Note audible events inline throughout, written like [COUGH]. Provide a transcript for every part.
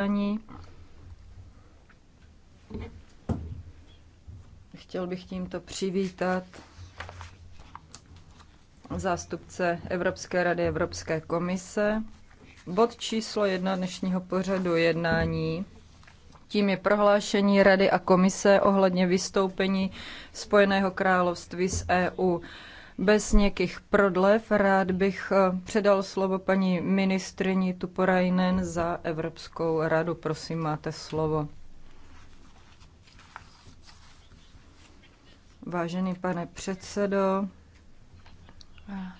ani. Chtěl bych tímto přivítat zástupce Evropské rady Evropské komise. Bod číslo jedna dnešního pořadu jednání. Tím je prohlášení Rady a komise ohledně vystoupení Spojeného království z EU. Bez nějakých prodlev rád bych eh, předal slovo paní ministrině Tuporajnen za Evropskou radu. Prosím, máte slovo. Vážený pane předsedo,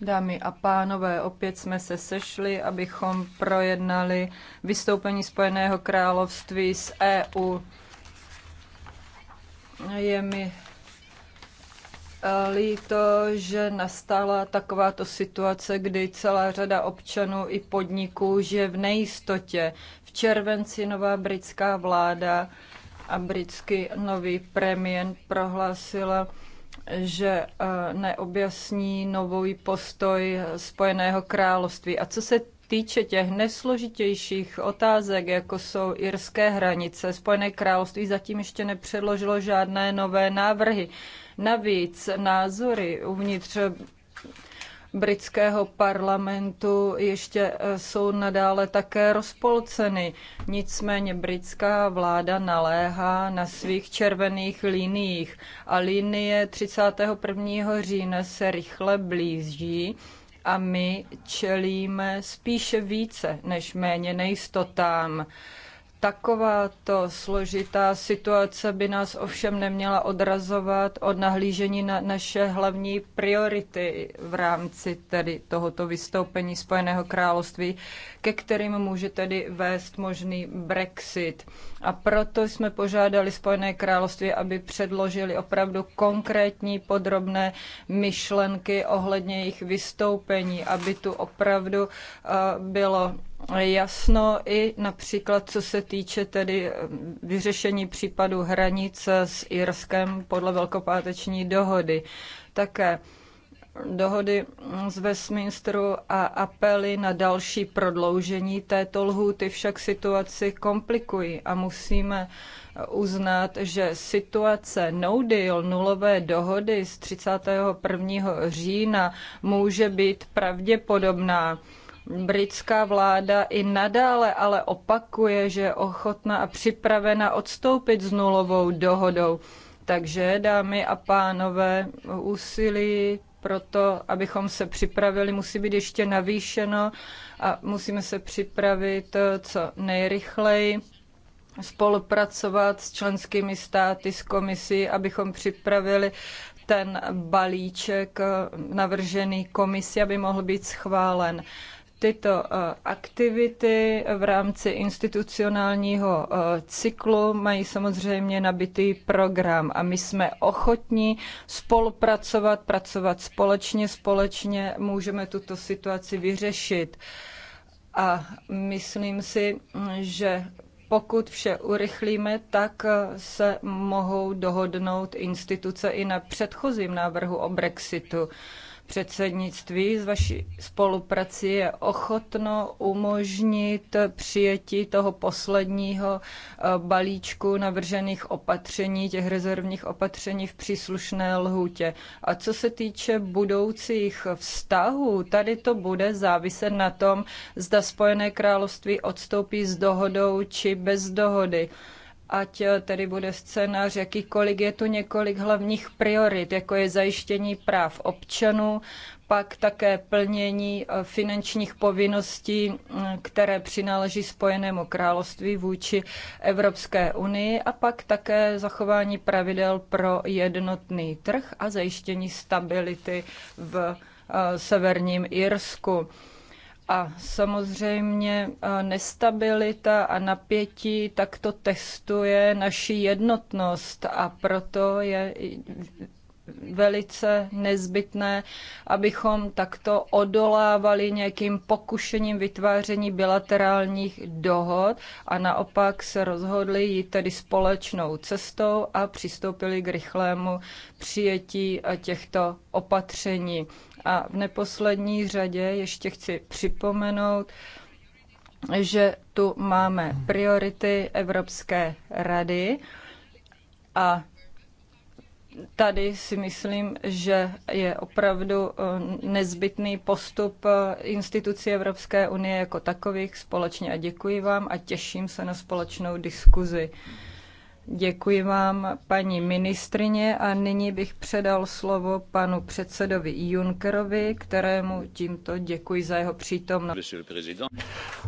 Dámy a pánové, opět jsme se sešli, abychom projednali vystoupení Spojeného království z EU. Je mi líto, že nastala takováto situace, kdy celá řada občanů i podniků žije v nejistotě. V červenci nová britská vláda a britský nový premiér prohlásila, že eh, neobjasní nový postoj Spojeného království. A co se týče těch nesložitějších otázek, jako jsou irské hranice, Spojené království zatím ještě nepředložilo žádné nové návrhy. Navíc názory uvnitř britského parlamentu ještě eh, jsou nadále také rozpolceny. Nicméně britská vláda naléhá na svých červených liniích a linie 31. října se rychle blíží a my čelíme spíše více než méně nejistotám. Takováto složitá situace by nás ovšem neměla odrazovat od nahlížení na naše hlavní priority v rámci tedy tohoto vystoupení Spojeného království, ke kterým může tedy vést možný Brexit. A proto jsme požádali Spojené království, aby předložili opravdu konkrétní podrobné myšlenky ohledně jejich vystoupení, aby tu opravdu eh, bylo jasno i například co se týče tedy eh, vyřešení případu hranic s Irskem podle velkopáteční dohody. Také dohody z Westminsteru a apely na další prodloužení této lhůty však situaci komplikují a musíme eh, uznat, že situace no deal, nulové dohody z 31. října může být pravděpodobná Britská vláda i nadále ale opakuje, že je ochotná a připravena odstoupit s nulovou dohodou. Takže, dámy a pánové, úsilí proto, abychom se připravili, musí být ještě navýšeno a musíme se připravit eh, co nejrychleji, spolupracovat s členskými státy, s komisí, abychom připravili ten balíček eh, navržený komisi, aby mohl být schválen tyto eh, aktivity v rámci institucionálního eh, cyklu mají samozřejmě nabitý program a my jsme ochotní spolupracovat, pracovat společně, společně můžeme tuto situaci vyřešit. A myslím si, že pokud vše urychlíme, tak eh, se mohou dohodnout instituce i na předchozím návrhu o Brexitu předsednictví s vaší spoluprací je ochotno umožnit přijetí toho posledního eh, balíčku navržených opatření, těch rezervních opatření v příslušné lhůtě. A co se týče budoucích vztahů, tady to bude záviset na tom, zda Spojené království odstoupí s dohodou či bez dohody ať eh, tedy bude scénář jakýkoliv, je tu několik hlavních priorit, jako je zajištění práv občanů, pak také plnění eh, finančních povinností, mm, které přináleží Spojenému království vůči Evropské unii a pak také zachování pravidel pro jednotný trh a zajištění stability v eh, severním Irsku. A samozřejmě nestabilita a napětí takto testuje naši jednotnost a proto je velice nezbytné, abychom takto odolávali nějakým pokušením vytváření bilaterálních dohod a naopak se rozhodli jít tedy společnou cestou a přistoupili k rychlému přijetí těchto opatření. A v neposlední řadě ještě chci připomenout, že tu máme priority Evropské rady a tady si myslím, že je opravdu eh, nezbytný postup eh, institucí Evropské unie jako takových společně a děkuji vám a těším se na společnou diskuzi. Děkuji vám, paní ministrině, a nyní bych předal slovo panu předsedovi Junckerovi, kterému tímto děkuji za jeho přítomnost.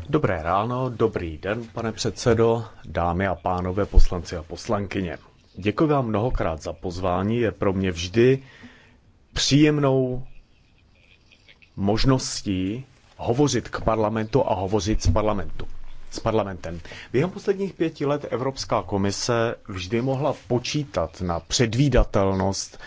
Dobré ráno, dobrý den, pane předsedo, dámy a pánové, poslanci a poslankyně. Děkuji vám mnohokrát za pozvání, je pro mě vždy příjemnou možností hovořit k parlamentu a hovořit z parlamentu s parlamentem. Během posledních pěti let Evropská komise vždy mohla počítat na předvídatelnost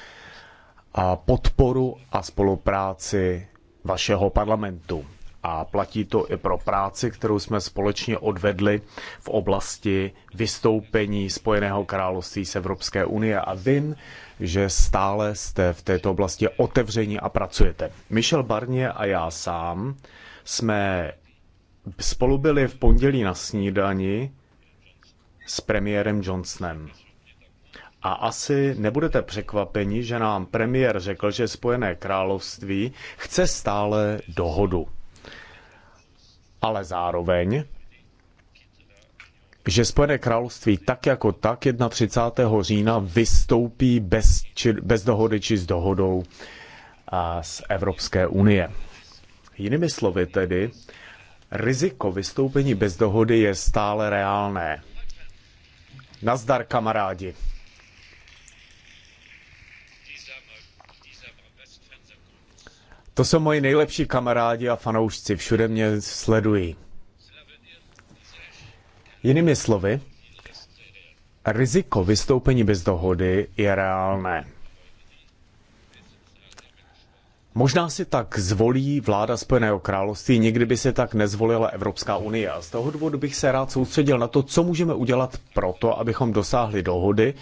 a podporu a spolupráci vašeho parlamentu. A platí to i pro práci, kterou jsme společně odvedli v oblasti vystoupení Spojeného království z Evropské unie. A vím, že stále jste v této oblasti otevření a pracujete. Michel Barnier a já sám jsme Spolu byli v pondělí na snídani s premiérem Johnsonem. A asi nebudete překvapeni, že nám premiér řekl, že Spojené království chce stále dohodu. Ale zároveň, že Spojené království tak jako tak 31. října vystoupí bez, či, bez dohody či s dohodou a z Evropské unie. Jinými slovy tedy, Riziko vystoupení bez dohody je stále reálné. Nazdar, kamarádi. To jsou moji nejlepší kamarádi a fanoušci, všude mě sledují. Jinými slovy, riziko vystoupení bez dohody je reálné. Možná si tak zvolí vláda Spojeného království, nikdy by se tak nezvolila Evropská unie. A z toho důvodu bych se rád soustředil na to, co můžeme udělat pro to, abychom dosáhli dohody,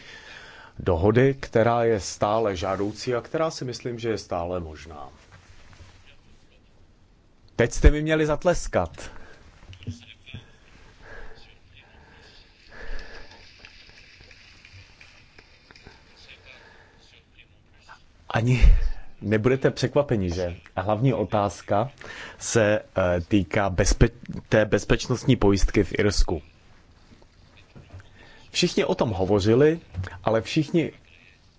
dohody, která je stále žádoucí a která si myslím, že je stále možná. Teď jste mi měli zatleskat. Ani nebudete překvapeni, že? hlavní otázka se eh, týká bezpe- té bezpečnostní pojistky v Irsku. Všichni o tom hovořili, ale všichni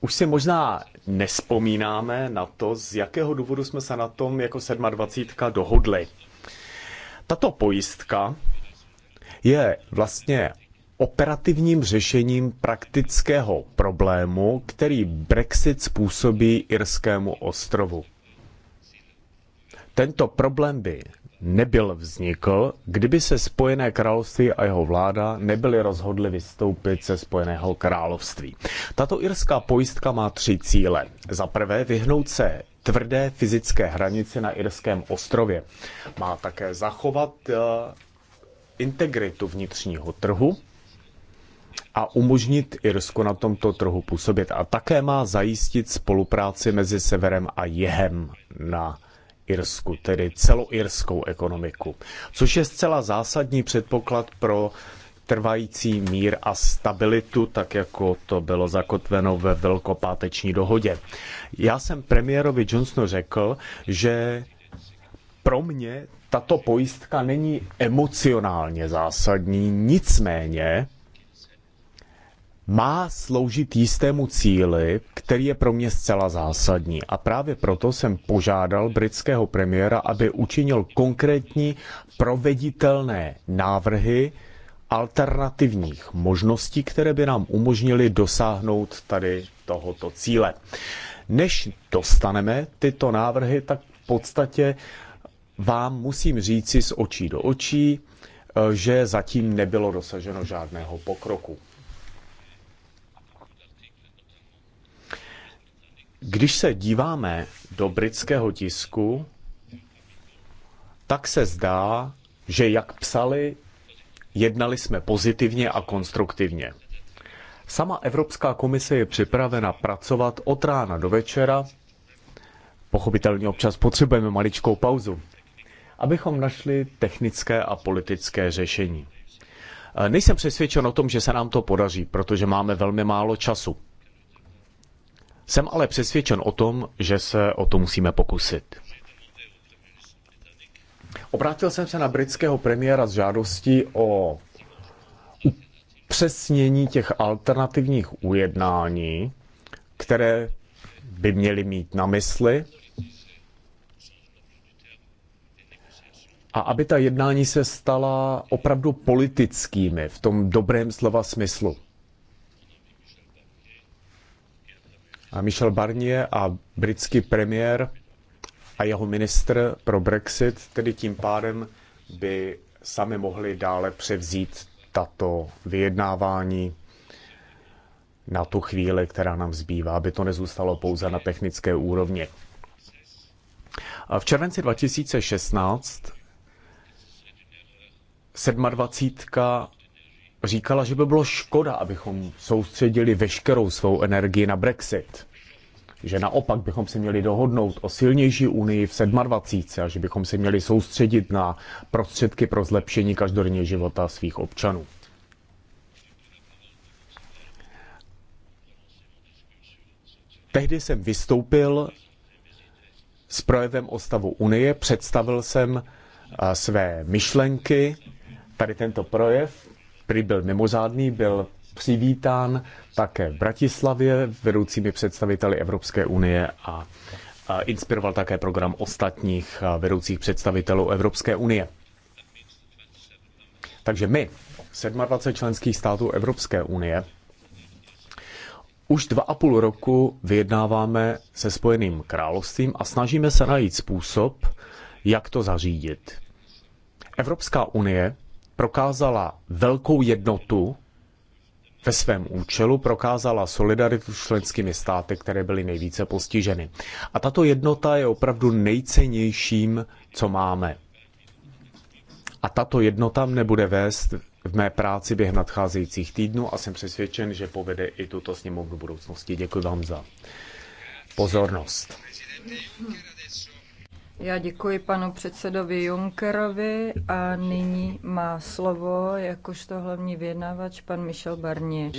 už si možná nespomínáme na to, z jakého důvodu jsme se na tom jako 27. dohodli. Tato pojistka je vlastně operativním řešením praktického problému, který Brexit způsobí Irskému ostrovu. Tento problém by nebyl vznikl, kdyby se Spojené království a jeho vláda nebyly rozhodli vystoupit ze Spojeného království. Tato irská pojistka má tři cíle. Za prvé vyhnout se tvrdé fyzické hranici na irském ostrově. Má také zachovat eh, integritu vnitřního trhu a umožnit Irsku na tomto trhu působit. A také má zajistit spolupráci mezi severem a jihem na Irsku, tedy celoirskou ekonomiku, což je zcela zásadní předpoklad pro trvající mír a stabilitu, tak jako to bylo zakotveno ve velkopáteční dohodě. Já jsem premiérovi Johnsonu řekl, že pro mě tato pojistka není emocionálně zásadní, nicméně má sloužit jistému cíli, který je pro mě zcela zásadní. A právě proto jsem požádal britského premiéra, aby učinil konkrétní proveditelné návrhy alternativních možností, které by nám umožnily dosáhnout tady tohoto cíle. Než dostaneme tyto návrhy, tak v podstatě vám musím říci z očí do očí, eh, že zatím nebylo dosaženo žádného pokroku. Když se díváme do britského tisku, tak se zdá, že jak psali, jednali jsme pozitivně a konstruktivně. Sama Evropská komise je připravena pracovat od rána do večera. Pochopitelně občas potřebujeme maličkou pauzu, abychom našli technické a politické řešení. Nejsem přesvědčen o tom, že se nám to podaří, protože máme velmi málo času. Jsem ale přesvědčen o tom, že se o to musíme pokusit. Obrátil jsem se na britského premiéra s žádostí o upřesnění těch alternativních ujednání, které by měly mít na mysli a aby ta jednání se stala opravdu politickými v tom dobrém slova smyslu. Michel Barnier a britský premiér a jeho ministr pro Brexit, tedy tím pádem by sami mohli dále převzít tato vyjednávání na tu chvíli, která nám zbývá, aby to nezůstalo pouze na technické úrovni. V červenci 2016 27 říkala, že by bylo škoda, abychom soustředili veškerou svou energii na Brexit. Že naopak bychom se měli dohodnout o silnější unii v 27. a že bychom se měli soustředit na prostředky pro zlepšení každodenního života svých občanů. Tehdy jsem vystoupil s projevem o stavu Unie, představil jsem eh, své myšlenky, tady tento projev, který byl mimořádný, byl přivítán také v Bratislavě vedoucími představiteli Evropské unie a inspiroval také program ostatních vedoucích představitelů Evropské unie. Takže my, 27 členských států Evropské unie, už dva a půl roku vyjednáváme se Spojeným královstvím a snažíme se najít způsob, jak to zařídit. Evropská unie prokázala velkou jednotu ve svém účelu, prokázala solidaritu s členskými státy, které byly nejvíce postiženy. A tato jednota je opravdu nejcennějším, co máme. A tato jednota mne bude vést v mé práci během nadcházejících týdnů a jsem přesvědčen, že povede i tuto sněmovnu budoucnosti. Děkuji vám za pozornost. Já děkuji panu předsedovi Junckerovi a nyní má slovo jakožto hlavní vyjednávač pan Michel Barnier.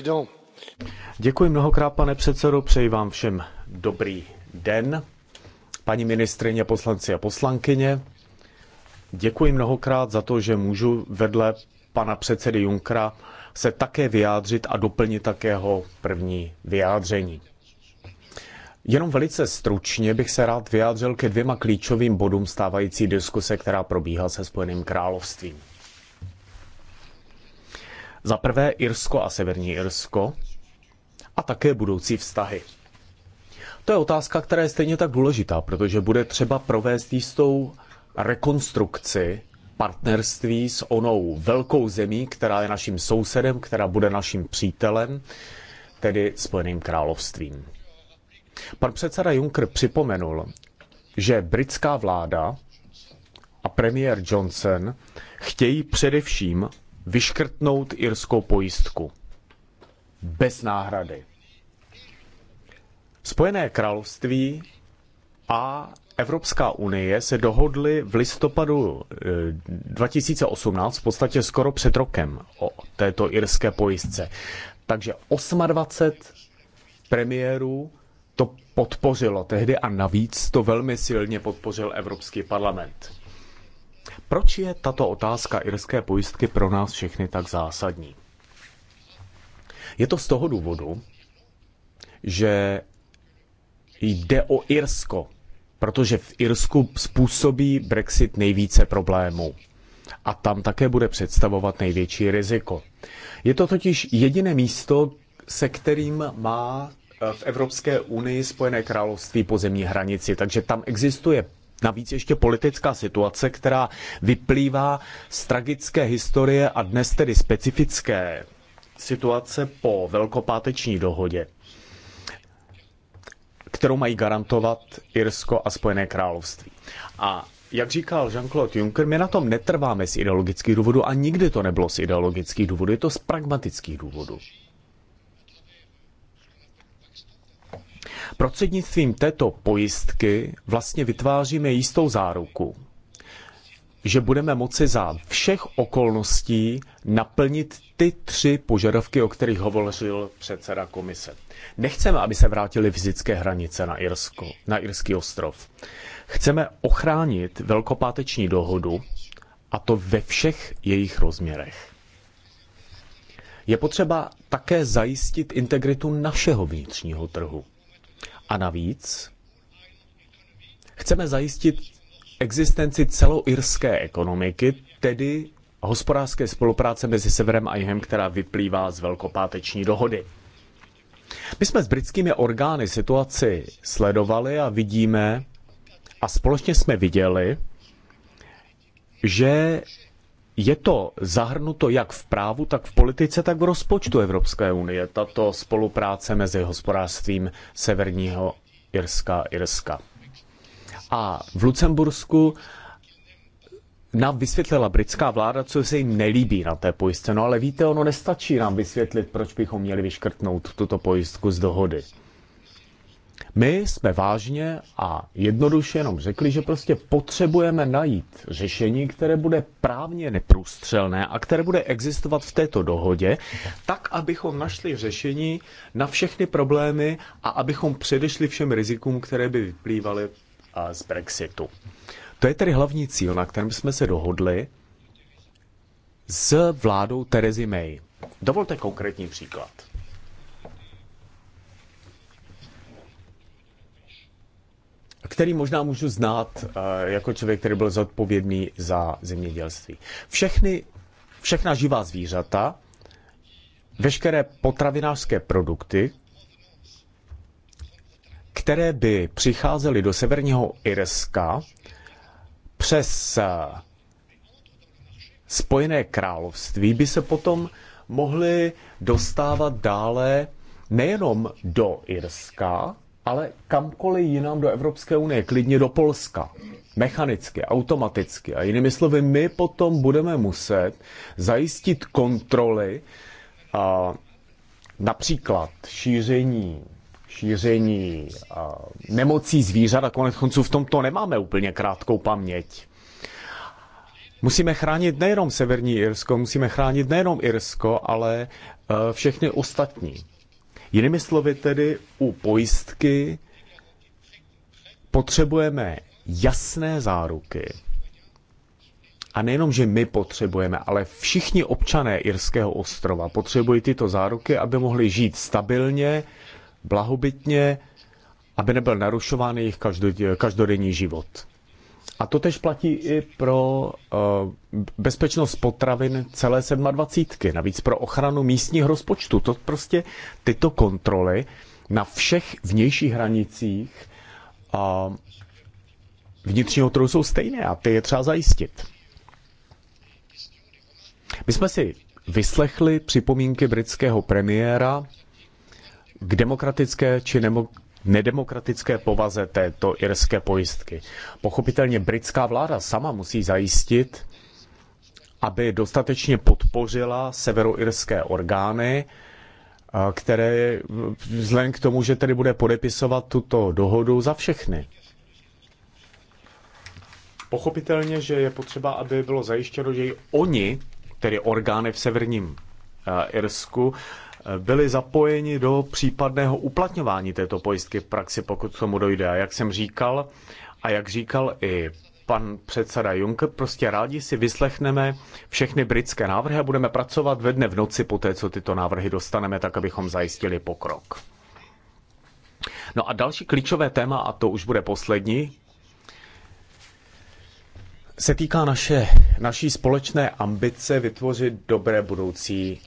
Děkuji mnohokrát, pane předsedo, přeji vám všem dobrý den. Paní ministrině, poslanci a poslankyně, děkuji mnohokrát za to, že můžu vedle pana předsedy Junckera se také vyjádřit a doplnit takého první vyjádření. Jenom velice stručně bych se rád vyjádřil ke dvěma klíčovým bodům stávající diskuse, která probíhá se Spojeným královstvím. Za prvé Irsko a Severní Irsko a také budoucí vztahy. To je otázka, která je stejně tak důležitá, protože bude třeba provést jistou rekonstrukci partnerství s onou velkou zemí, která je naším sousedem, která bude naším přítelem, tedy Spojeným královstvím. Pan předseda Juncker připomenul, že britská vláda a premiér Johnson chtějí především vyškrtnout irskou pojistku. Bez náhrady. Spojené království a Evropská unie se dohodly v listopadu 2018, eh, v podstatě skoro před rokem, o této irské pojistce. Takže 28 premiérů to podpořilo tehdy a navíc to velmi silně podpořil Evropský parlament. Proč je tato otázka irské pojistky pro nás všechny tak zásadní? Je to z toho důvodu, že jde o Irsko, protože v Irsku způsobí Brexit nejvíce problémů. A tam také bude představovat největší riziko. Je to totiž jediné místo, se kterým má v Evropské unii Spojené království pozemní hranici, takže tam existuje Navíc ještě politická situace, která vyplývá z tragické historie a dnes tedy specifické situace po velkopáteční dohodě, kterou mají garantovat Irsko a Spojené království. A jak říkal Jean-Claude Juncker, my na tom netrváme z ideologických důvodů a nikdy to nebylo z ideologických důvodů, je to z pragmatických důvodů. Prostřednictvím této pojistky vlastně vytváříme jistou záruku, že budeme moci za všech okolností naplnit ty tři požadavky, o kterých hovořil předseda komise. Nechceme, aby se vrátily fyzické hranice na, Irsko, na Irský ostrov. Chceme ochránit velkopáteční dohodu, a to ve všech jejich rozměrech. Je potřeba také zajistit integritu našeho vnitřního trhu. A navíc chceme zajistit existenci celoirské ekonomiky, tedy hospodářské spolupráce mezi Severem a Jihem, která vyplývá z velkopáteční dohody. My jsme s britskými orgány situaci sledovali a vidíme, a společně jsme viděli, že je to zahrnuto jak v právu, tak v politice, tak v rozpočtu Evropské unie, tato spolupráce mezi hospodářstvím Severního Irska a Irska. A v Lucembursku nám vysvětlila britská vláda, co se jim nelíbí na té pojistce. No ale víte, ono nestačí nám vysvětlit, proč bychom měli vyškrtnout tuto pojistku z dohody. My jsme vážně a jednoduše jenom řekli, že prostě potřebujeme najít řešení, které bude právně neprůstřelné a které bude existovat v této dohodě, tak, abychom našli řešení na všechny problémy a abychom předešli všem rizikům, které by vyplývaly z Brexitu. To je tedy hlavní cíl, na kterém jsme se dohodli s vládou Terezy May. Dovolte konkrétní příklad. který možná můžu znát eh, jako člověk, který byl zodpovědný za zemědělství. Všechny, všechna živá zvířata, veškeré potravinářské produkty, které by přicházely do severního Irska přes eh, Spojené království, by se potom mohly dostávat dále nejenom do Irska, ale kamkoliv jinam do Evropské unie, klidně do Polska, mechanicky, automaticky. A jinými slovy, my potom budeme muset zajistit kontroly a například šíření šíření a, nemocí zvířat a konec konců v tomto nemáme úplně krátkou paměť. Musíme chránit nejenom Severní Irsko, musíme chránit nejenom Irsko, ale e, všechny ostatní. Jinými slovy tedy u pojistky potřebujeme jasné záruky. A nejenom, že my potřebujeme, ale všichni občané Irského ostrova potřebují tyto záruky, aby mohli žít stabilně, blahobytně, aby nebyl narušován jejich každodenní život. A to tež platí i pro uh, bezpečnost potravin celé 27. Navíc pro ochranu místních rozpočtu. To prostě tyto kontroly na všech vnějších hranicích uh, vnitřního trhu jsou stejné a ty je třeba zajistit. My jsme si vyslechli připomínky britského premiéra k demokratické či nemo- nedemokratické povaze této irské pojistky. Pochopitelně britská vláda sama musí zajistit, aby dostatečně podpořila severoirské orgány, eh, které vzhledem k tomu, že tedy bude podepisovat tuto dohodu za všechny. Pochopitelně, že je potřeba, aby bylo zajištěno, že i oni, tedy orgány v severním eh, Irsku, byli zapojeni do případného uplatňování této pojistky v praxi, pokud k tomu dojde. A jak jsem říkal, a jak říkal i pan předseda Juncker, prostě rádi si vyslechneme všechny britské návrhy a budeme pracovat ve dne v noci po té, co tyto návrhy dostaneme, tak abychom zajistili pokrok. No a další klíčové téma, a to už bude poslední, se týká naše, naší společné ambice vytvořit dobré budoucí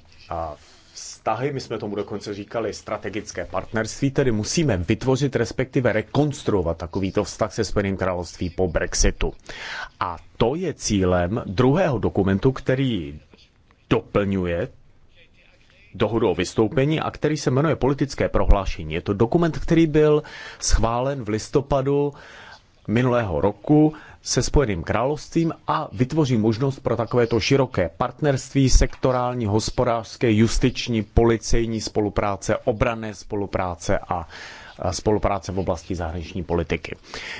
vztahy, my jsme tomu dokonce říkali strategické partnerství, tedy musíme vytvořit, respektive rekonstruovat takovýto vztah se Spojeným království po Brexitu. A to je cílem druhého dokumentu, který doplňuje dohodu o vystoupení a který se jmenuje politické prohlášení. Je to dokument, který byl schválen v listopadu minulého roku se Spojeným královstvím a vytvoří možnost pro takovéto široké partnerství sektorální, hospodářské, justiční, policejní spolupráce, obrané spolupráce a spolupráce v oblasti zahraniční politiky.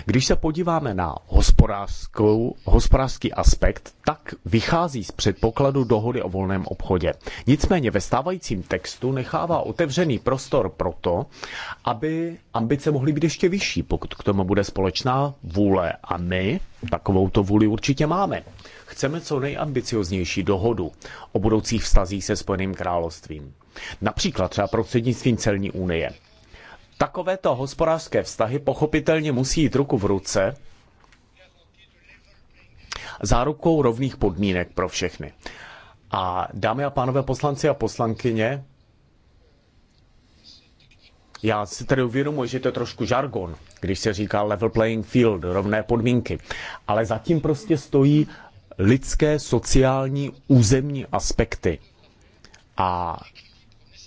Když se podíváme na hospodářskou, hospodářský aspekt, tak vychází z předpokladu dohody o volném obchodě. Nicméně ve stávajícím textu nechává otevřený prostor pro to, aby ambice mohly být ještě vyšší, pokud k tomu bude společná vůle. A my takovou to vůli určitě máme. Chceme co nejambicioznější dohodu o budoucích vztazích se Spojeným královstvím. Například třeba prostřednictvím celní unie. Takovéto hospodářské vztahy pochopitelně musí jít ruku v ruce zárukou rovných podmínek pro všechny. A dámy a pánové poslanci a poslankyně, já si tedy uvědomuji, že to je trošku žargon, když se říká level playing field, rovné podmínky. Ale zatím prostě stojí lidské, sociální, územní aspekty. A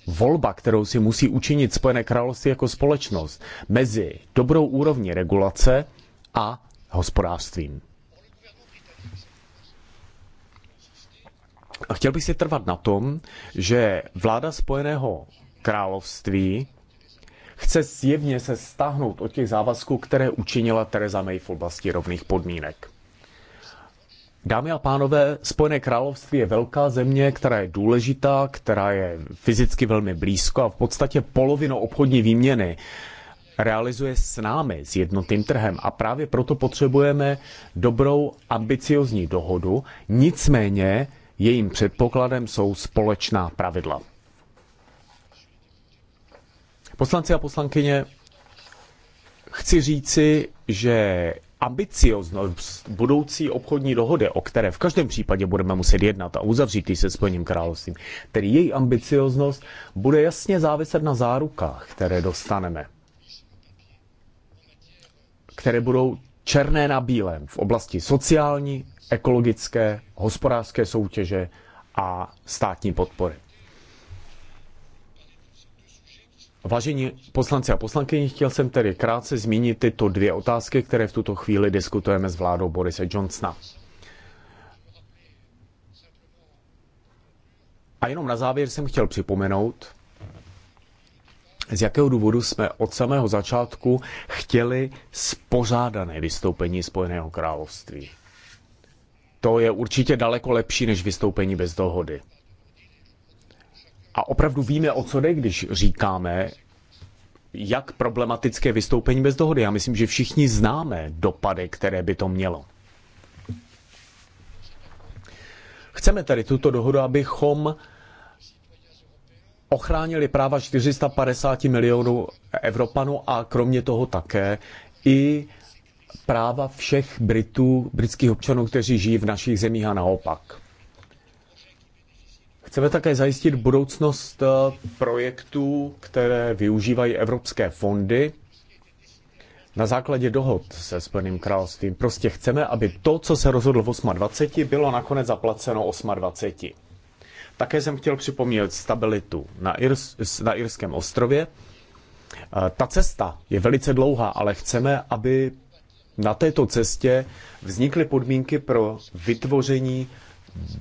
volba, kterou si musí učinit Spojené království jako společnost mezi dobrou úrovní regulace a hospodářstvím. A chtěl bych si trvat na tom, že vláda Spojeného království chce zjevně se stáhnout od těch závazků, které učinila Theresa May v oblasti rovných podmínek. Dámy a pánové, Spojené království je velká země, která je důležitá, která je fyzicky velmi blízko a v podstatě polovinu obchodní výměny realizuje s námi, s jednotným trhem. A právě proto potřebujeme dobrou, ambiciozní dohodu, nicméně jejím předpokladem jsou společná pravidla. Poslanci a poslankyně, chci říci, že ambicioznost budoucí obchodní dohody, o které v každém případě budeme muset jednat a uzavřít ji se Spojeným královstvím, tedy její ambicioznost bude jasně záviset na zárukách, které dostaneme, které budou černé na bílém v oblasti sociální, ekologické, hospodářské soutěže a státní podpory. Vážení poslanci a poslankyni, chtěl jsem tedy krátce zmínit tyto dvě otázky, které v tuto chvíli diskutujeme s vládou Borise Johnsona. A jenom na závěr jsem chtěl připomenout, z jakého důvodu jsme od samého začátku chtěli spořádané vystoupení Spojeného království. To je určitě daleko lepší než vystoupení bez dohody a opravdu víme, o co jde, když říkáme, jak problematické vystoupení bez dohody. Já myslím, že všichni známe dopady, které by to mělo. Chceme tady tuto dohodu, abychom ochránili práva 450 milionů Evropanů a kromě toho také i práva všech Britů, britských občanů, kteří žijí v našich zemích a naopak. Chceme také zajistit budoucnost eh, projektů, které využívají evropské fondy na základě dohod se Spojeným královstvím. Prostě chceme, aby to, co se rozhodlo v 28, bylo nakonec zaplaceno 28. Také jsem chtěl připomínat stabilitu na, Irs, na Irském ostrově. Eh, ta cesta je velice dlouhá, ale chceme, aby na této cestě vznikly podmínky pro vytvoření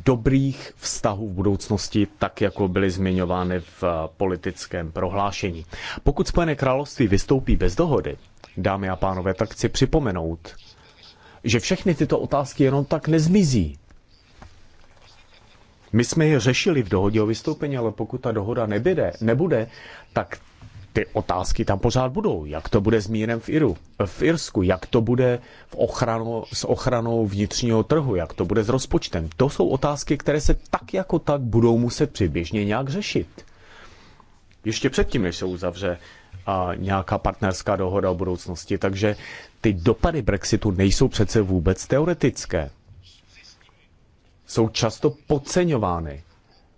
dobrých vztahů v budoucnosti, tak jako byly zmiňovány v eh, politickém prohlášení. Pokud Spojené království vystoupí bez dohody, dámy a pánové, tak chci připomenout, že všechny tyto otázky jenom tak nezmizí. My jsme je řešili v dohodě o vystoupení, ale pokud ta dohoda nebude, nebude tak ty otázky tam pořád budou. Jak to bude s mírem v, Iru, v Irsku, jak to bude v ochranu, s ochranou vnitřního trhu, jak to bude s rozpočtem. To jsou otázky, které se tak jako tak budou muset přiběžně nějak řešit. Ještě předtím, než se uzavře a nějaká partnerská dohoda o budoucnosti. Takže ty dopady Brexitu nejsou přece vůbec teoretické. Jsou často podceňovány,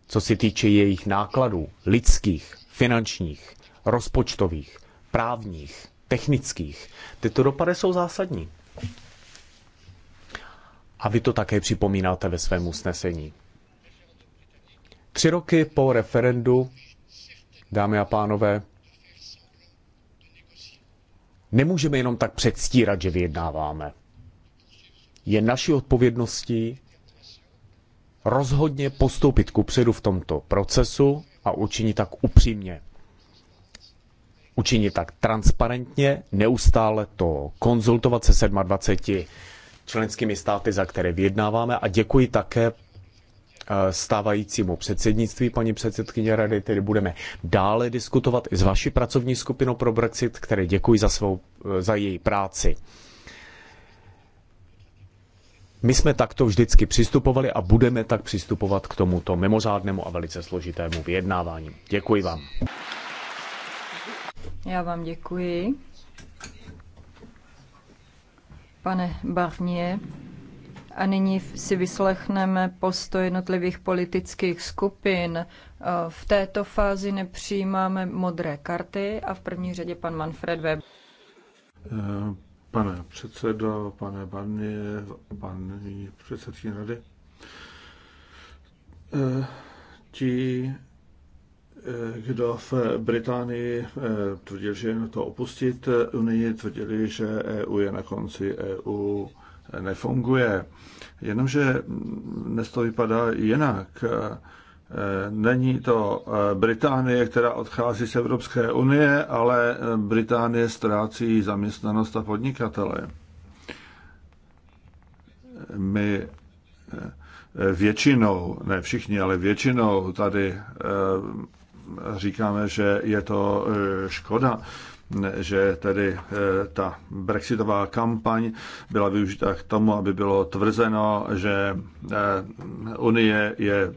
co se týče jejich nákladů, lidských, finančních rozpočtových, právních, technických. Tyto dopady jsou zásadní. A vy to také připomínáte ve svém usnesení. Tři roky po referendu, dámy a pánové, nemůžeme jenom tak předstírat, že vyjednáváme. Je naší odpovědností rozhodně postoupit kupředu v tomto procesu a učinit tak upřímně učinit tak transparentně, neustále to konzultovat se 27 členskými státy, za které vyjednáváme a děkuji také eh, stávajícímu předsednictví, paní předsedkyně rady, tedy budeme dále diskutovat i s vaší pracovní skupinou pro Brexit, které děkuji za, svou, eh, za její práci. My jsme takto vždycky přistupovali a budeme tak přistupovat k tomuto mimořádnému a velice složitému vyjednávání. Děkuji vám. Já vám děkuji. Pane Barnier, a nyní si vyslechneme postoj jednotlivých politických skupin. Eh, v této fázi nepřijímáme modré karty a v první řadě pan Manfred Web. Eh, pane předsedo, pane Barnier, paní předsedkyně rady, eh, ti kdo v Británii eh, tvrdil, že je to opustit Unii, tvrdili, že EU je na konci, EU nefunguje. Jenomže dnes to vypadá jinak. Eh, není to eh, Británie, která odchází z Evropské unie, ale Británie ztrácí zaměstnanost a podnikatele. My většinou, ne všichni, ale většinou tady říkáme, že je to e, škoda, že tedy e, ta brexitová kampaň byla využita k tomu, aby bylo tvrzeno, že e, Unie je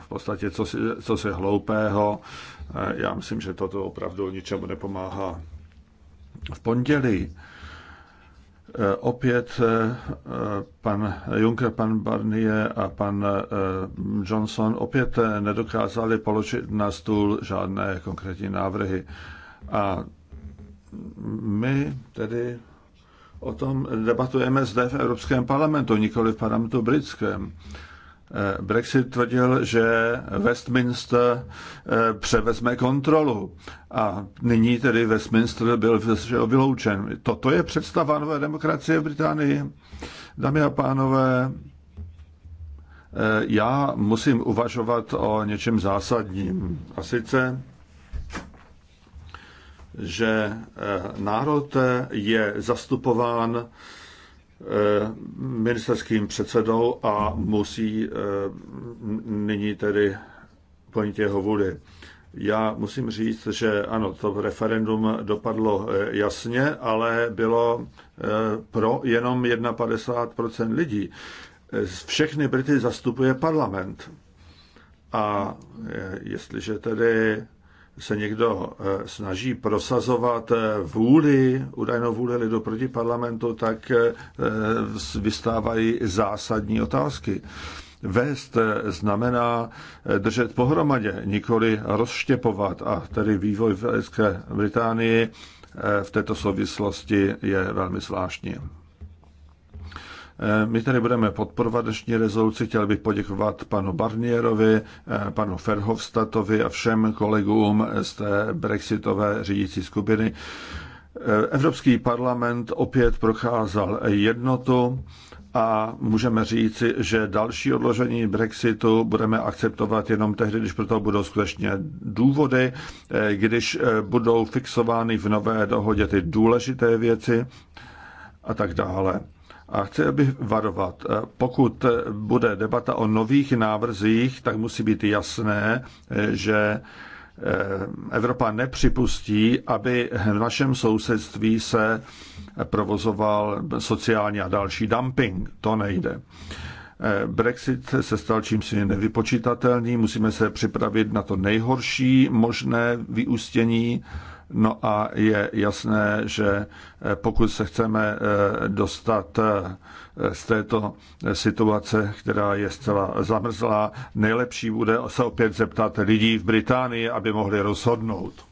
v podstatě co co se hloupého. Já myslím, že toto opravdu ničemu nepomáhá. V pondělí Eh, opět eh, eh, pan Juncker, pan Barnier a pan Johnson opět nedokázali položit na stůl žádné konkrétní návrhy. A my tedy o tom debatujeme zde v Evropském parlamentu, nikoli v parlamentu britském. Eh, Brexit tvrdil, že Westminster eh, převezme kontrolu a nyní tedy Westminster byl vyloučen. Toto je představa nové demokracie v Británii. Dámy a pánové, eh, já musím uvažovat o něčem zásadním. A sice, že národ je zastupován Eh, ministerským předsedou a musí eh, nyní tedy plnit jeho vůli. Já musím říct, že ano, to referendum dopadlo eh, jasně, ale bylo pro jenom 51% lidí. Všechny Brity zastupuje parlament. A jestliže tedy se někdo eh, snaží prosazovat eh, vůli, údajnou vůli lidu proti parlamentu, tak eh, vystávají zásadní otázky. Vést znamená držet pohromadě, nikoli rozštěpovat a tedy vývoj v Velké Británii v této souvislosti je velmi zvláštní. Eh, my tady budeme podporovat dnešní rezoluci. Chtěl bych poděkovat panu Barnierovi, eh, panu Ferhovstatovi a všem kolegům z té Brexitové řídící skupiny. Eh, Evropský parlament opět procházal jednotu a můžeme říci, že další odložení Brexitu budeme akceptovat jenom tehdy, když pro to budou skutečně důvody, když budou fixovány v nové dohodě ty důležité věci a tak dále. A chci bych varovat, eh, pokud eh, bude debata o nových návrzích, tak musí být jasné, eh, že Evropa nepřipustí, aby v našem sousedství se provozoval sociální a další dumping. To nejde. Brexit se stal čímsi nevypočítatelný, musíme se připravit na to nejhorší možné vyústění No a je jasné, že eh, pokud se chceme eh, dostat eh, z této situace, která je zcela zamrzlá, nejlepší bude se opět zeptat lidí v Británii, aby mohli rozhodnout.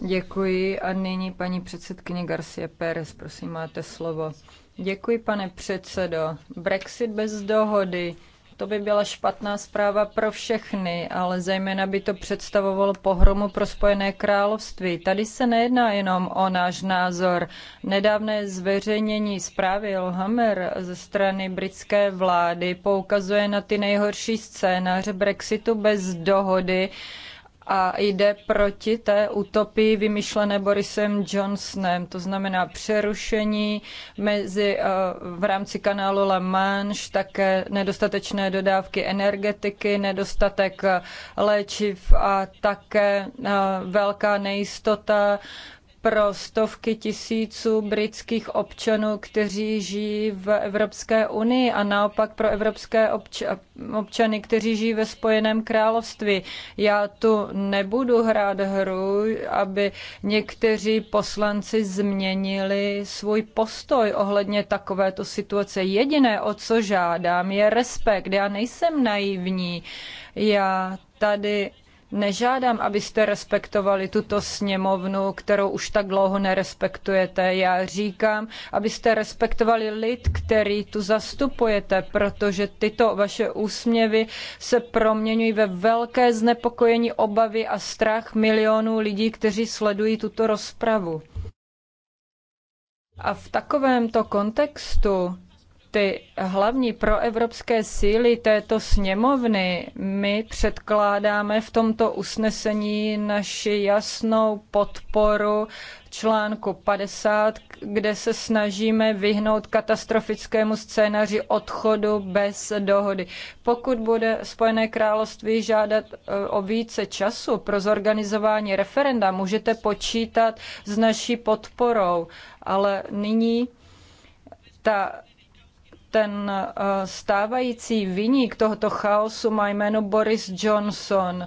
Děkuji a nyní paní předsedkyně Garcia Pérez, prosím, máte slovo. Děkuji, pane předsedo. Brexit bez dohody to by byla špatná zpráva pro všechny, ale zejména by to představovalo pohromu pro Spojené království. Tady se nejedná jenom o náš názor. Nedávné zveřejnění zprávy Elhammer ze strany britské vlády poukazuje na ty nejhorší scénáře Brexitu bez dohody a jde proti té utopii vymyšlené Borisem Johnsonem, to znamená přerušení mezi eh, v rámci kanálu La Manche, také nedostatečné dodávky energetiky, nedostatek eh, léčiv a také eh, velká nejistota pro stovky tisíců britských občanů, kteří žijí v Evropské unii a naopak pro evropské obč- občany, kteří žijí ve Spojeném království. Já tu nebudu hrát hru, aby někteří poslanci změnili svůj postoj ohledně takovéto situace. Jediné, o co žádám, je respekt. Já nejsem naivní. Já tady Nežádám, abyste respektovali tuto sněmovnu, kterou už tak dlouho nerespektujete. Já říkám, abyste respektovali lid, který tu zastupujete, protože tyto vaše úsměvy se proměňují ve velké znepokojení, obavy a strach milionů lidí, kteří sledují tuto rozpravu. A v takovémto kontextu ty hlavní proevropské síly této sněmovny my předkládáme v tomto usnesení naši jasnou podporu článku 50, kde se snažíme vyhnout katastrofickému scénáři odchodu bez dohody. Pokud bude Spojené království žádat eh, o více času pro zorganizování referenda, můžete počítat s naší podporou, ale nyní ta ten eh, stávající viník tohoto chaosu má jméno Boris Johnson.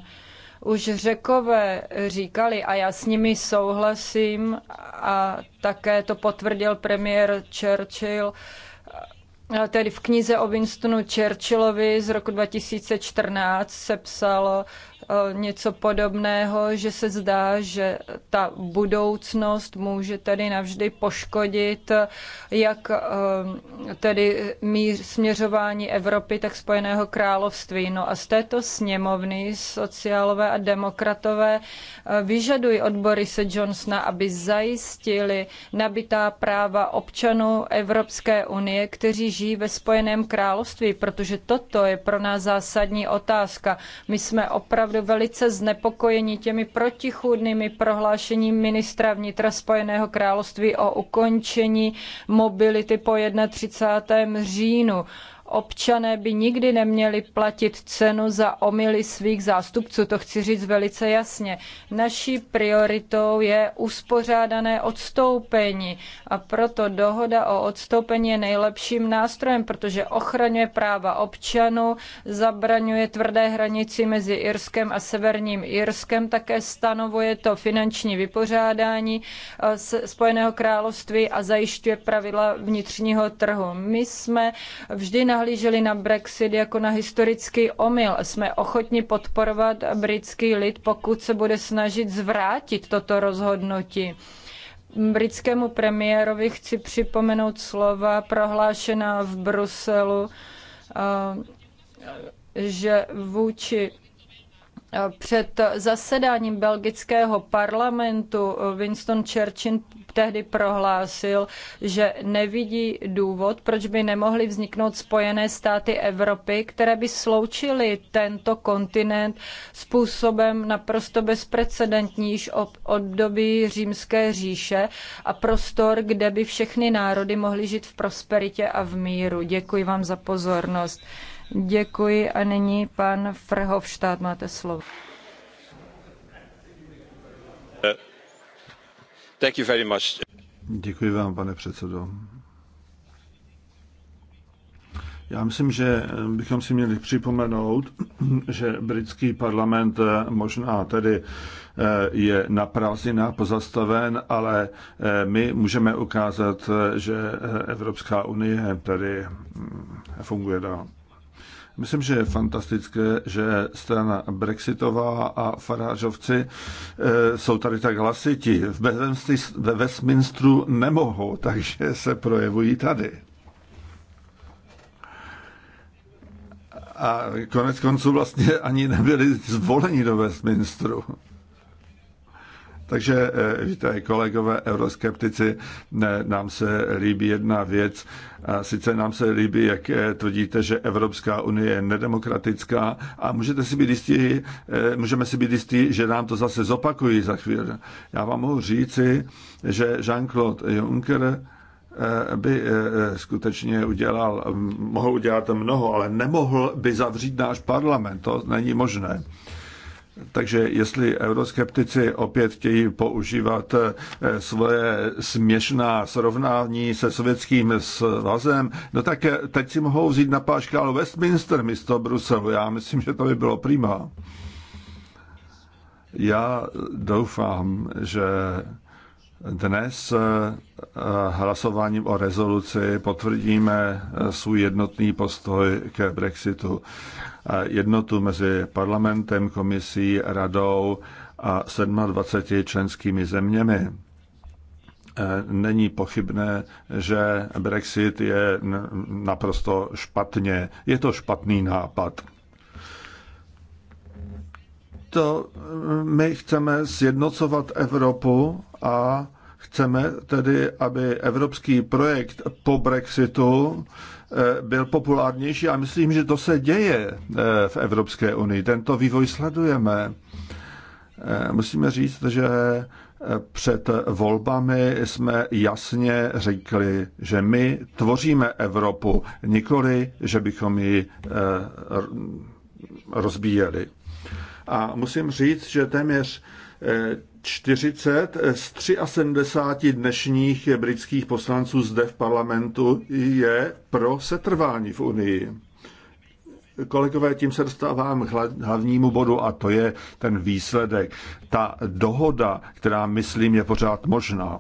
Už řekové říkali, a já s nimi souhlasím, a také to potvrdil premiér Churchill, eh, tedy v knize o Winstonu Churchillovi z roku 2014 se psalo, Eh, něco podobného, že se zdá, že ta budoucnost může tady navždy poškodit jak eh, tedy mír směřování Evropy, tak Spojeného království. No a z této sněmovny sociálové a demokratové eh, vyžadují od Borise Johnsona, aby zajistili nabitá práva občanů Evropské unie, kteří žijí ve Spojeném království, protože toto je pro nás zásadní otázka. My jsme opravdu opravdu velice znepokojeni těmi protichůdnými prohlášeními ministra vnitra Spojeného království o ukončení mobility po 31. říjnu. Občané by nikdy neměli platit cenu za omily svých zástupců, to chci říct velice jasně. Naší prioritou je uspořádané odstoupení a proto dohoda o odstoupení je nejlepším nástrojem, protože ochraňuje práva občanů, zabraňuje tvrdé hranici mezi Irskem a Severním Irskem, také stanovuje to finanční vypořádání eh, Spojeného království a zajišťuje pravidla vnitřního trhu. My jsme vždy na nenahlíželi na Brexit jako na historický omyl. Jsme ochotni podporovat britský lid, pokud se bude snažit zvrátit toto rozhodnutí. Britskému premiérovi chci připomenout slova prohlášená v Bruselu, eh, že vůči před zasedáním belgického parlamentu Winston Churchill tehdy prohlásil, že nevidí důvod, proč by nemohly vzniknout spojené státy Evropy, které by sloučily tento kontinent způsobem naprosto bezprecedentní již od období římské říše a prostor, kde by všechny národy mohly žít v prosperitě a v míru. Děkuji vám za pozornost. Děkuji a nyní pan Frhovštát, máte slovo. Thank you very much. Děkuji vám, pane předsedo. Já myslím, že bychom si měli připomenout, že britský parlament možná tedy eh, je na prázdninách pozastaven, ale eh, my můžeme ukázat, eh, že Evropská unie tady mm, funguje dál. Myslím, že je fantastické, že strana Brexitová a Farážovci e, jsou tady tak hlasití. Ve Westminsteru nemohou, takže se projevují tady. A konec konců vlastně ani nebyli zvoleni do Westminsteru. Takže eh, víte, kolegové euroskeptici, ne, nám se líbí jedna věc. A sice nám se líbí, jak eh, tvrdíte, že Evropská unie je nedemokratická a můžete si být jistí, eh, můžeme si být jistí, že nám to zase zopakují za chvíli. Já vám mohu říci, že Jean-Claude Juncker by skutečně udělal, mohl udělat mnoho, ale nemohl by zavřít náš parlament, to není možné. Takže jestli euroskeptici opět chtějí používat eh, svoje směšná srovnání se sovětským svazem, no tak eh, teď si mohou vzít na páškálu Westminster místo Bruselu. Já myslím, že to by bylo prima. Já doufám, že dnes eh, hlasováním o rezoluci potvrdíme svůj jednotný postoj k Brexitu jednotu mezi parlamentem, komisí, radou a 27 členskými zeměmi. E, není pochybné, že Brexit je naprosto špatně. Je to špatný nápad to e, my chceme sjednocovat Evropu a chceme tedy, aby evropský projekt po Brexitu Eh, byl populárnější a myslím, že to se děje eh, v Evropské unii. Tento vývoj sledujeme. Eh, musíme říct, že před volbami jsme jasně řekli, že my tvoříme Evropu, nikoli, že bychom ji rozbíjeli. A musím říct, že téměř 40 eh, z 73 dnešních britských poslanců zde v parlamentu je pro setrvání v Unii. Kolegové, tím se dostávám k hlavnímu bodu a to je ten výsledek. Ta dohoda, která myslím je pořád možná.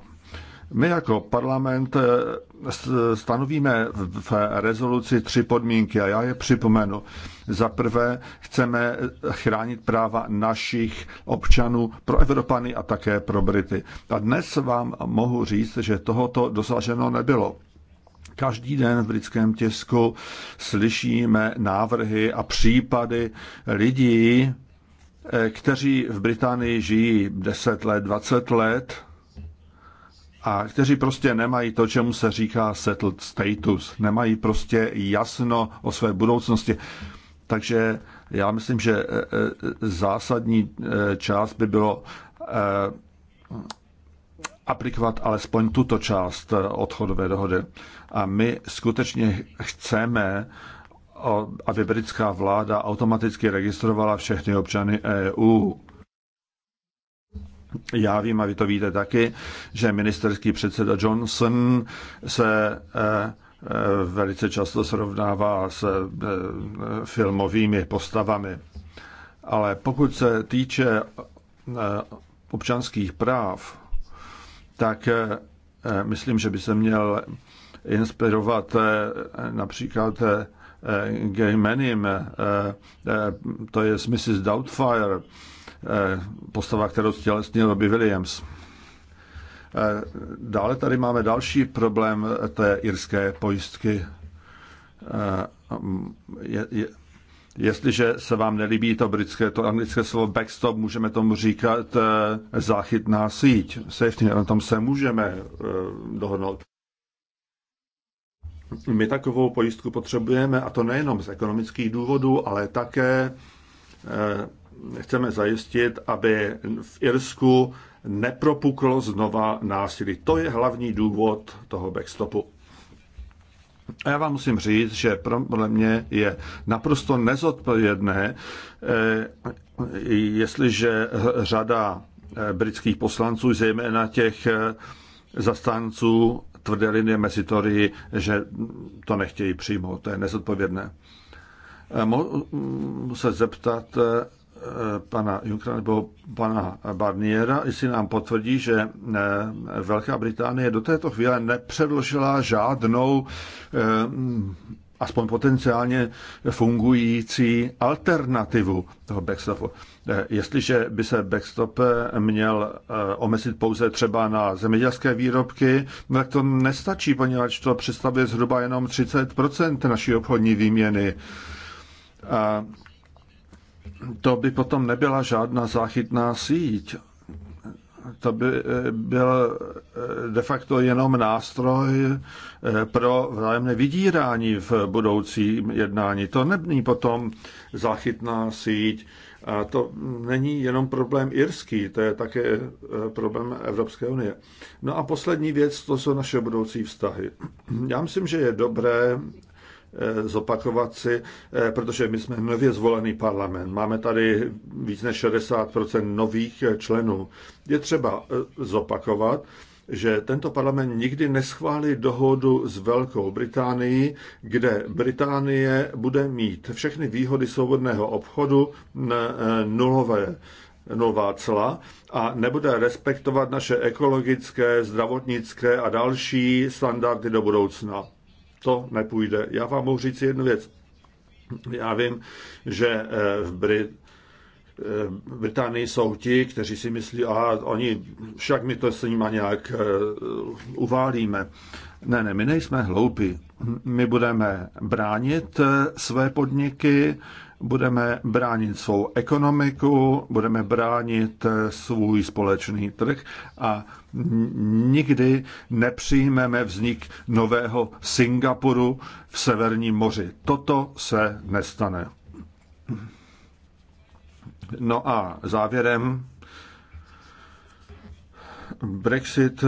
My jako parlament eh, stanovíme v rezoluci tři podmínky a já je připomenu. Za prvé chceme chránit práva našich občanů pro Evropany a také pro Brity. A dnes vám mohu říct, že tohoto dosaženo nebylo. Každý den v britském tisku slyšíme návrhy a případy lidí, eh, kteří v Británii žijí 10 let, 20 let, a kteří prostě nemají to, čemu se říká settled status, nemají prostě jasno o své budoucnosti. Takže já myslím, že e, e, zásadní e, část by bylo aplikovat alespoň tuto část odchodové dohody. A my skutečně chceme, aby britská vláda automaticky registrovala všechny občany EU. Já vím, a vy to víte taky, že ministerský předseda Johnson se eh, eh, velice často srovnává s eh, filmovými postavami. Ale pokud se týče občanských práv, tak myslím, že by se měl inspirovat například Gay Manim, to je Mrs. Doubtfire, Eh, postava, kterou stělesnil Robby Williams. Eh, dále tady máme další problém té irské pojistky. Eh, mm, je, je, jestliže se vám nelíbí to britské, to anglické slovo backstop, můžeme tomu říkat záchytná síť, safety, na tom se můžeme dohodnout. My takovou pojistku potřebujeme, a to nejenom z ekonomických důvodů, ale také chceme zajistit, aby v Irsku nepropuklo znova násilí. To je hlavní důvod toho backstopu. A já vám musím říct, že pro mě je naprosto nezodpovědné, eh, jestliže řada eh, britských poslanců, zejména těch eh, zastánců tvrdé linie mezi Tory, že to nechtějí přijmout. To je nezodpovědné. Mohu mm, se zeptat, Eh, pana Junckera nebo pana Barniera, jestli nám potvrdí, že eh, Velká Británie do této chvíle nepředložila žádnou eh, aspoň potenciálně fungující alternativu toho backstopu. Jestliže by se backstop měl omezit pouze třeba na zemědělské výrobky, no tak to nestačí, poněvadž to představuje zhruba jenom 30 naší obchodní výměny. A to by potom nebyla žádná záchytná síť. To by eh, byl eh, de facto jenom nástroj eh, pro vzájemné vydírání v budoucím jednání. To není potom záchytná síť. A to není jenom problém irský, to je také problém Evropské unie. No a poslední věc, to jsou naše budoucí vztahy. [CLEARS THROAT] Já myslím, že je dobré Eh, zopakovat si, eh, protože my jsme nově zvolený parlament. Máme tady víc než 60 nových eh, členů. Je třeba zopakovat, že tento parlament nikdy neschválí dohodu s Velkou Británií, kde Británie bude mít všechny výhody svobodného obchodu nulové nová cla a nebude respektovat naše ekologické, zdravotnické a další standardy do budoucna to nepůjde. Já vám mohu říct jednu věc. Já vím, že eh, v Brit, eh, Británii jsou ti, kteří si myslí, a oni, však my to s nimi nějak eh, uválíme. Ne, ne, my nejsme hloupí. My budeme bránit své podniky, budeme bránit svou ekonomiku, budeme bránit svůj společný trh a nikdy nepřijmeme vznik nového Singapuru v Severním moři. Toto se nestane. No a závěrem Brexit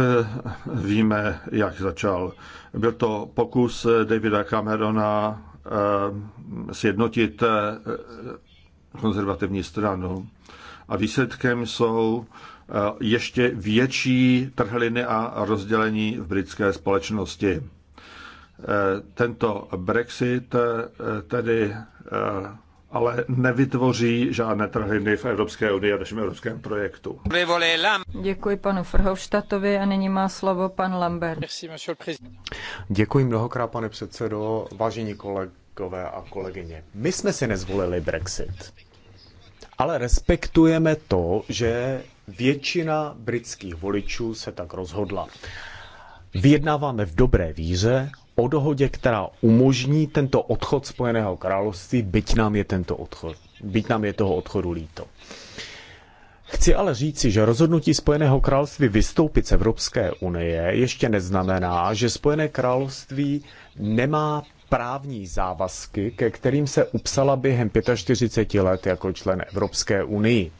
víme, jak začal. Byl to pokus Davida Camerona Eh, sjednotit eh, konzervativní stranu. A výsledkem jsou eh, ještě větší trhliny a rozdělení v britské společnosti. Tento Brexit tedy ale nevytvoří žádné trhliny v Evropské unii a našem evropském projektu. Děkuji panu Frhovštatovi a nyní má slovo pan Lambert. Děkuji mnohokrát, pane předsedo, vážení kolegové a kolegyně. My jsme si nezvolili Brexit, ale respektujeme to, že většina britských voličů se tak rozhodla. Vyjednáváme v dobré víře, o dohodě, která umožní tento odchod Spojeného království, byť nám je, tento odchod, byť nám je toho odchodu líto. Chci ale říci, že rozhodnutí Spojeného království vystoupit z Evropské unie ještě neznamená, že Spojené království nemá právní závazky, ke kterým se upsala během 45 let jako člen Evropské unii.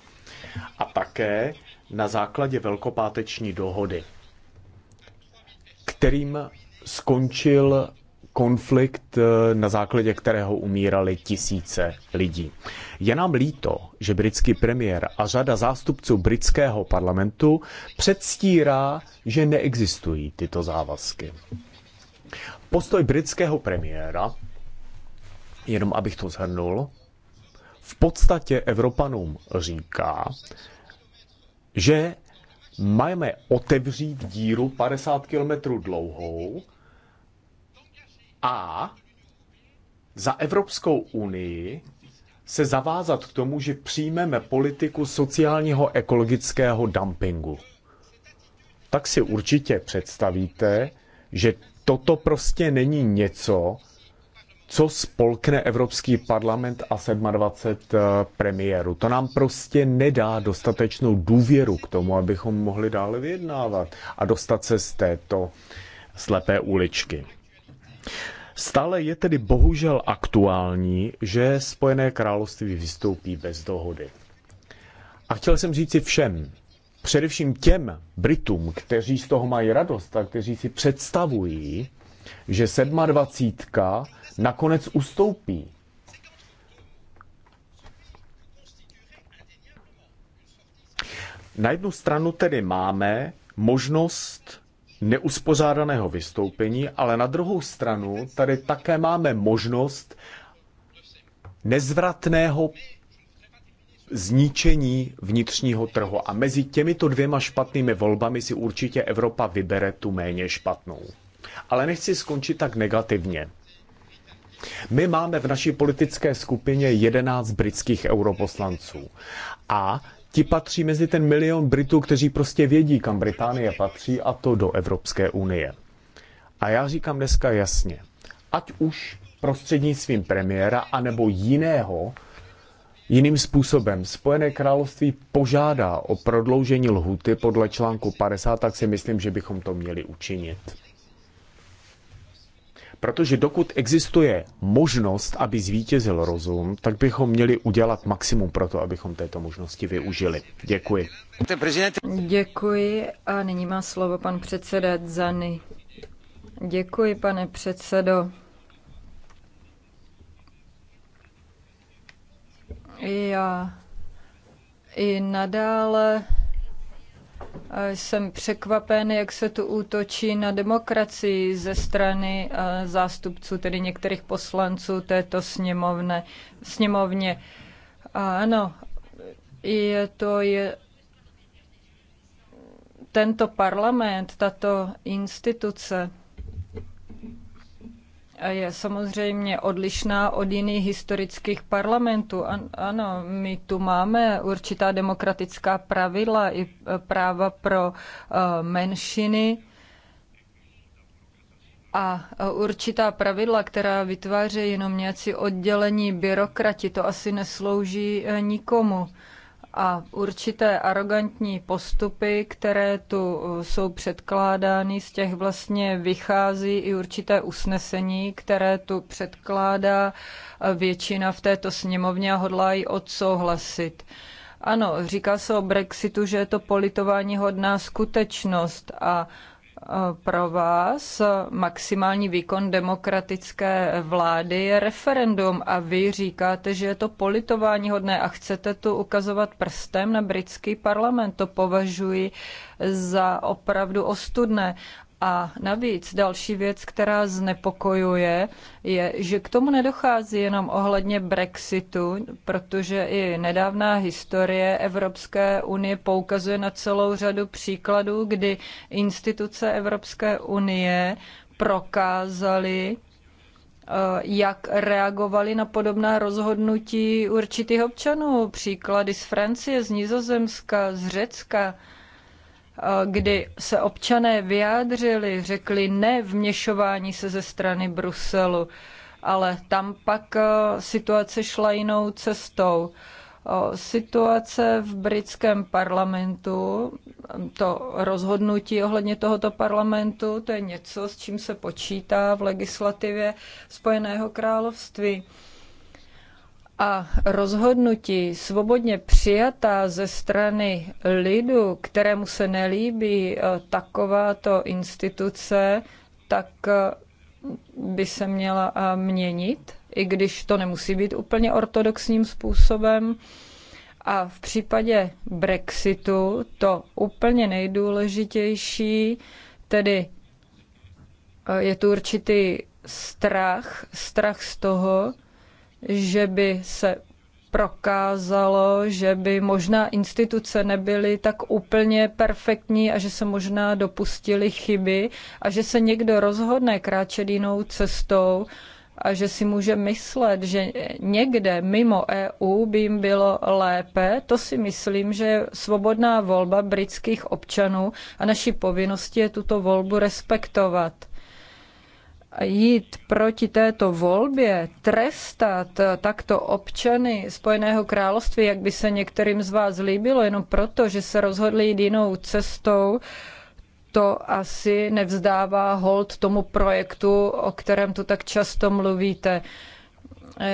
A také na základě Velkopáteční dohody, kterým skončil konflikt, eh, na základě kterého umírali tisíce lidí. Je nám líto, že britský premiér a řada zástupců britského parlamentu předstírá, že neexistují tyto závazky. Postoj britského premiéra, jenom abych to zhrnul, v podstatě Evropanům říká, že máme otevřít díru 50 kilometrů dlouhou a za Evropskou unii se zavázat k tomu, že přijmeme politiku sociálního ekologického dumpingu. Tak si určitě představíte, že toto prostě není něco, co spolkne Evropský parlament a 27 eh, premiéru. To nám prostě nedá dostatečnou důvěru k tomu, abychom mohli dále vyjednávat a dostat se z této slepé uličky. Stále je tedy bohužel aktuální, že Spojené království vystoupí bez dohody. A chtěl jsem říci všem, především těm Britům, kteří z toho mají radost a kteří si představují, že 27 nakonec ustoupí. Na jednu stranu tedy máme možnost neuspořádaného vystoupení, ale na druhou stranu tady také máme možnost nezvratného zničení vnitřního trhu. A mezi těmito dvěma špatnými volbami si určitě Evropa vybere tu méně špatnou. Ale nechci skončit tak negativně. My máme v naší politické skupině 11 britských europoslanců a ti patří mezi ten milion Britů, kteří prostě vědí, kam Británie patří a to do Evropské unie. A já říkám dneska jasně, ať už prostřednictvím premiéra anebo jiného, Jiným způsobem Spojené království požádá o prodloužení lhuty podle článku 50, tak si myslím, že bychom to měli učinit. Protože dokud existuje možnost, aby zvítězil rozum, tak bychom měli udělat maximum pro to, abychom této možnosti využili. Děkuji. Děkuji a nyní má slovo pan předseda Zany. Děkuji, pane předsedo. Já i nadále jsem překvapen, jak se tu útočí na demokracii ze strany eh, zástupců, tedy některých poslanců této sněmovne, sněmovně. A ano, je to je, tento parlament, tato instituce je samozřejmě odlišná od jiných historických parlamentů. Ano, my tu máme určitá demokratická pravidla i e, práva pro e, menšiny a e, určitá pravidla, která vytvářejí jenom nějací oddělení byrokrati, to asi neslouží nikomu a určité arrogantní postupy, které tu uh, jsou předkládány, z těch vlastně vychází i určité usnesení, které tu předkládá uh, většina v této sněmovně a hodlá ji odsouhlasit. Ano, říká se o Brexitu, že je to politování hodná skutečnost a pro vás maximální výkon demokratické vlády je referendum a vy říkáte, že je to politování hodné a chcete tu ukazovat prstem na britský parlament. To považuji za opravdu ostudné. A navíc další věc, která znepokojuje, je, že k tomu nedochází jenom ohledně Brexitu, protože i nedávná historie Evropské unie poukazuje na celou řadu příkladů, kdy instituce Evropské unie prokázaly, eh, jak reagovali na podobná rozhodnutí určitých občanů. Příklady z Francie, z Nizozemska, z Řecka. Eh, kdy se občané vyjádřili, řekli ne vměšování se ze strany Bruselu, ale tam pak eh, situace šla jinou cestou. Eh, situace v britském parlamentu, to rozhodnutí ohledně tohoto parlamentu, to je něco, s čím se počítá v legislativě Spojeného království a rozhodnutí svobodně přijatá ze strany lidu, kterému se nelíbí e, takováto instituce, tak e, by se měla e, měnit, i když to nemusí být úplně ortodoxním způsobem. A v případě Brexitu to úplně nejdůležitější, tedy je tu určitý strach, strach z toho, že by se prokázalo, že by možná instituce nebyly tak úplně perfektní a že se možná dopustily chyby a že se někdo rozhodne kráčet jinou cestou a že si může myslet, že někde mimo EU by jim bylo lépe, to si myslím, že je svobodná volba britských občanů a naší povinností je tuto volbu respektovat jít proti této volbě, trestat takto občany Spojeného království, jak by se některým z vás líbilo, jenom proto, že se rozhodli jít jinou cestou, to asi nevzdává hold tomu projektu, o kterém tu tak často mluvíte.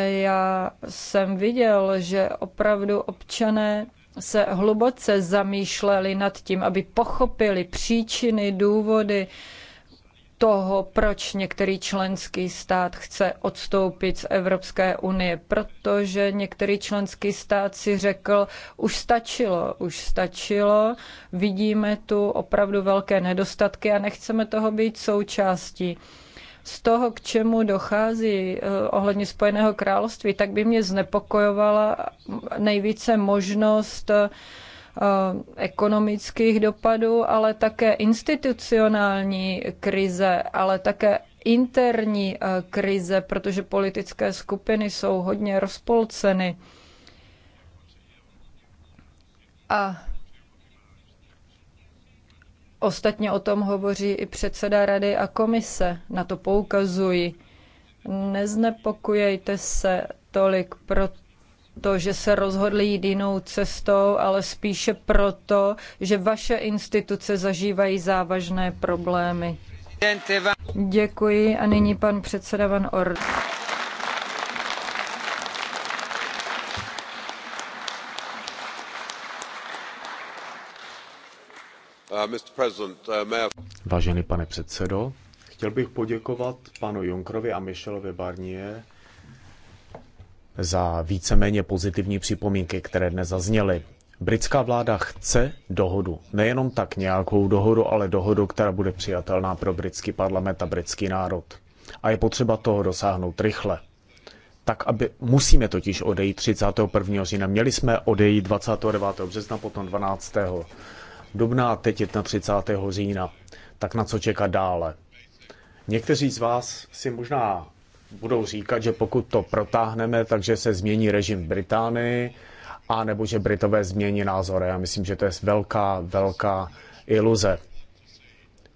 Já jsem viděl, že opravdu občané se hluboce zamýšleli nad tím, aby pochopili příčiny, důvody, toho, proč některý členský stát chce odstoupit z Evropské unie, protože některý členský stát si řekl, už stačilo, už stačilo, vidíme tu opravdu velké nedostatky a nechceme toho být součástí z toho, k čemu dochází eh, ohledně Spojeného království, tak by mě znepokojovala nejvíce možnost eh, Eh, ekonomických dopadů, ale také institucionální krize, ale také interní eh, krize, protože politické skupiny jsou hodně rozpolceny. A ostatně o tom hovoří i předseda rady a komise, na to poukazují. Neznepokojejte se tolik, protože to, že se rozhodli jít jinou cestou, ale spíše proto, že vaše instituce zažívají závažné problémy. Děkuji a nyní pan předseda Van Ord. Uh, uh, Vážený pane předsedo, chtěl bych poděkovat panu Junkrovi a Michelovi Barnier za víceméně pozitivní připomínky, které dnes zazněly. Britská vláda chce dohodu. Nejenom tak nějakou dohodu, ale dohodu, která bude přijatelná pro britský parlament a britský národ. A je potřeba toho dosáhnout rychle. Tak, aby musíme totiž odejít 31. října. Měli jsme odejít 29. března, potom 12. dubna a teď je na 30. října. Tak na co čekat dále? Někteří z vás si možná budou říkat, že pokud to protáhneme, takže se změní režim Británii, a nebo že Britové změní názory. Já myslím, že to je velká, velká iluze.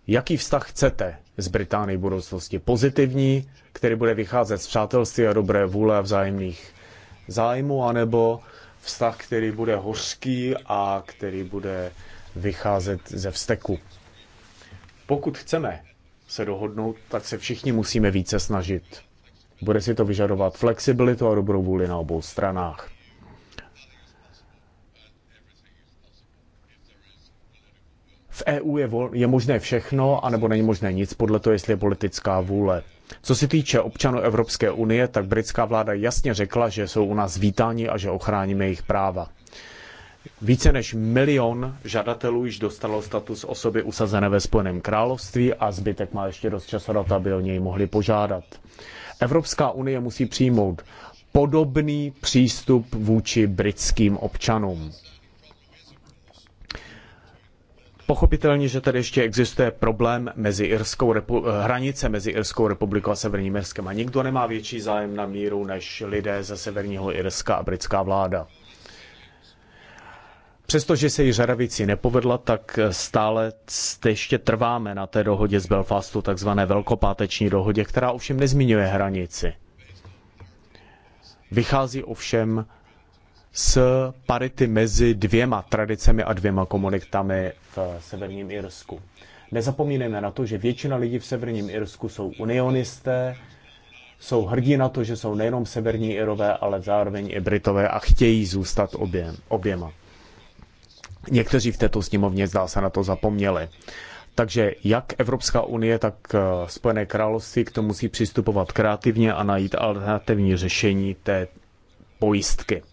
Jaký vztah chcete z Británii v budoucnosti? Pozitivní, který bude vycházet z přátelství a dobré vůle a vzájemných zájmů, anebo vztah, který bude hořký a který bude vycházet ze vzteku. Pokud chceme se dohodnout, tak se všichni musíme více snažit. Bude si to vyžadovat flexibilitu a dobrou vůli na obou stranách. V EU je, vol, je možné všechno, anebo není možné nic, podle toho, jestli je politická vůle. Co se týče občanů Evropské unie, tak britská vláda jasně řekla, že jsou u nás vítáni a že ochráníme jejich práva. Více než milion žadatelů již dostalo status osoby usazené ve Spojeném království a zbytek má ještě dost času aby o něj mohli požádat. Evropská unie musí přijmout podobný přístup vůči britským občanům. Pochopitelně, že tady ještě existuje problém mezi Irskou repu- eh, hranice mezi Irskou republikou a Severním Irskem a nikdo nemá větší zájem na míru než lidé ze Severního Irska a britská vláda. Přestože se jí řada věcí nepovedla, tak stále ještě trváme na té dohodě z Belfastu, takzvané velkopáteční dohodě, která ovšem nezmiňuje hranici. Vychází ovšem s parity mezi dvěma tradicemi a dvěma komunitami v Severním Irsku. Nezapomínejme na to, že většina lidí v Severním Irsku jsou unionisté, jsou hrdí na to, že jsou nejenom severní Irové, ale zároveň i Britové a chtějí zůstat obě, oběma. Někteří v této sněmovně zdá se na to zapomněli. Takže jak Evropská unie, tak eh, Spojené království k tomu musí přistupovat kreativně a najít alternativní řešení té pojistky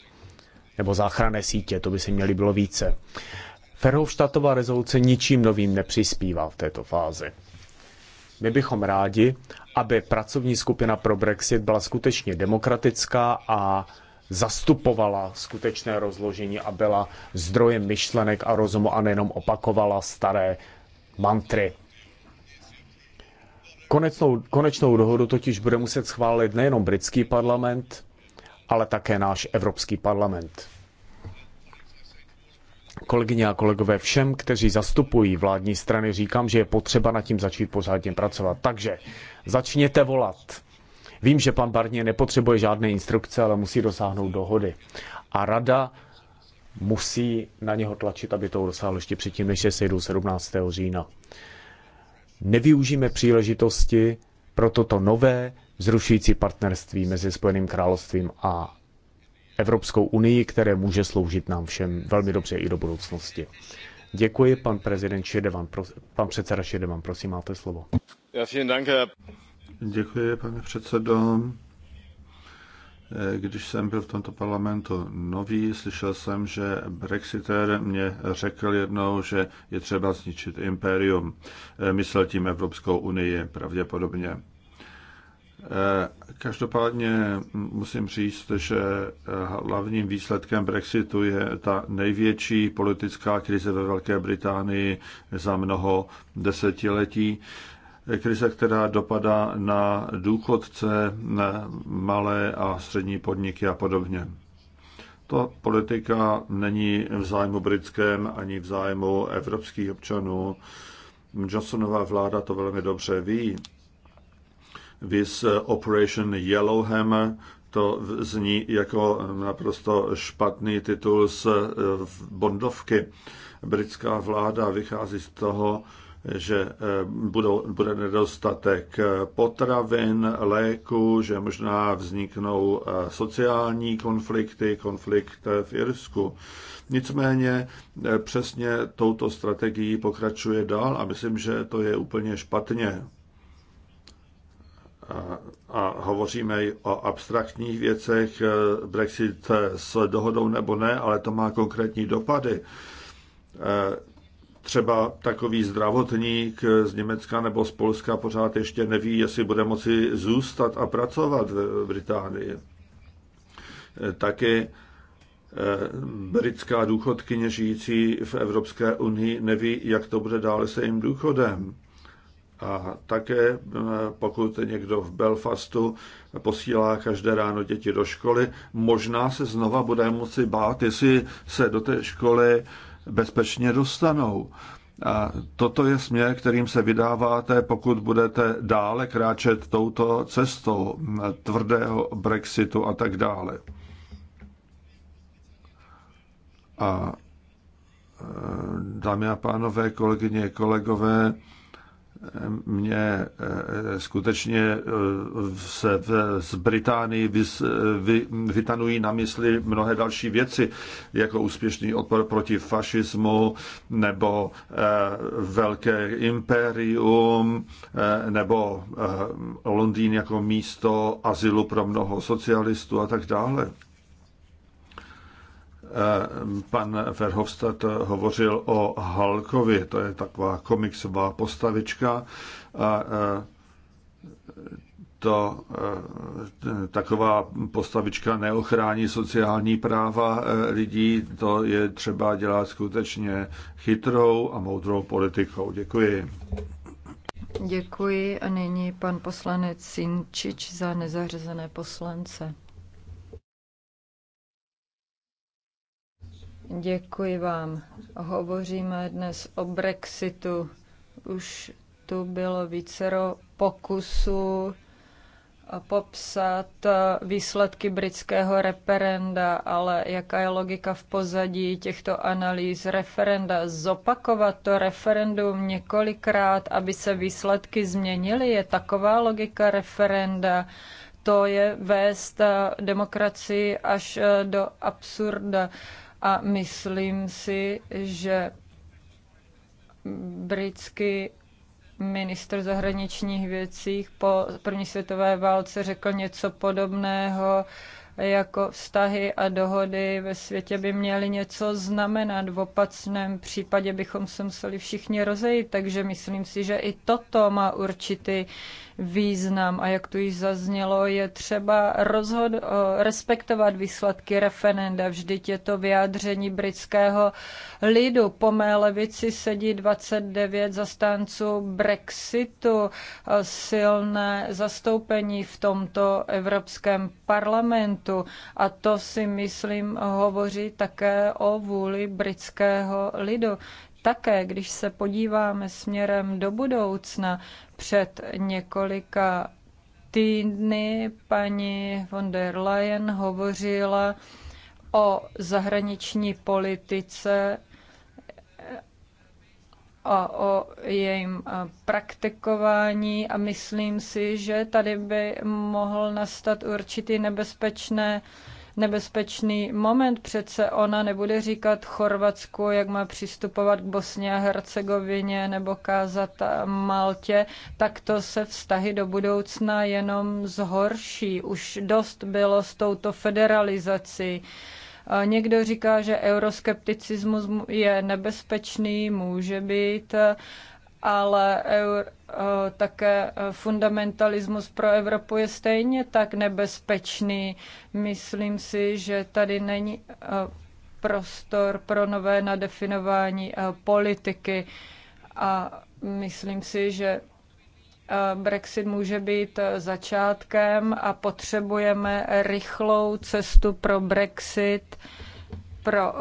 nebo záchranné sítě, to by se měli bylo více. Ferhovštatová rezoluce ničím novým nepřispívá v této fázi. My bychom rádi, aby pracovní skupina pro Brexit byla skutečně demokratická a zastupovala skutečné rozložení a byla zdrojem myšlenek a rozumu a nejenom opakovala staré mantry. Konečnou, konečnou dohodu totiž bude muset schválit nejenom britský parlament, ale také náš Evropský parlament. Kolegyně a kolegové, všem, kteří zastupují vládní strany, říkám, že je potřeba nad tím začít pořádně pracovat. Takže začněte volat. Vím, že pan Barnier nepotřebuje žádné instrukce, ale musí dosáhnout dohody. A rada musí na něho tlačit, aby to dosáhl ještě předtím, než se sejdou 17. října. Nevyužijeme příležitosti pro toto nové zrušující partnerství mezi Spojeným královstvím a Evropskou unii, které může sloužit nám všem velmi dobře i do budoucnosti. Děkuji, pan prezident Šedevan, pan předseda Šedevan, prosím, máte slovo. Děkuji, pane předsedo. Eh, když jsem byl v tomto parlamentu nový, slyšel jsem, že Brexiter mě řekl jednou, že je třeba zničit impérium. Eh, myslel tím Evropskou unii pravděpodobně. Eh, každopádně musím říct, že hlavním výsledkem Brexitu je ta největší politická krize ve Velké Británii za mnoho desetiletí krize, která dopadá na důchodce, na malé a střední podniky a podobně. To politika není v zájmu britském ani v zájmu evropských občanů. Johnsonová vláda to velmi dobře ví. Vis Operation Yellowhammer, to zní jako naprosto špatný titul z eh, Bondovky. Britská vláda vychází z toho, že eh, budou, bude nedostatek eh, potravin, léku, že možná vzniknou eh, sociální konflikty, konflikt v Irsku. Nicméně přesně touto strategií pokračuje dál a myslím, že to je úplně špatně. A, a hovoříme i o abstraktních věcech, Brexit s dohodou nebo ne, ale to má konkrétní dopady třeba takový zdravotník z Německa nebo z Polska pořád ještě neví, jestli bude moci zůstat a pracovat v Británii. Taky eh, britská důchodkyně žijící v Evropské unii neví, jak to bude dále se jim důchodem. A také eh, pokud někdo v Belfastu posílá každé ráno děti do školy, možná se znova bude moci bát, jestli se do té školy bezpečně dostanou. A toto je směr, kterým se vydáváte, pokud budete dále kráčet touto cestou tvrdého Brexitu a tak dále. A e, dámy a pánové, kolegyně, kolegové, mě eh, skutečně eh, se z Británii vytanují na mysli mnohé další věci, jako úspěšný odpor proti fašismu, nebo eh, velké impérium, nebo Londýn jako místo asilu pro mnoho socialistů a tak dále. Eh, pan Verhofstadt hovořil o Halkovi, to je taková komiksová postavička a eh, to eh, taková postavička neochrání sociální práva lidí, to je třeba dělat skutečně chytrou a moudrou politikou. Děkuji. Děkuji a nyní pan poslanec Sinčič za nezařazené poslance. Děkuji vám. Hovoříme dnes o Brexitu. Už tu bylo vícero pokusů popsat výsledky britského referenda, ale jaká je logika v pozadí těchto analýz referenda? Zopakovat to referendum několikrát, aby se výsledky změnily, je taková logika referenda. To je vést demokracii až do absurda a myslím si, že britský ministr zahraničních věcí po první světové válce řekl něco podobného, jako vztahy a dohody ve světě by měly něco znamenat. V opacném případě bychom se museli všichni rozejít, takže myslím si, že i toto má určitý význam. A jak to již zaznělo, je třeba rozhod, respektovat výsledky referenda. Vždyť je to vyjádření britského lidu. Po mé levici sedí 29 zastánců Brexitu. Silné zastoupení v tomto Evropském parlamentu. A to si myslím hovoří také o vůli britského lidu. Také, když se podíváme směrem do budoucna, před několika týdny paní von der Leyen hovořila o zahraniční politice a o jejím praktikování a myslím si, že tady by mohl nastat určitý nebezpečné nebezpečný moment. Přece ona nebude říkat Chorvatsku, jak má přistupovat k Bosně a Hercegovině nebo kázat Maltě. Tak to se vztahy do budoucna jenom zhorší. Už dost bylo s touto federalizací. Někdo říká, že euroskepticismus je nebezpečný, může být, ale euro Eh, také eh, fundamentalismus pro Evropu je stejně tak nebezpečný. Myslím si, že tady není eh, prostor pro nové nadefinování politiky a myslím si, že Brexit může být začátkem a potřebujeme rychlou cestu pro Brexit pro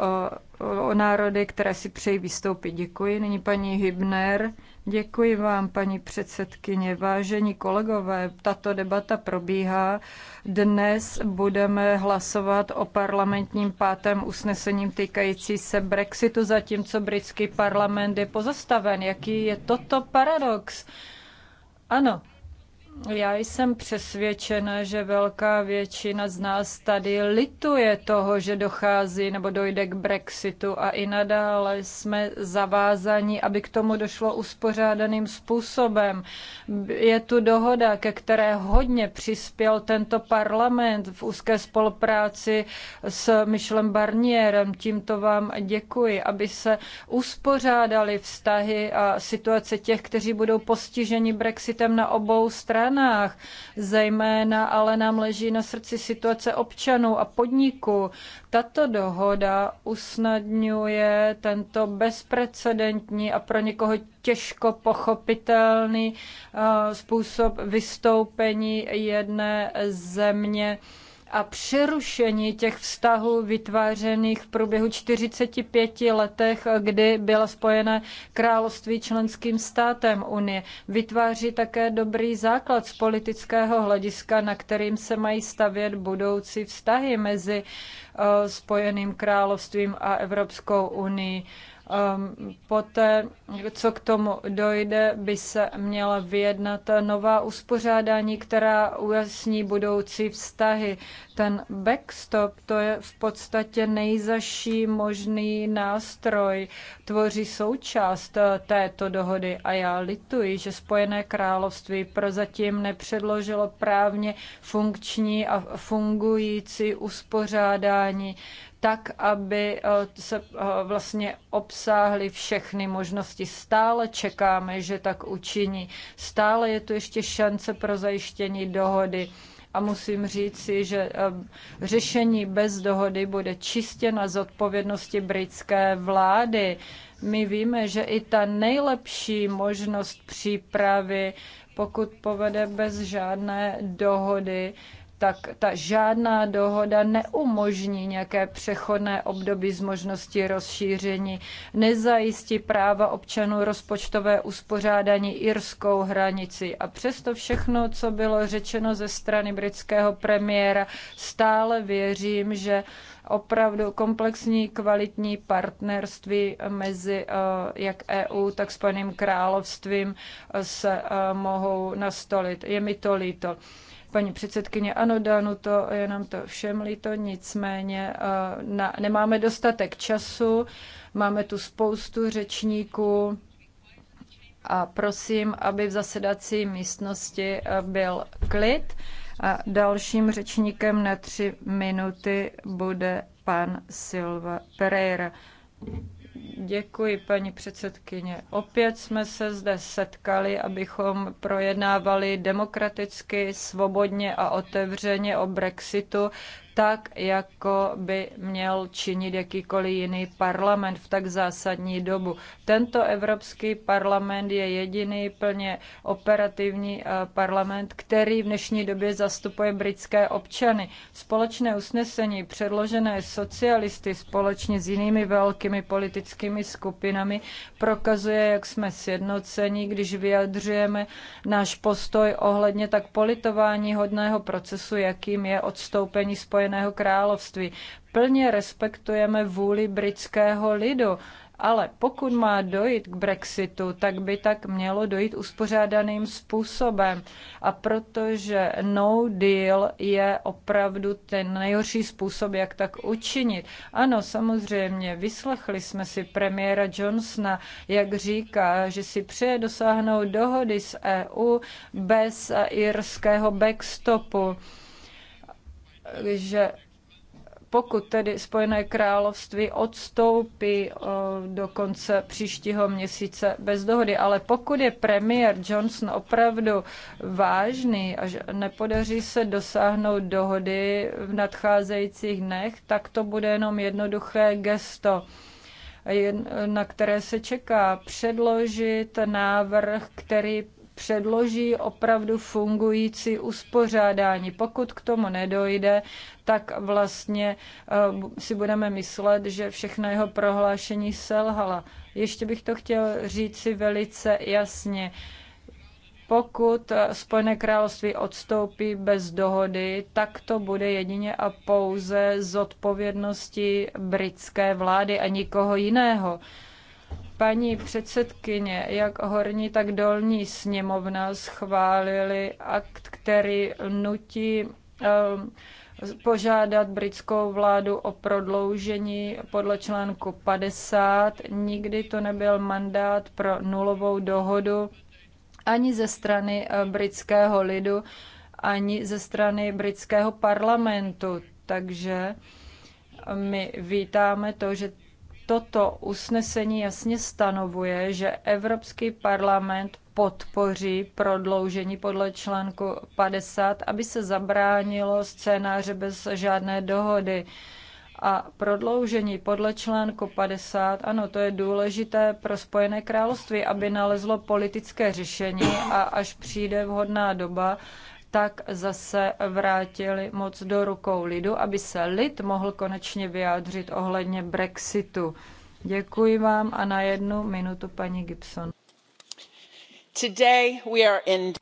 národy, které si přejí vystoupit. Děkuji. Nyní paní Hibner. Děkuji vám, paní předsedkyně. Vážení kolegové, tato debata probíhá. Dnes budeme hlasovat o parlamentním pátém usnesením týkající se Brexitu, zatímco britský parlament je pozastaven. Jaký je toto paradox? Ano, já jsem přesvědčena, že velká většina z nás tady lituje toho, že dochází nebo dojde k Brexitu a i nadále jsme zavázaní, aby k tomu došlo uspořádaným způsobem. Je tu dohoda, ke které hodně přispěl tento parlament v úzké spolupráci s Michelem Barnierem. Tímto vám děkuji, aby se uspořádali vztahy a situace těch, kteří budou postiženi Brexitem na obou stranách stranách. Zejména ale nám leží na srdci situace občanů a podniků. Tato dohoda usnadňuje tento bezprecedentní a pro někoho těžko pochopitelný eh, způsob vystoupení jedné země a přerušení těch vztahů vytvářených v průběhu 45 letech, kdy byla spojené království členským státem Unie. Vytváří také dobrý základ z politického hlediska, na kterým se mají stavět budoucí vztahy mezi eh, Spojeným královstvím a Evropskou unii. Ehm, poté, co k tomu dojde, by se měla vyjednat nová uspořádání, která ujasní budoucí vztahy. Ten backstop to je v podstatě nejzaší možný nástroj, tvoří součást eh, této dohody a já lituji, že Spojené království prozatím nepředložilo právně funkční a fungující uspořádání tak, aby eh, se eh, vlastně obsáhly všechny možnosti. Stále čekáme, že tak učiní. Stále je tu ještě šance pro zajištění dohody. A musím říci, že eh, řešení bez dohody bude čistě na zodpovědnosti britské vlády. My víme, že i ta nejlepší možnost přípravy pokud povede bez žádné dohody, tak ta žádná dohoda neumožní nějaké přechodné období z možnosti rozšíření, nezajistí práva občanů rozpočtové uspořádání irskou hranici. A přesto všechno, co bylo řečeno ze strany britského premiéra, stále věřím, že opravdu komplexní, kvalitní partnerství mezi eh, jak EU, tak Spojeným královstvím eh, se eh, mohou nastolit. Je mi to líto. Paní předsedkyně, ano, dánu to, je nám to všem líto, nicméně eh, na, nemáme dostatek času, máme tu spoustu řečníků a prosím, aby v zasedací místnosti eh, byl klid. A dalším řečníkem na tři minuty bude pan Silva Pereira. Děkuji, paní předsedkyně. Opět jsme se zde setkali, abychom projednávali demokraticky, svobodně a otevřeně o Brexitu, tak, jako by měl činit jakýkoliv jiný parlament v tak zásadní dobu. Tento Evropský parlament je jediný plně operativní eh, parlament, který v dnešní době zastupuje britské občany. Společné usnesení předložené socialisty společně s jinými velkými politickými skupinami prokazuje, jak jsme sjednoceni, když vyjadřujeme náš postoj ohledně tak politování hodného procesu, jakým je odstoupení spojené Spojeného království. Plně respektujeme vůli britského lidu. Ale pokud má dojít k Brexitu, tak by tak mělo dojít uspořádaným způsobem. A protože no deal je opravdu ten nejhorší způsob, jak tak učinit. Ano, samozřejmě, vyslechli jsme si premiéra Johnsona, jak říká, že si přeje dosáhnout dohody s EU bez irského backstopu že pokud tedy Spojené království odstoupí eh, do konce příštího měsíce bez dohody, ale pokud je premiér Johnson opravdu vážný a že nepodaří se dosáhnout dohody v nadcházejících dnech, tak to bude jenom jednoduché gesto na které se čeká předložit návrh, který předloží opravdu fungující uspořádání. Pokud k tomu nedojde, tak vlastně eh, si budeme myslet, že všechno jeho prohlášení selhala. Ještě bych to chtěl říct si velice jasně pokud eh, Spojené království odstoupí bez dohody, tak to bude jedině a pouze z odpovědnosti britské vlády a nikoho jiného. Paní předsedkyně, jak horní, tak dolní sněmovna schválili akt, který nutí ehm, požádat britskou vládu o prodloužení podle článku 50. Nikdy to nebyl mandát pro nulovou dohodu ani ze strany eh, britského lidu, ani ze strany britského parlamentu. Takže my vítáme to, že Toto usnesení jasně stanovuje, že Evropský parlament podpoří prodloužení podle článku 50, aby se zabránilo scénáře bez žádné dohody. A prodloužení podle článku 50, ano, to je důležité pro Spojené království, aby nalezlo politické řešení a až přijde vhodná doba, tak zase vrátili moc do rukou lidu, aby se lid mohl konečně vyjádřit ohledně Brexitu. Děkuji vám a na jednu minutu paní Gibson. Today we are in...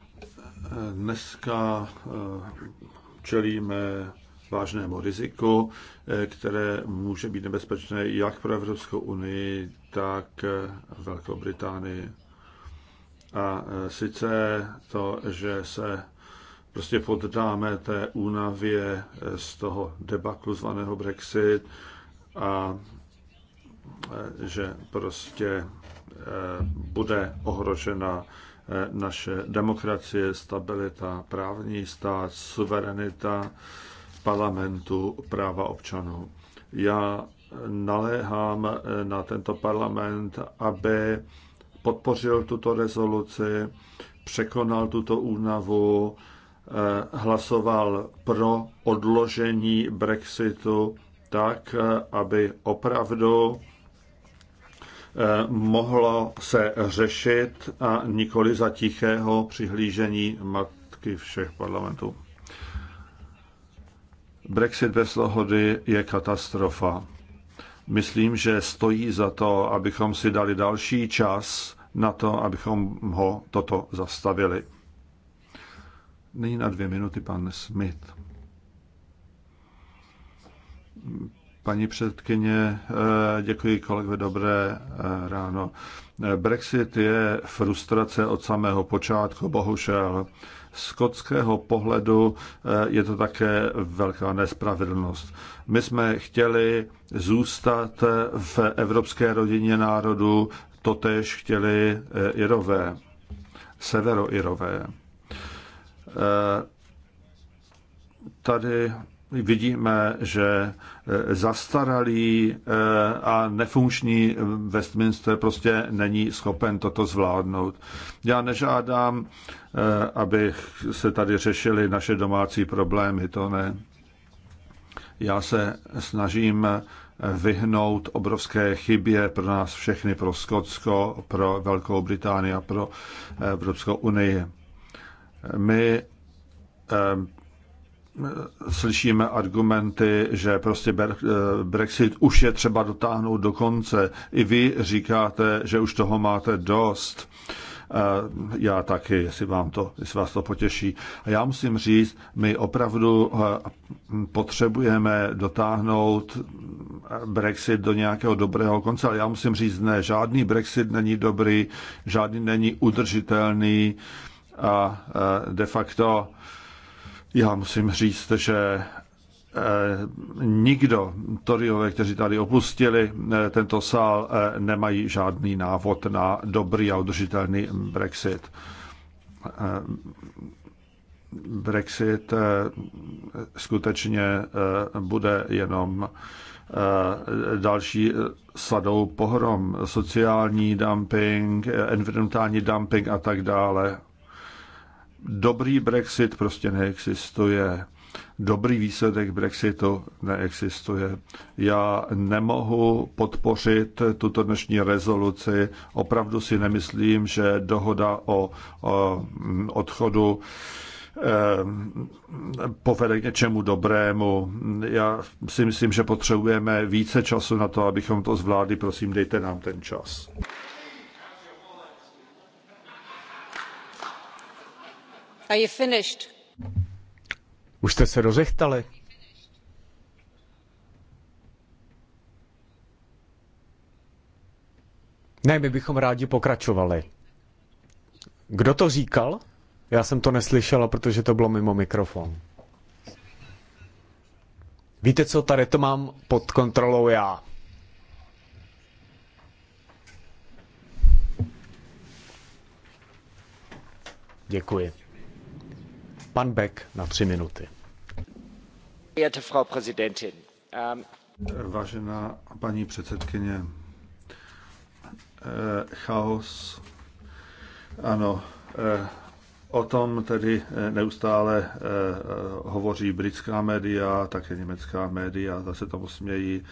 Dneska eh, čelíme vážnému riziku, eh, které může být nebezpečné jak pro Evropskou unii, tak eh, Velkou Británii. A sice to, že se prostě poddáme té únavě eh, z toho debaklu zvaného Brexit a eh, že prostě eh, bude ohrožena naše demokracie, stabilita, právní stát, suverenita parlamentu, práva občanů. Já naléhám na tento parlament, aby podpořil tuto rezoluci, překonal tuto únavu, Eh, hlasoval pro odložení Brexitu tak, eh, aby opravdu eh, mohlo se řešit a nikoli za tichého přihlížení matky všech parlamentů. Brexit bez dohody je katastrofa. Myslím, že stojí za to, abychom si dali další čas na to, abychom ho toto zastavili. Nyní na dvě minuty pan Smith. Paní předkyně, eh, děkuji kolegovi, dobré eh, ráno. Eh, Brexit je frustrace od samého počátku, bohužel. Z skotského pohledu je to také velká nespravedlnost. My jsme chtěli zůstat v evropské rodině národů, totež chtěli Irové, severoirové. Eh, tady vidíme, že eh, zastaralý eh, a nefunkční Westminster prostě není schopen toto zvládnout. Já nežádám, aby se tady řešili naše domácí problémy, to ne. Já se snažím vyhnout obrovské chybě pro nás všechny, pro Skotsko, pro Velkou Británii a pro Evropskou unii. My eh, slyšíme argumenty, že prostě eh, Brexit už je třeba dotáhnout do konce. I vy říkáte, že už toho máte dost. Eh, já taky, jestli, vám to, jestli vás to potěší. A já musím říct, my opravdu potřebujeme dotáhnout Brexit do nějakého dobrého konce, ale já musím říct, ne, žádný Brexit není dobrý, žádný není udržitelný. A e, de facto já musím říct, že e, nikdo, Toriové, kteří tady opustili e, tento sál, nemají žádný návod na dobrý a udržitelný Brexit. Brexit skutečně bude jenom další sadou pohrom, sociální dumping, environmentální dumping a tak dále dobrý Brexit prostě neexistuje. Dobrý výsledek Brexitu neexistuje. Já nemohu podpořit tuto dnešní rezoluci. Opravdu si nemyslím, že dohoda o, o odchodu eh, povede k něčemu dobrému. Já si myslím, že potřebujeme více času na to, abychom to zvládli. Prosím, dejte nám ten čas. Už jste se rozechtali? Ne, my bychom rádi pokračovali. Kdo to říkal? Já jsem to neslyšela, protože to bylo mimo mikrofon. Víte co, tady to mám pod kontrolou já. Děkuji. Pan Beck na tři minuty. Ähm, Vážená paní předsedkyně, eh, chaos, ano, eh, O tom tedy eh, neustále eh, eh, hovoří britská média, také německá média, zase tomu smějí,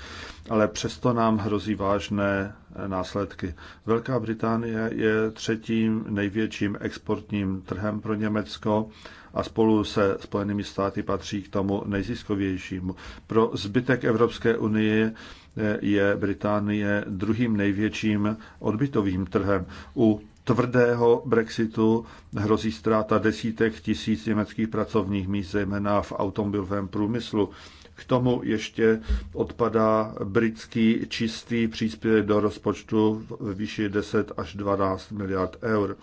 ale přesto nám hrozí vážné následky. Velká Británie je třetím největším exportním trhem pro Německo a spolu se Spojenými státy patří k tomu nejziskovějšímu. Pro zbytek Evropské unie je Británie druhým největším odbytovým trhem. U tvrdého Brexitu hrozí ztráta desítek tisíc německých pracovních míst, zejména v automobilovém průmyslu. K tomu ještě odpadá britský čistý příspěvek do rozpočtu v výši 10 až 12 miliard eur.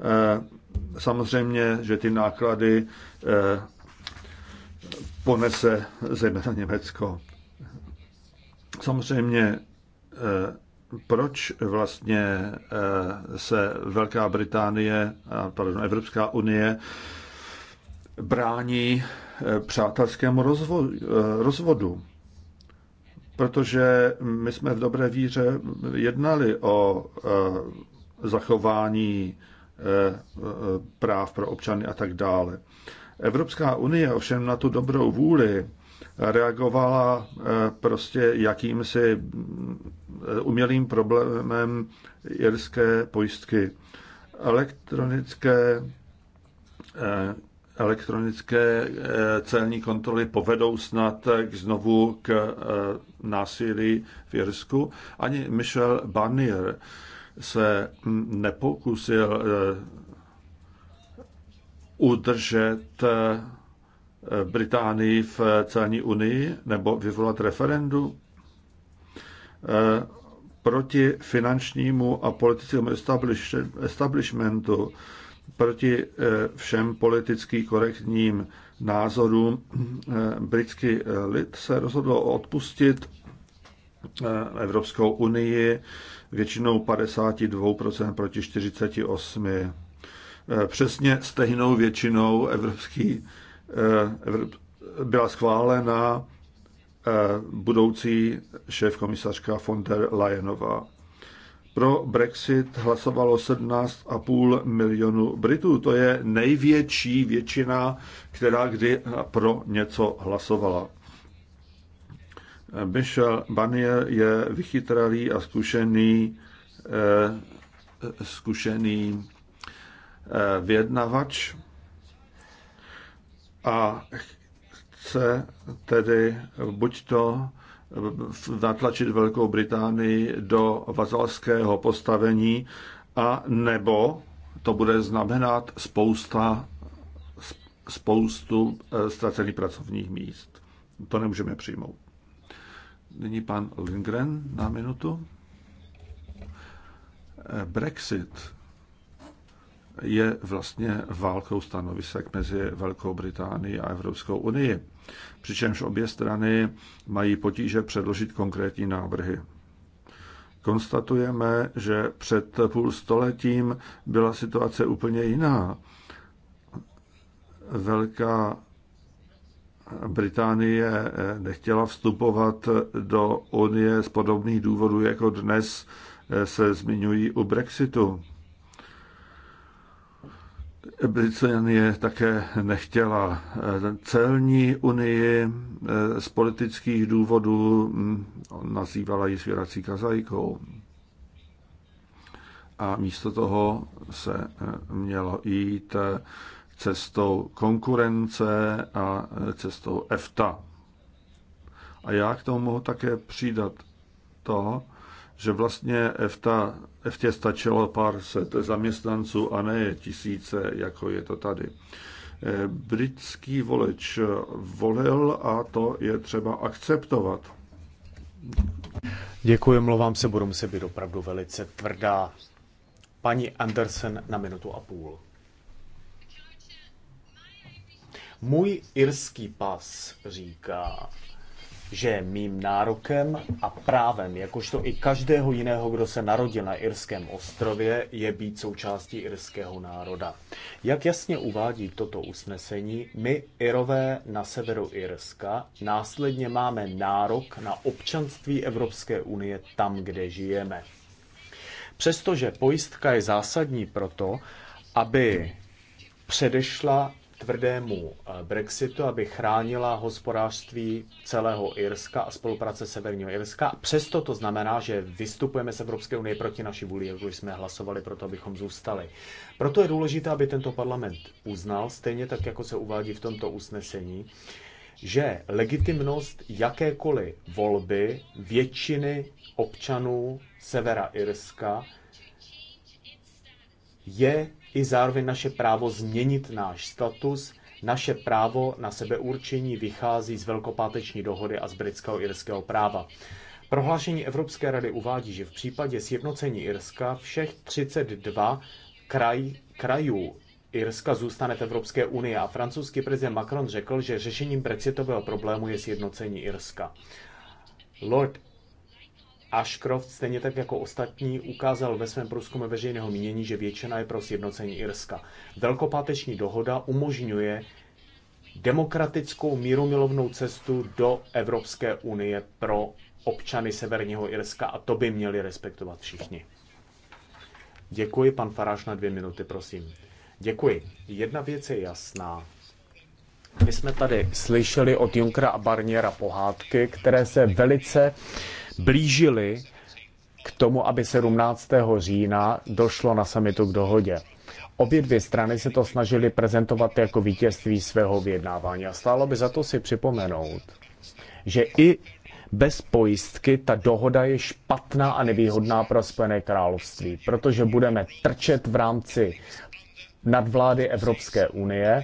Eh, samozřejmě, že ty náklady eh, ponese zejména Německo. Samozřejmě eh, proč vlastně eh, se Velká Británie, pardon, Evropská unie brání eh, přátelskému eh, rozvodu. Protože my jsme v dobré víře jednali o zachování práv pro občany a tak dále. Evropská unie ovšem na tu dobrou vůli reagovala eh, prostě jakýmsi eh, umělým problémem jirské pojistky. Elektronické eh, elektronické celní kontroly povedou snad k znovu k násilí v Jirsku. Ani Michel Barnier se hm, nepokusil udržet Británii v celní unii nebo vyvolat referendu eh, proti finančnímu a politickému establishmentu, proti eh, všem politicky korektním názorům eh, britský lid se rozhodl odpustit Evropskou unii většinou 52% proti 48%. Přesně stejnou většinou Evropský Eh, byla schválena eh, budoucí šéf komisařka von der Leyenová. Pro Brexit hlasovalo 17,5 milionu Britů. To je největší většina, která kdy pro něco hlasovala. Michel Barnier je vychytralý a zkušený, eh, zkušený vyjednavač a chce tedy buď to natlačit Velkou Británii do vazalského postavení, a nebo to bude znamenat spousta, spoustu eh, ztracených pracovních míst. To nemůžeme přijmout. Nyní pan Lindgren na minutu. Eh, Brexit je vlastně válkou stanovisek mezi Velkou Británií a Evropskou unii. Přičemž obě strany mají potíže předložit konkrétní návrhy. Konstatujeme, že před půl stoletím byla situace úplně jiná. Velká Británie nechtěla vstupovat do Unie z podobných důvodů, jako dnes se zmiňují u Brexitu. Británie také nechtěla eh, celní unii eh, z politických důvodů, hm, nazývala ji svěrací kazajkou. A místo toho se eh, mělo jít cestou konkurence a cestou EFTA. A já k tomu mohu také přidat to, že vlastně EFTA ještě stačilo pár set zaměstnanců a ne tisíce, jako je to tady. Eh, britský volič volil a to je třeba akceptovat. Děkuji, mluvám se, budu muset být opravdu velice tvrdá. Paní Andersen na minutu a půl. Můj irský pas říká, že mým nárokem a právem, jakožto i každého jiného, kdo se narodil na Irském ostrově, je být součástí irského národa. Jak jasně uvádí toto usnesení, my, Irové na severu Irska, následně máme nárok na občanství Evropské unie tam, kde žijeme. Přestože pojistka je zásadní proto, aby předešla tvrdému eh, Brexitu, aby chránila hospodářství celého Irska a spolupráce Severního Irska. Přesto to znamená, že vystupujeme z Evropské unie proti naší vůli, jako jsme hlasovali proto, abychom zůstali. Proto je důležité, aby tento parlament uznal, stejně tak, jako se uvádí v tomto usnesení, že legitimnost jakékoliv volby většiny občanů Severa Irska je i zároveň naše právo změnit náš status. Naše právo na sebeurčení vychází z Velkopáteční dohody a z britského irského práva. Prohlášení Evropské rady uvádí, že v případě sjednocení Irska všech 32 kraj, krajů Irska zůstane v Evropské unii a francouzský prezident Macron řekl, že řešením brexitového problému je sjednocení Irska. Lord Ashcroft, stejně tak jako ostatní, ukázal ve svém průzkumu veřejného mínění, že většina je pro sjednocení Irska. Velkopáteční dohoda umožňuje demokratickou mírumilovnou cestu do Evropské unie pro občany Severního Irska a to by měli respektovat všichni. Děkuji, pan Faráš, na dvě minuty, prosím. Děkuji. Jedna věc je jasná. My jsme tady slyšeli od Junkra a Barniera pohádky, které se velice uh, blížili k tomu, aby 17. října došlo na samitu k dohodě. Obě dvě strany se to snažily prezentovat jako vítězství svého vyjednávání a stálo by za to si připomenout, že i bez pojistky ta dohoda je špatná a nevýhodná pro Spojené království, protože budeme trčet v rámci nadvlády Evropské unie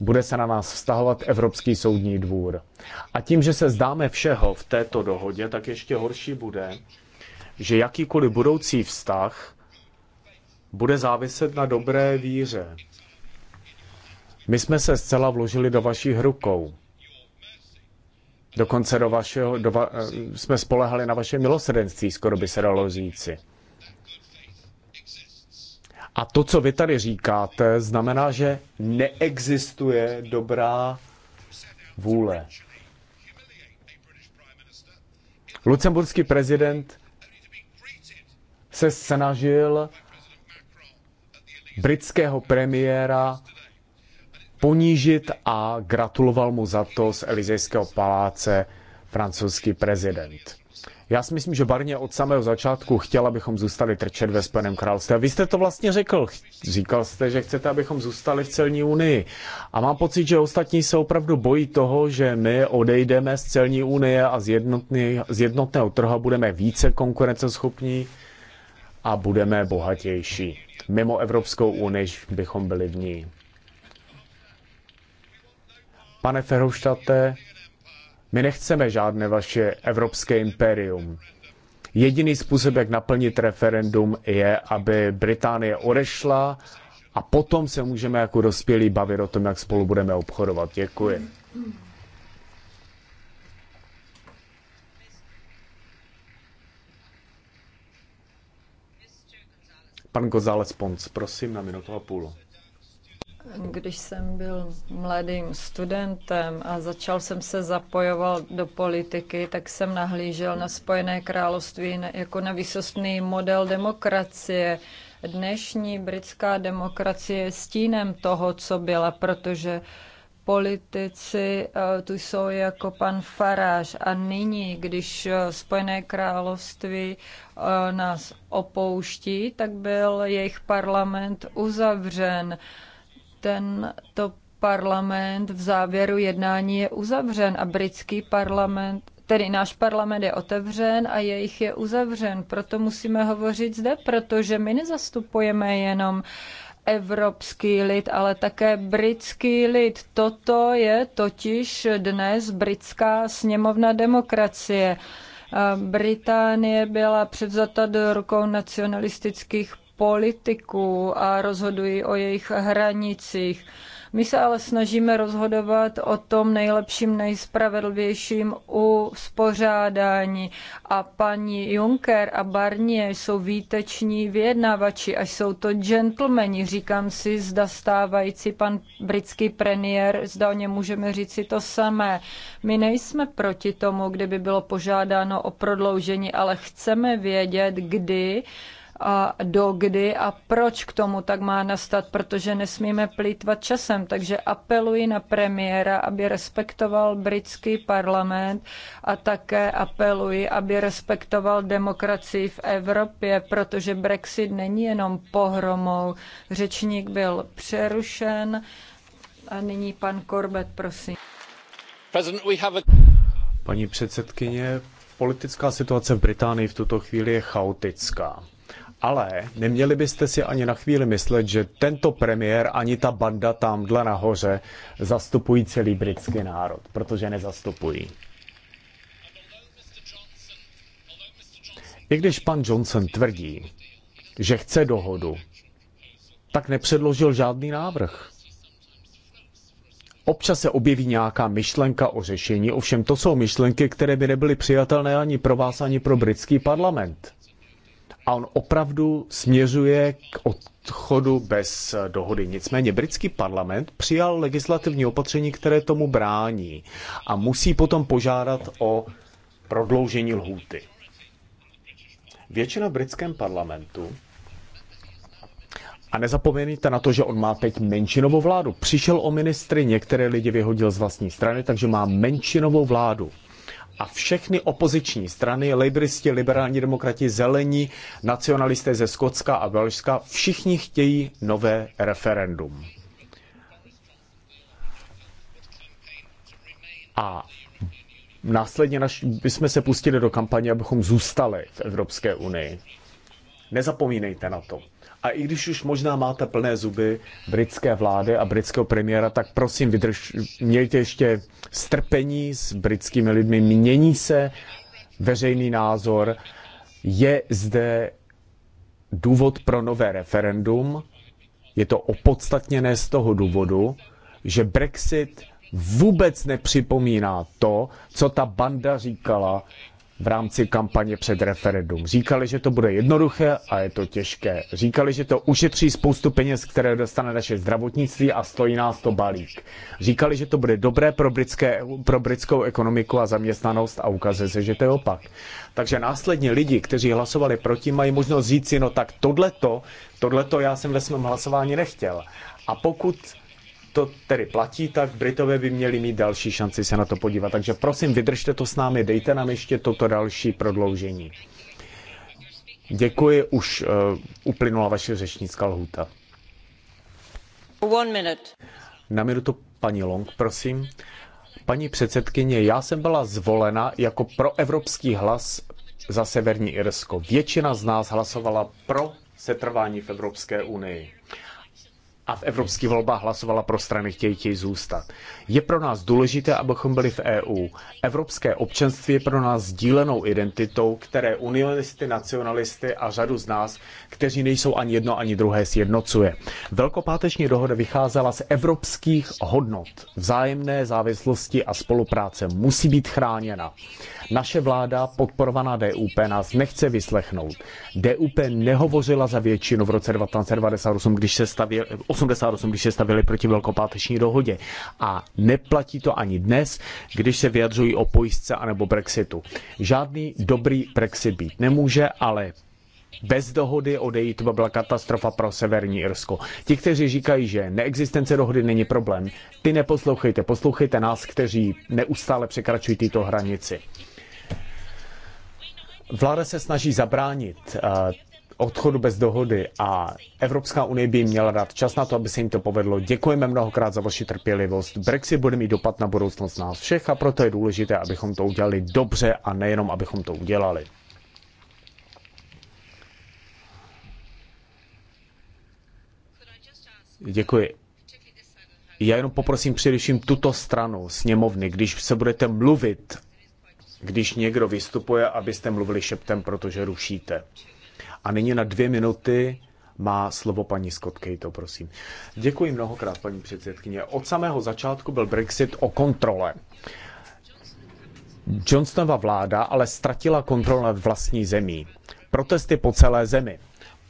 bude se na nás vztahovat Evropský soudní dvůr. A tím, že se zdáme všeho v této dohodě, tak ještě horší bude, že jakýkoliv budoucí vztah bude záviset na dobré víře. My jsme se zcela vložili do vašich rukou. Dokonce do vašeho, do va, eh, jsme spolehali na vaše milosrdenství, skoro by se dalo říci. A to, co vy tady říkáte, znamená, že neexistuje dobrá vůle. Lucemburský prezident se snažil britského premiéra ponížit a gratuloval mu za to z Elizejského paláce francouzský prezident. Já si myslím, že Barně od samého začátku chtěl, abychom zůstali trčet ve Spojeném království. A vy jste to vlastně řekl. Říkal jste, že chcete, abychom zůstali v celní unii. A mám pocit, že ostatní se opravdu bojí toho, že my odejdeme z celní unie a z, jednotný, z jednotného trhu budeme více konkurenceschopní a budeme bohatější. Mimo Evropskou unii bychom byli v ní. Pane Ferhoštate, my nechceme žádné vaše evropské impérium. Jediný způsob, jak naplnit referendum, je, aby Británie odešla a potom se můžeme jako dospělí bavit o tom, jak spolu budeme obchodovat. Děkuji. Pan González Pons, prosím, na minutu a půl. Když jsem byl mladým studentem a začal jsem se zapojovat do politiky, tak jsem nahlížel na Spojené království jako na výsostný model demokracie. Dnešní britská demokracie je stínem toho, co byla, protože politici eh, tu jsou jako pan Faráž a nyní, když eh, Spojené království eh, nás opouští, tak byl jejich parlament uzavřen tento parlament v závěru jednání je uzavřen a britský parlament, tedy náš parlament je otevřen a jejich je uzavřen. Proto musíme hovořit zde, protože my nezastupujeme jenom evropský lid, ale také britský lid. Toto je totiž dnes britská sněmovna demokracie. Británie byla převzata do rukou nacionalistických politiku a rozhodují o jejich hranicích. My se ale snažíme rozhodovat o tom nejlepším, nejspravedlivějším uspořádání. A paní Juncker a Barnier jsou výteční vyjednavači Až jsou to gentlemani. Říkám si, zda stávající pan britský premiér, zda o ně můžeme říci to samé. My nejsme proti tomu, kdyby bylo požádáno o prodloužení, ale chceme vědět, kdy a do kdy a proč k tomu tak má nastat, protože nesmíme plýtvat časem. Takže apeluji na premiéra, aby respektoval britský parlament a také apeluji, aby respektoval demokracii v Evropě, protože Brexit není jenom pohromou. Řečník byl přerušen a nyní pan Corbett, prosím. Paní předsedkyně, politická situace v Británii v tuto chvíli je chaotická. Ale neměli byste si ani na chvíli myslet, že tento premiér ani ta banda tamhle nahoře zastupují celý britský národ, protože nezastupují. I když pan Johnson tvrdí, že chce dohodu, tak nepředložil žádný návrh. Občas se objeví nějaká myšlenka o řešení, ovšem to jsou myšlenky, které by nebyly přijatelné ani pro vás, ani pro britský parlament a on opravdu směřuje k odchodu bez dohody. Nicméně britský parlament přijal legislativní opatření, které tomu brání a musí potom požádat o prodloužení lhůty. Většina v britském parlamentu a nezapomeňte na to, že on má teď menšinovou vládu. Přišel o ministry, některé lidi vyhodil z vlastní strany, takže má menšinovou vládu a všechny opoziční strany, lejbristi, liberální demokrati, zelení, nacionalisté ze Skotska a Belžska, všichni chtějí nové referendum. A následně naš, bychom se pustili do kampaně, abychom zůstali v Evropské unii. Nezapomínejte na to. A i když už možná máte plné zuby britské vlády a britského premiéra, tak prosím, vydrž, mějte ještě strpení s britskými lidmi. Mění se veřejný názor. Je zde důvod pro nové referendum. Je to opodstatněné z toho důvodu, že Brexit vůbec nepřipomíná to, co ta banda říkala v rámci kampaně před referendum. Říkali, že to bude jednoduché a je to těžké. Říkali, že to ušetří spoustu peněz, které dostane naše zdravotnictví a stojí nás to balík. Říkali, že to bude dobré pro, britské, pro britskou ekonomiku a zaměstnanost a ukazuje se, že to je opak. Takže následně lidi, kteří hlasovali proti, mají možnost říct si, no tak tohleto, tohleto já jsem ve svém hlasování nechtěl. A pokud to tedy platí, tak Britové by měli mít další šanci se na to podívat. Takže prosím, vydržte to s námi, dejte nám ještě toto další prodloužení. Děkuji, už uh, uplynula vaše řečnická lhůta. One minute. Na minutu paní Long, prosím. Paní předsedkyně, já jsem byla zvolena jako proevropský hlas za Severní Irsko. Většina z nás hlasovala pro setrvání v Evropské unii a v evropských volbách hlasovala pro strany chtějí zůstat. Je pro nás důležité, abychom byli v EU. Evropské občanství je pro nás sdílenou identitou, které unionisty, nacionalisty a řadu z nás, kteří nejsou ani jedno, ani druhé, sjednocuje. Velkopáteční dohoda vycházela z evropských hodnot. Vzájemné závislosti a spolupráce musí být chráněna. Naše vláda, podporovaná DUP, nás nechce vyslechnout. DUP nehovořila za většinu v roce 1998, když se stavěli, 88, když se stavili proti velkopáteční dohodě. A neplatí to ani dnes, když se vyjadřují o pojistce anebo Brexitu. Žádný dobrý Brexit být nemůže, ale bez dohody odejít, by byla katastrofa pro Severní Irsko. Ti, kteří říkají, že neexistence dohody není problém, ty neposlouchejte, poslouchejte nás, kteří neustále překračují tyto hranici. Vláda se snaží zabránit eh, odchodu bez dohody a Evropská unie by jim měla dát čas na to, aby se jim to povedlo. Děkujeme mnohokrát za vaši trpělivost. Brexit bude mít dopad na budoucnost nás všech a proto je důležité, abychom to udělali dobře a nejenom, abychom to udělali. Děkuji. Já jenom poprosím především tuto stranu sněmovny, když se budete mluvit když někdo vystupuje, abyste mluvili šeptem, protože rušíte. A nyní na dvě minuty má slovo paní Scott to prosím. Děkuji mnohokrát, paní předsedkyně. Od samého začátku byl Brexit o kontrole. Johnsonova vláda ale ztratila kontrolu nad vlastní zemí. Protesty po celé zemi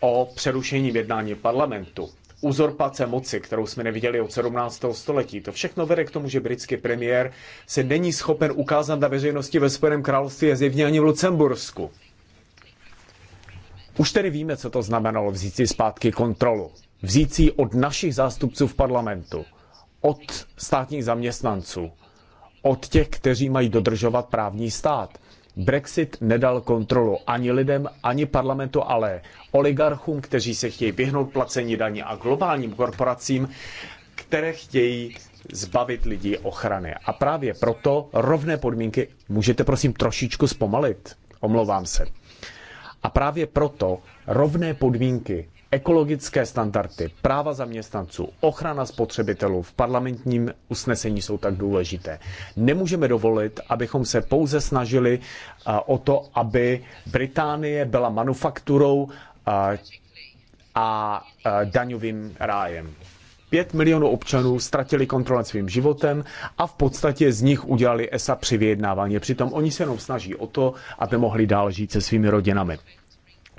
o přerušení jednání parlamentu, uzorpace moci, kterou jsme neviděli od 17. století. To všechno vede k tomu, že britský premiér se není schopen ukázat na veřejnosti ve Spojeném království a zjevně ani v Lucembursku. Už tedy víme, co to znamenalo vzít si zpátky kontrolu. Vzít si od našich zástupců v parlamentu, od státních zaměstnanců, od těch, kteří mají dodržovat právní stát. Brexit nedal kontrolu ani lidem, ani parlamentu, ale oligarchům, kteří se chtějí vyhnout placení daní a globálním korporacím, které chtějí zbavit lidí ochrany. A právě proto rovné podmínky můžete prosím trošičku zpomalit. Omlouvám se. A právě proto rovné podmínky ekologické standardy, práva zaměstnanců, ochrana spotřebitelů v parlamentním usnesení jsou tak důležité. Nemůžeme dovolit, abychom se pouze snažili o to, aby Británie byla manufakturou a daňovým rájem. Pět milionů občanů ztratili kontrolu nad svým životem a v podstatě z nich udělali ESA při vyjednávání. Přitom oni se jenom snaží o to, aby mohli dál žít se svými rodinami.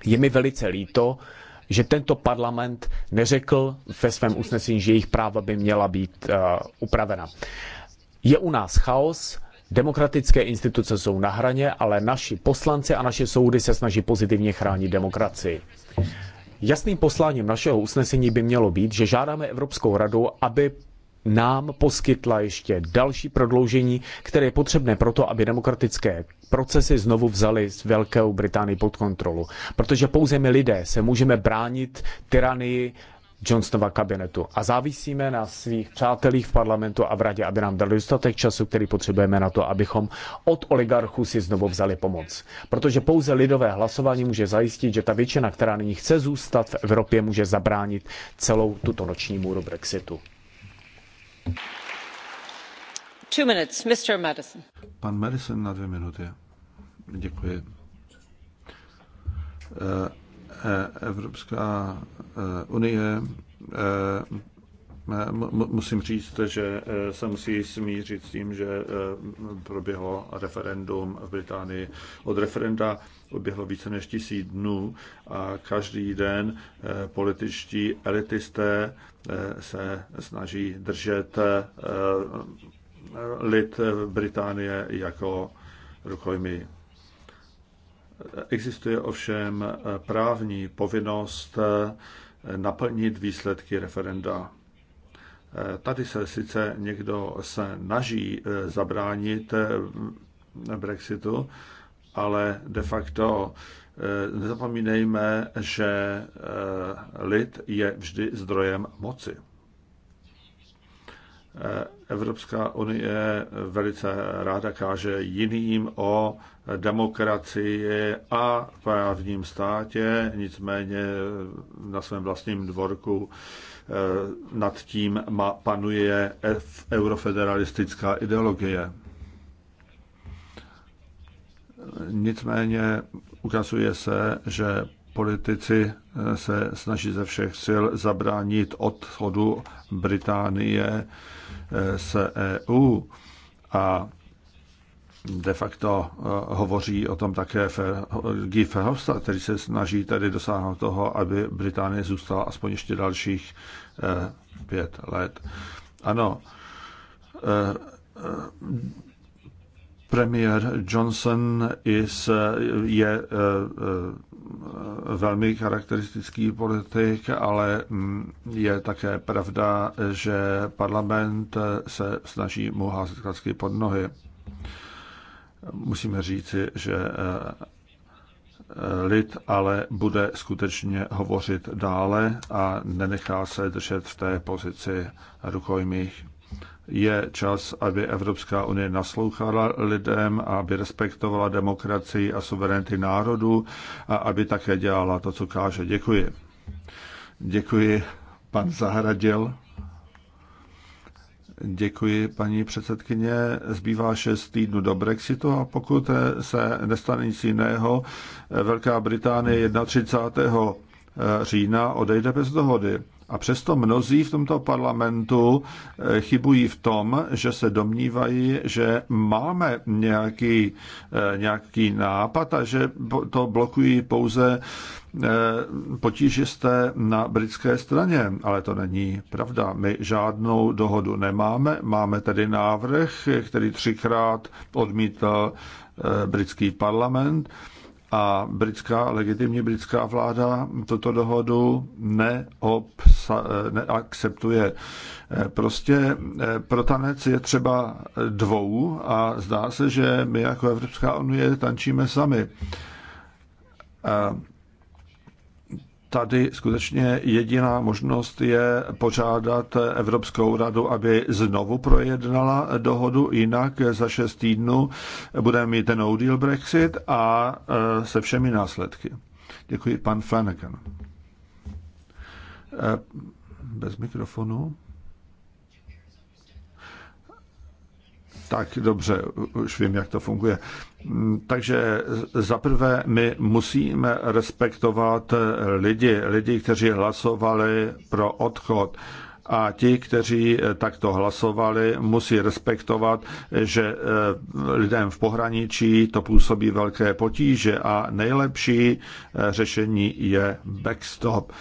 Je mi velice líto, že tento parlament neřekl ve svém usnesení, že jejich práva by měla být uh, upravena. Je u nás chaos, demokratické instituce jsou na hraně, ale naši poslanci a naše soudy se snaží pozitivně chránit demokracii. Jasným posláním našeho usnesení by mělo být, že žádáme Evropskou radu, aby nám poskytla ještě další prodloužení, které je potřebné proto, aby demokratické procesy znovu vzali z Velkou Británii pod kontrolu. Protože pouze my lidé se můžeme bránit tyranii Johnsonova kabinetu a závisíme na svých přátelích v parlamentu a v radě, aby nám dali dostatek času, který potřebujeme na to, abychom od oligarchů si znovu vzali pomoc. Protože pouze lidové hlasování může zajistit, že ta většina, která nyní chce zůstat v Evropě, může zabránit celou tuto noční můru Brexitu. Two minutes, Mr. Madison. Pan Madison na dvě minuty. Děkuji. Eh, eh, Evropská eh, unie Eh, musím říct, že eh, se musí smířit s tím, že eh, proběhlo referendum v Británii. Od referenda uběhlo více než tisíc dnů a každý den političtí elitisté se snaží držet lid Británie jako rukojmí. Existuje ovšem právní povinnost naplnit výsledky referenda. Tady se sice někdo naží eh, zabránit eh, Brexitu, ale de facto eh, nezapomínejme, že lid je vždy zdrojem moci. Evropská unie velice ráda káže jiným o demokracii a právním státě, nicméně na svém vlastním dvorku Eh, nad tím panuje eurofederalistická ideologie. Nicméně ukazuje se, že politici eh, se snaží ze všech sil zabránit odchodu Británie eh, z EU a de facto eh, hovoří o tom také Guy Verhofstadt, který se snaží tady dosáhnout toho, aby Británie zůstala aspoň ještě dalších eh, pět let. Ano, eh, premiér Johnson is, je velmi charakteristický politik, ale hm, je také pravda, že parlament se snaží mu házet klacky pod nohy musíme říci, že eh, eh, lid ale bude skutečně hovořit dále a nenechá se držet v té pozici rukojmých. Je čas, aby Evropská unie naslouchala lidem, aby respektovala demokracii a suverenity národů a aby také dělala to, co káže. Děkuji. Děkuji, pan Zahradil. Děkuji, paní předsedkyně. Zbývá šest týdnů do Brexitu a pokud se nestane nic jiného, Velká Británie 31. října odejde bez dohody. A přesto mnozí v tomto parlamentu eh, chybují v tom, že se domnívají, že máme nějaký, eh, nějaký nápad a že to blokují pouze eh, potížisté na britské straně, ale to není pravda. My žádnou dohodu nemáme, máme tedy návrh, který třikrát odmítl britský parlament a britská, legitimní britská vláda tuto dohodu neobsa, neakceptuje. Prostě eh, pro tanec je třeba dvou a zdá se, že my jako Evropská unie tančíme sami. Eh, tady skutečně jediná možnost je požádat Evropskou radu, aby znovu projednala dohodu, jinak za šest týdnů budeme mít ten no deal Brexit a e, se všemi následky. Děkuji, pan Flanagan. E, bez mikrofonu. Tak dobře, už vím, jak to funguje. Mm, takže zaprvé my musíme respektovat lidi, lidi, kteří hlasovali pro odchod a ti, kteří takto hlasovali, musí respektovat, že eh, lidem v pohraničí to působí velké potíže a nejlepší eh, řešení je backstop.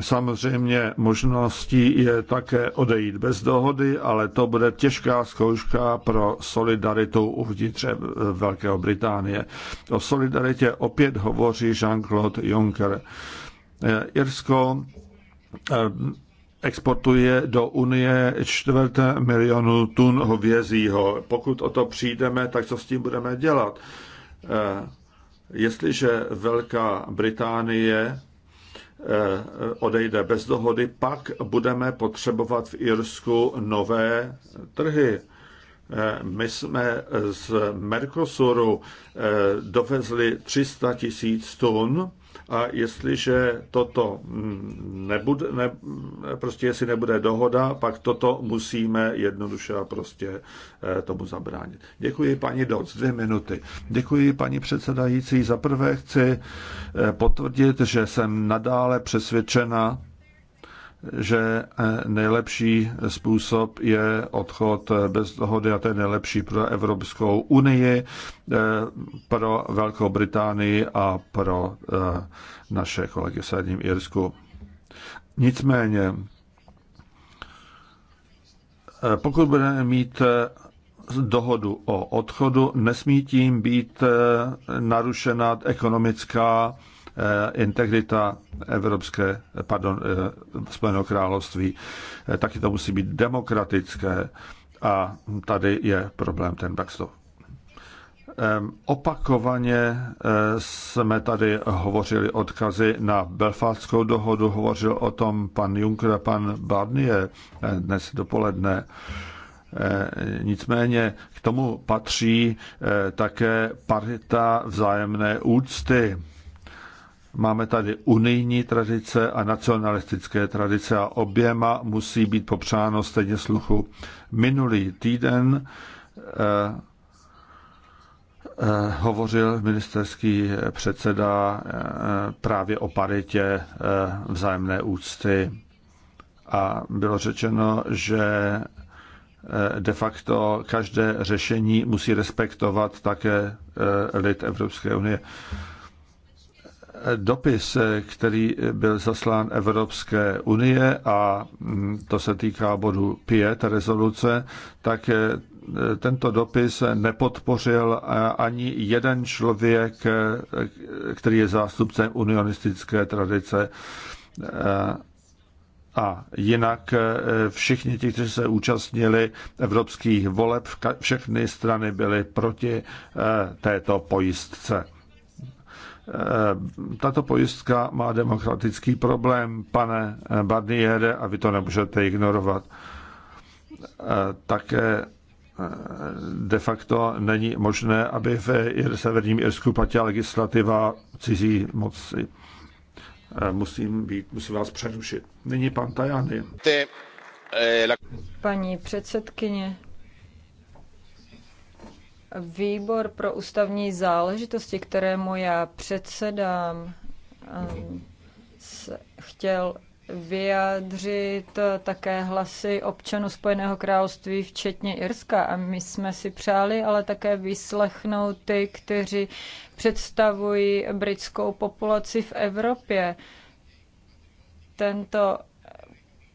Samozřejmě možností je také odejít bez dohody, ale to bude těžká zkouška pro solidaritu uvnitř Velkého Británie. O solidaritě opět hovoří Jean-Claude Juncker. Irsko eh, exportuje do Unie čtvrt milionu tun hovězího. Pokud o to přijdeme, tak co s tím budeme dělat? Eh, jestliže Velká Británie Eh, odejde bez dohody, pak budeme potřebovat v Irsku nové trhy. Eh, my jsme z Mercosuru eh, dovezli 300 tisíc tun a jestliže toto nebude, ne, prostě jestli nebude dohoda, pak toto musíme jednoduše a prostě eh, tomu zabránit. Děkuji paní Doc, dvě minuty. Děkuji paní předsedající. Za prvé chci eh, potvrdit, že jsem nadále přesvědčena, že eh, nejlepší způsob je odchod bez dohody a to je nejlepší pro Evropskou unii, eh, pro Velkou Británii a pro eh, naše kolegy v Severním Irsku. Nicméně, pokud budeme mít dohodu o odchodu, nesmí tím být narušena ekonomická Eh, integrita Evropské, pardon, eh, Spojeného království. Eh, taky to musí být demokratické a tady je problém ten backstop. Opakovaně jsme tady hovořili odkazy na Belfátskou dohodu, hovořil o tom pan Juncker a pan Barnier dnes dopoledne. Nicméně k tomu patří také parita vzájemné úcty Máme tady unijní tradice a nacionalistické tradice a oběma musí být popřáno stejně sluchu. Minulý týden eh, eh, hovořil ministerský předseda eh, právě o paritě eh, vzájemné úcty a bylo řečeno, že eh, de facto každé řešení musí respektovat také eh, lid Evropské unie dopis, který byl zaslán Evropské unie a to se týká bodu 5 rezoluce, tak tento dopis nepodpořil ani jeden člověk, který je zástupcem unionistické tradice. A jinak všichni ti, kteří se účastnili evropských voleb, všechny strany byly proti eh, této pojistce. Eh, tato pojistka má demokratický problém, pane eh, Barniere, a vy to nemůžete ignorovat. Eh, také de facto není možné, aby v severním Irsku platila legislativa cizí moci. Musím, být, musím vás přerušit. Nyní pan Tajany. Paní předsedkyně, Výbor pro ústavní záležitosti, kterému já předsedám, um, chtěl vyjádřit také hlasy občanů Spojeného království, včetně Irska. A my jsme si přáli ale také vyslechnout ty, kteří představují britskou populaci v Evropě. Tento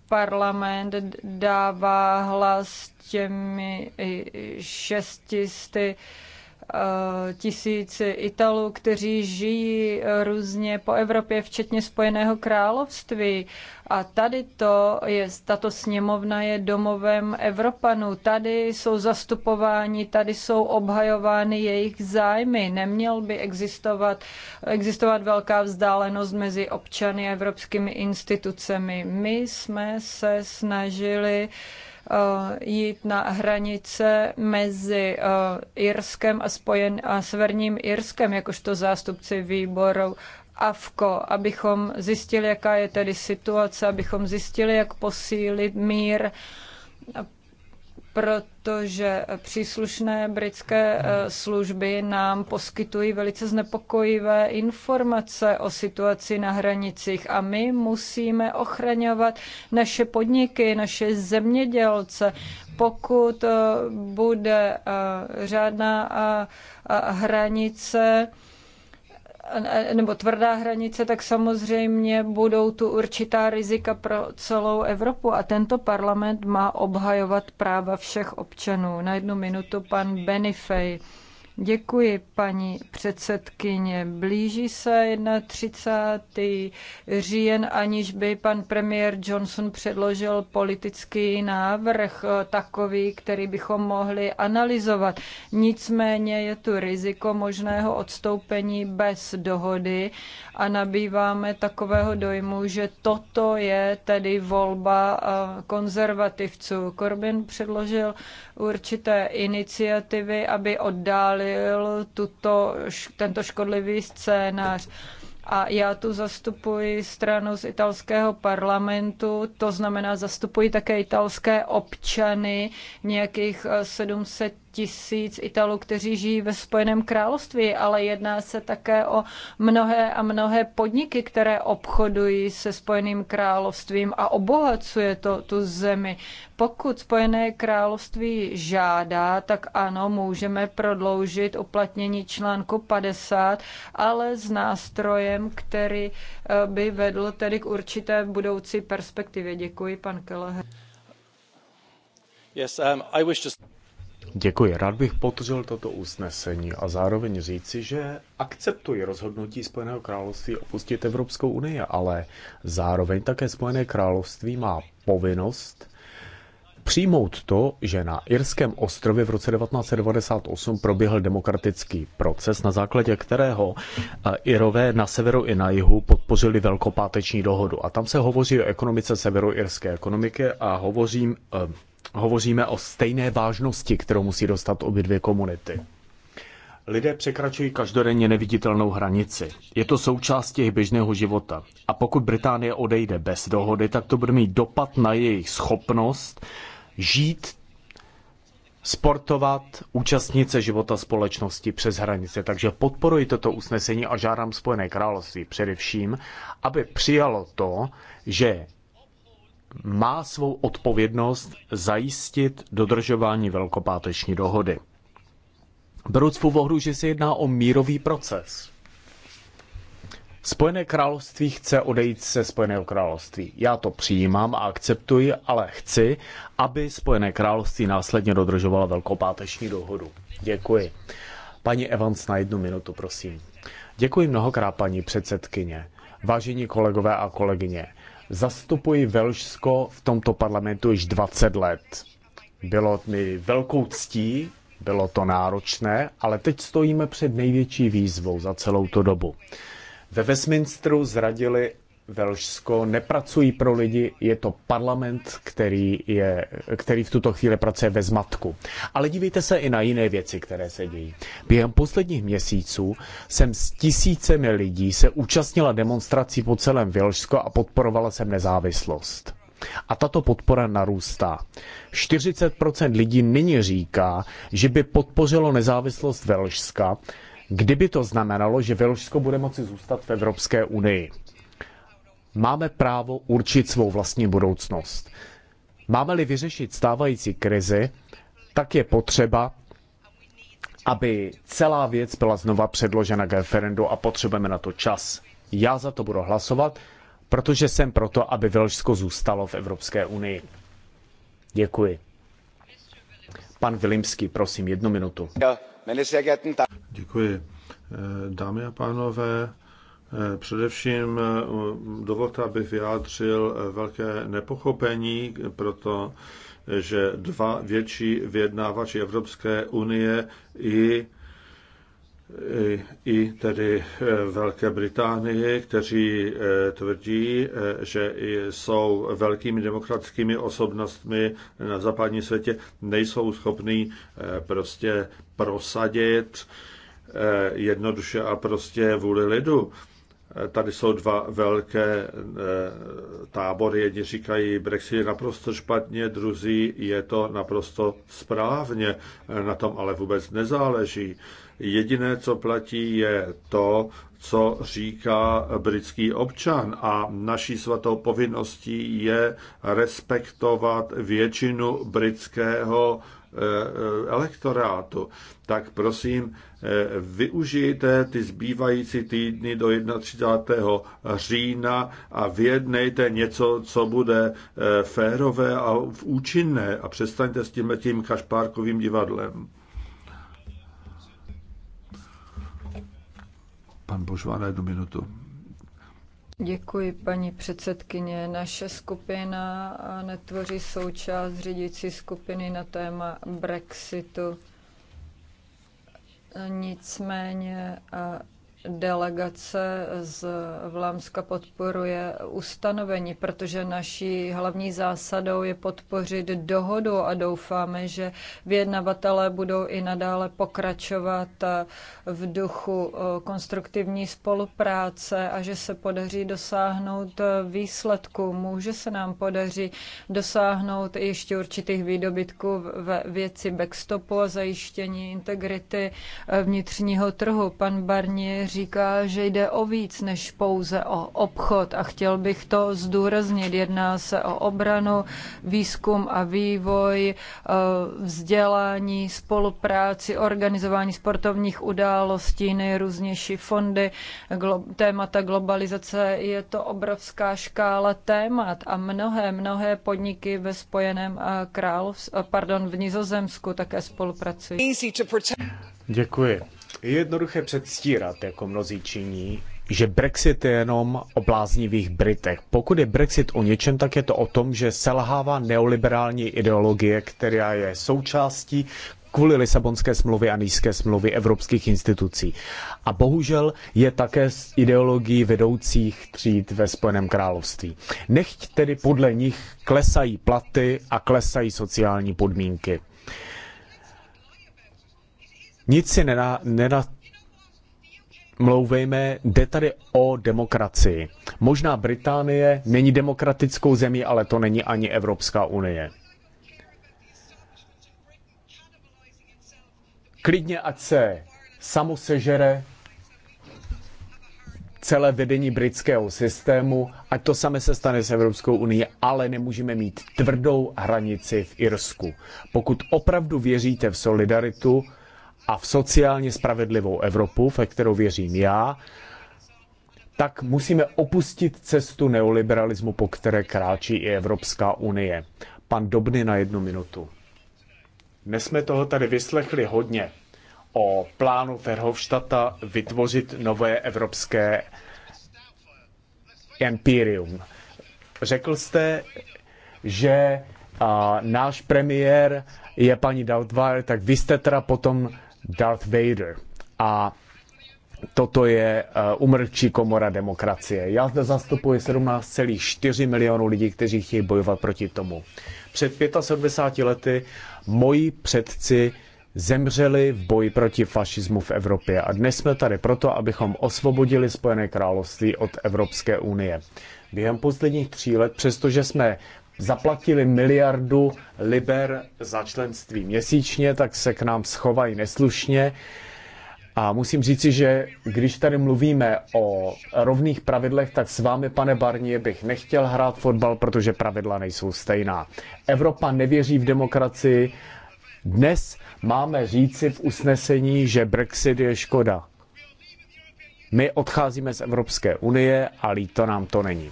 parlament dává hlas těmi šestisty Eh, tisíc Italů, kteří žijí různě po Evropě, včetně Spojeného království. A tady to je, tato sněmovna je domovem Evropanů. Tady jsou zastupováni, tady jsou obhajovány jejich zájmy. Neměl by existovat, existovat velká vzdálenost mezi občany a evropskými institucemi. My jsme se snažili uh, Eh, jít na hranice mezi eh, Irskem a, spojen, a Severním Irskem, jakožto zástupci výboru AFKO, abychom zjistili, jaká je tedy situace, abychom zjistili, jak posílit mír protože příslušné britské eh, služby nám poskytují velice znepokojivé informace o situaci na hranicích a my musíme ochraňovat naše podniky, naše zemědělce. Pokud eh, bude eh, řádná hranice, nebo tvrdá hranice, tak samozřejmě budou tu určitá rizika pro celou Evropu a tento parlament má obhajovat práva všech občanů. Na jednu minutu pan Benifej. Děkuji, paní předsedkyně. Blíží se 31. říjen, aniž by pan premiér Johnson předložil politický návrh eh, takový, který bychom mohli analyzovat. Nicméně je tu riziko možného odstoupení bez dohody a nabýváme takového dojmu, že toto je tedy volba eh, konzervativců. Corbyn předložil určité iniciativy, aby oddálil schválil tuto, tento škodlivý scénář. A já tu zastupuji stranu z italského parlamentu, to znamená zastupuji také italské občany, nějakých 700 eh, tisíc Italů, kteří žijí ve Spojeném království, ale jedná se také o mnohé a mnohé podniky, které obchodují se Spojeným královstvím a obohacuje to tu zemi. Pokud Spojené království žádá, tak ano, můžeme prodloužit uplatnění článku 50, ale s nástrojem, který eh, by vedl tedy k určité budoucí perspektivě. Děkuji, pan Kelleher. Yes, um, I wish to... Děkuji. Rád bych podržel toto usnesení a zároveň říci, že akceptuji rozhodnutí Spojeného království opustit Evropskou unii, ale zároveň také Spojené království má povinnost přijmout to, že na Irském ostrově v roce 1998 proběhl demokratický proces, na základě kterého eh, Irové na severu i na jihu podpořili velkopáteční dohodu. A tam se hovoří o ekonomice severoirské ekonomiky a hovořím eh, hovoříme o stejné vážnosti, kterou musí dostat obě dvě komunity. Lidé překračují každodenně neviditelnou hranici. Je to součást jejich běžného života. A pokud Británie odejde bez dohody, tak to bude mít dopad na jejich schopnost žít, sportovat, účastnit se života společnosti přes hranice. Takže podporuji toto usnesení a žádám Spojené království především, aby přijalo to, že má svou odpovědnost zajistit dodržování velkopáteční dohody. Beruc v úvohu, že se jedná o mírový proces. Spojené království chce odejít se Spojeného království. Já to přijímám a akceptuji, ale chci, aby Spojené království následně dodržovalo velkopáteční dohodu. Děkuji. Paní Evans na jednu minutu, prosím. Děkuji mnohokrát, paní předsedkyně. Vážení kolegové a kolegyně, Zastupuji Velšsko v tomto parlamentu již 20 let. Bylo mi velkou ctí, bylo to náročné, ale teď stojíme před největší výzvou za celou tu dobu. Ve Westminsteru zradili Velšsko nepracují pro lidi, je to parlament, který, je, který v tuto chvíli pracuje ve zmatku. Ale dívejte se i na jiné věci, které se dějí. Během posledních měsíců jsem s tisícemi lidí se účastnila demonstrací po celém Velšsko a podporovala jsem nezávislost. A tato podpora narůstá. 40% lidí nyní říká, že by podpořilo nezávislost Velšska, kdyby to znamenalo, že Velšsko bude moci zůstat v Evropské unii máme právo určit svou vlastní budoucnost. Máme-li vyřešit stávající krizi, tak je potřeba, aby celá věc byla znova předložena k referendu a potřebujeme na to čas. Já za to budu hlasovat, protože jsem proto, aby Velšsko zůstalo v Evropské unii. Děkuji. Pan Vilimský, prosím, jednu minutu. Děkuji. Dámy a pánové, Eh, především eh, dovolte, abych vyjádřil eh, velké nepochopení proto, že dva větší vyjednávači Evropské unie i i, i tedy Velké Británie, kteří tvrdí, že jsou velkými demokratickými osobnostmi na západním světě, nejsou schopní prostě prosadit jednoduše a prostě vůli lidu. Tady jsou dva velké eh, tábory. Jedni říkají, Brexit je naprosto špatně, druzí je to naprosto správně. Eh, na tom ale vůbec nezáleží. Jediné, co platí, je to, co říká britský občan. A naší svatou povinností je respektovat většinu britského Eh, elektorátu, tak prosím, eh, využijte ty zbývající týdny do 31. října a vyjednejte něco, co bude eh, férové a účinné a přestaňte s tím, tím kašpárkovým divadlem. Pan Božvá na jednu minutu. Děkuji, paní předsedkyně. Naše skupina netvoří součást řídící skupiny na téma Brexitu. Nicméně delegace z Vlámska podporuje ustanovení, protože naší hlavní zásadou je podpořit dohodu a doufáme, že vyjednavatelé budou i nadále pokračovat v duchu eh, konstruktivní spolupráce a že se podaří dosáhnout eh, výsledku. Může se nám podaří dosáhnout ještě určitých výdobytků ve věci backstopu a zajištění integrity eh, vnitřního trhu. Pan Barnier říká, že jde o víc než pouze o obchod a chtěl bych to zdůraznit. Jedná se o obranu, výzkum a vývoj, eh, vzdělání, spolupráci, organizování sportovních událostí, nejrůznější fondy, témata globalizace. Je to obrovská škála témat a mnohé, mnohé podniky ve Spojeném eh, království, pardon, v Nizozemsku také spolupracují. Děkuji. Je jednoduché předstírat, jako mnozí činí, že Brexit je jenom o bláznivých Britech. Pokud je Brexit o něčem, tak je to o tom, že selhává neoliberální ideologie, která je součástí kvůli Lisabonské smlouvě a nízké smlouvy evropských institucí. A bohužel je také z ideologií vedoucích tříd ve Spojeném království. Nechť tedy podle nich klesají platy a klesají sociální podmínky. Nic si nená, nená, mlouvejme, jde tady o demokracii. Možná Británie není demokratickou zemí, ale to není ani Evropská unie. Klidně ať se samo sežere celé vedení britského systému, ať to samé se stane s Evropskou unii, ale nemůžeme mít tvrdou hranici v Irsku. Pokud opravdu věříte v solidaritu, a v sociálně spravedlivou Evropu, ve kterou věřím já, tak musíme opustit cestu neoliberalismu, po které kráčí i Evropská unie. Pan Dobny na jednu minutu. Dnes jsme toho tady vyslechli hodně o plánu Verhofstadta vytvořit nové evropské empirium. Řekl jste, že a, náš premiér je paní Dautweiler, tak vy jste teda potom Darth Vader. A toto je eh, umrčí komora demokracie. Já zde zastupuji 17,4 milionů lidí, kteří chtějí bojovat proti tomu. Před 75 lety moji předci zemřeli v boji proti fašismu v Evropě a dnes jsme tady proto, abychom osvobodili Spojené království od Evropské unie. Během posledních tří let, přestože jsme zaplatili miliardu liber za členství měsíčně, tak se k nám schovají neslušně. A musím říci, že když tady mluvíme o rovných pravidlech, tak s vámi, pane Barnie bych nechtěl hrát fotbal, protože pravidla nejsou stejná. Evropa nevěří v demokracii. Dnes máme říci v usnesení, že Brexit je škoda. My odcházíme z Evropské unie a líto nám to není.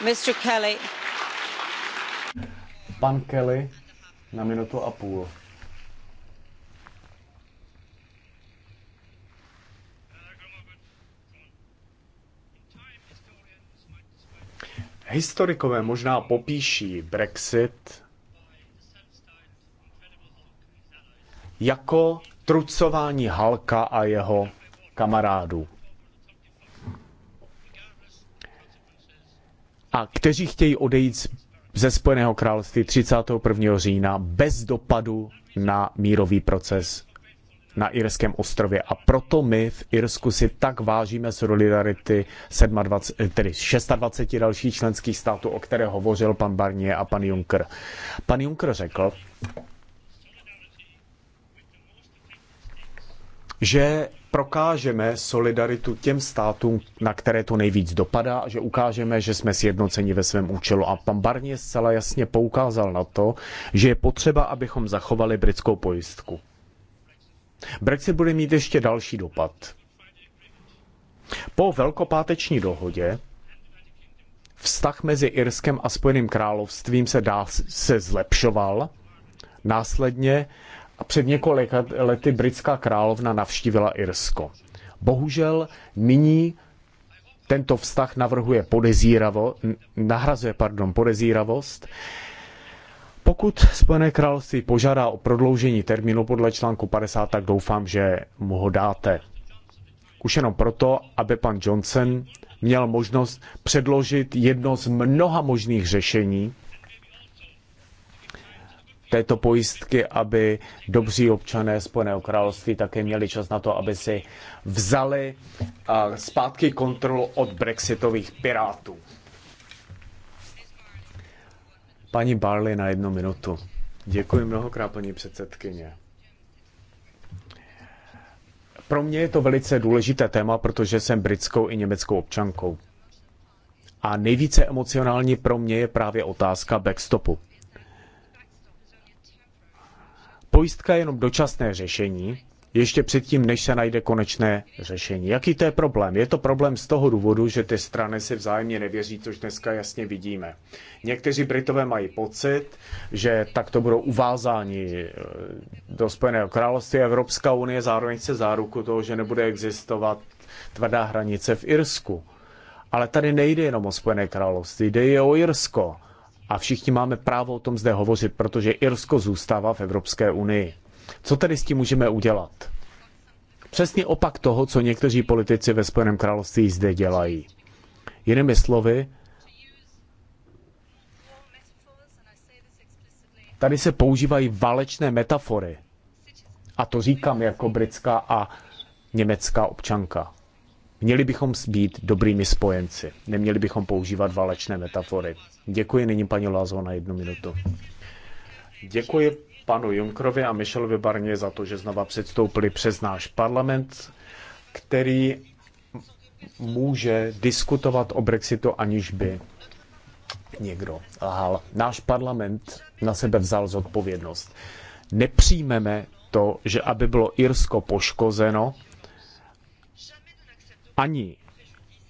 Mr. Kelly. Pan Kelly na minutu a půl. Historikové možná popíší Brexit jako trucování Halka a jeho kamarádů. a kteří chtějí odejít ze Spojeného království 31. října bez dopadu na mírový proces na Irském ostrově. A proto my v Irsku si tak vážíme solidarity 27, tedy 26 dalších členských států, o které hovořil pan Barnier a pan Juncker. Pan Juncker řekl, že prokážeme solidaritu těm státům, na které to nejvíc dopadá, že ukážeme, že jsme sjednoceni ve svém účelu. A pan Barnier zcela jasně poukázal na to, že je potřeba, abychom zachovali britskou pojistku. Brexit bude mít ještě další dopad. Po velkopáteční dohodě vztah mezi Irskem a Spojeným královstvím se, dá, se zlepšoval, následně a před několika lety britská královna navštívila Irsko. Bohužel nyní tento vztah navrhuje podezíravo, nahrazuje pardon, podezíravost. Pokud Spojené království požádá o prodloužení termínu podle článku 50, tak doufám, že mu ho dáte. Už jenom proto, aby pan Johnson měl možnost předložit jedno z mnoha možných řešení, této pojistky, aby dobří občané Spojeného království také měli čas na to, aby si vzali zpátky kontrolu od brexitových pirátů. Paní Barley na jednu minutu. Děkuji mnohokrát, paní předsedkyně. Pro mě je to velice důležité téma, protože jsem britskou i německou občankou. A nejvíce emocionální pro mě je právě otázka backstopu. pojistka je jenom dočasné řešení, ještě předtím, než se najde konečné řešení. Jaký to je problém? Je to problém z toho důvodu, že ty strany si vzájemně nevěří, což dneska jasně vidíme. Někteří Britové mají pocit, že takto budou uvázáni eh, do Spojeného království. Evropská unie zároveň se záruku toho, že nebude existovat tvrdá hranice v Irsku. Ale tady nejde jenom o Spojené království, jde i o Irsko a všichni máme právo o tom zde hovořit, protože Irsko zůstává v Evropské unii. Co tedy s tím můžeme udělat? Přesně opak toho, co někteří politici ve Spojeném království zde dělají. Jinými slovy, tady se používají válečné metafory. A to říkám jako britská a německá občanka. Měli bychom být dobrými spojenci, neměli bychom používat válečné metafory. Děkuji nyní paní Lázo na jednu minutu. Děkuji panu Junkrovi a Michelovi Barně za to, že znova předstoupili přes náš parlament, který může diskutovat o Brexitu, aniž by někdo lhal. Náš parlament na sebe vzal zodpovědnost. Nepřijmeme to, že aby bylo Irsko poškozeno, ani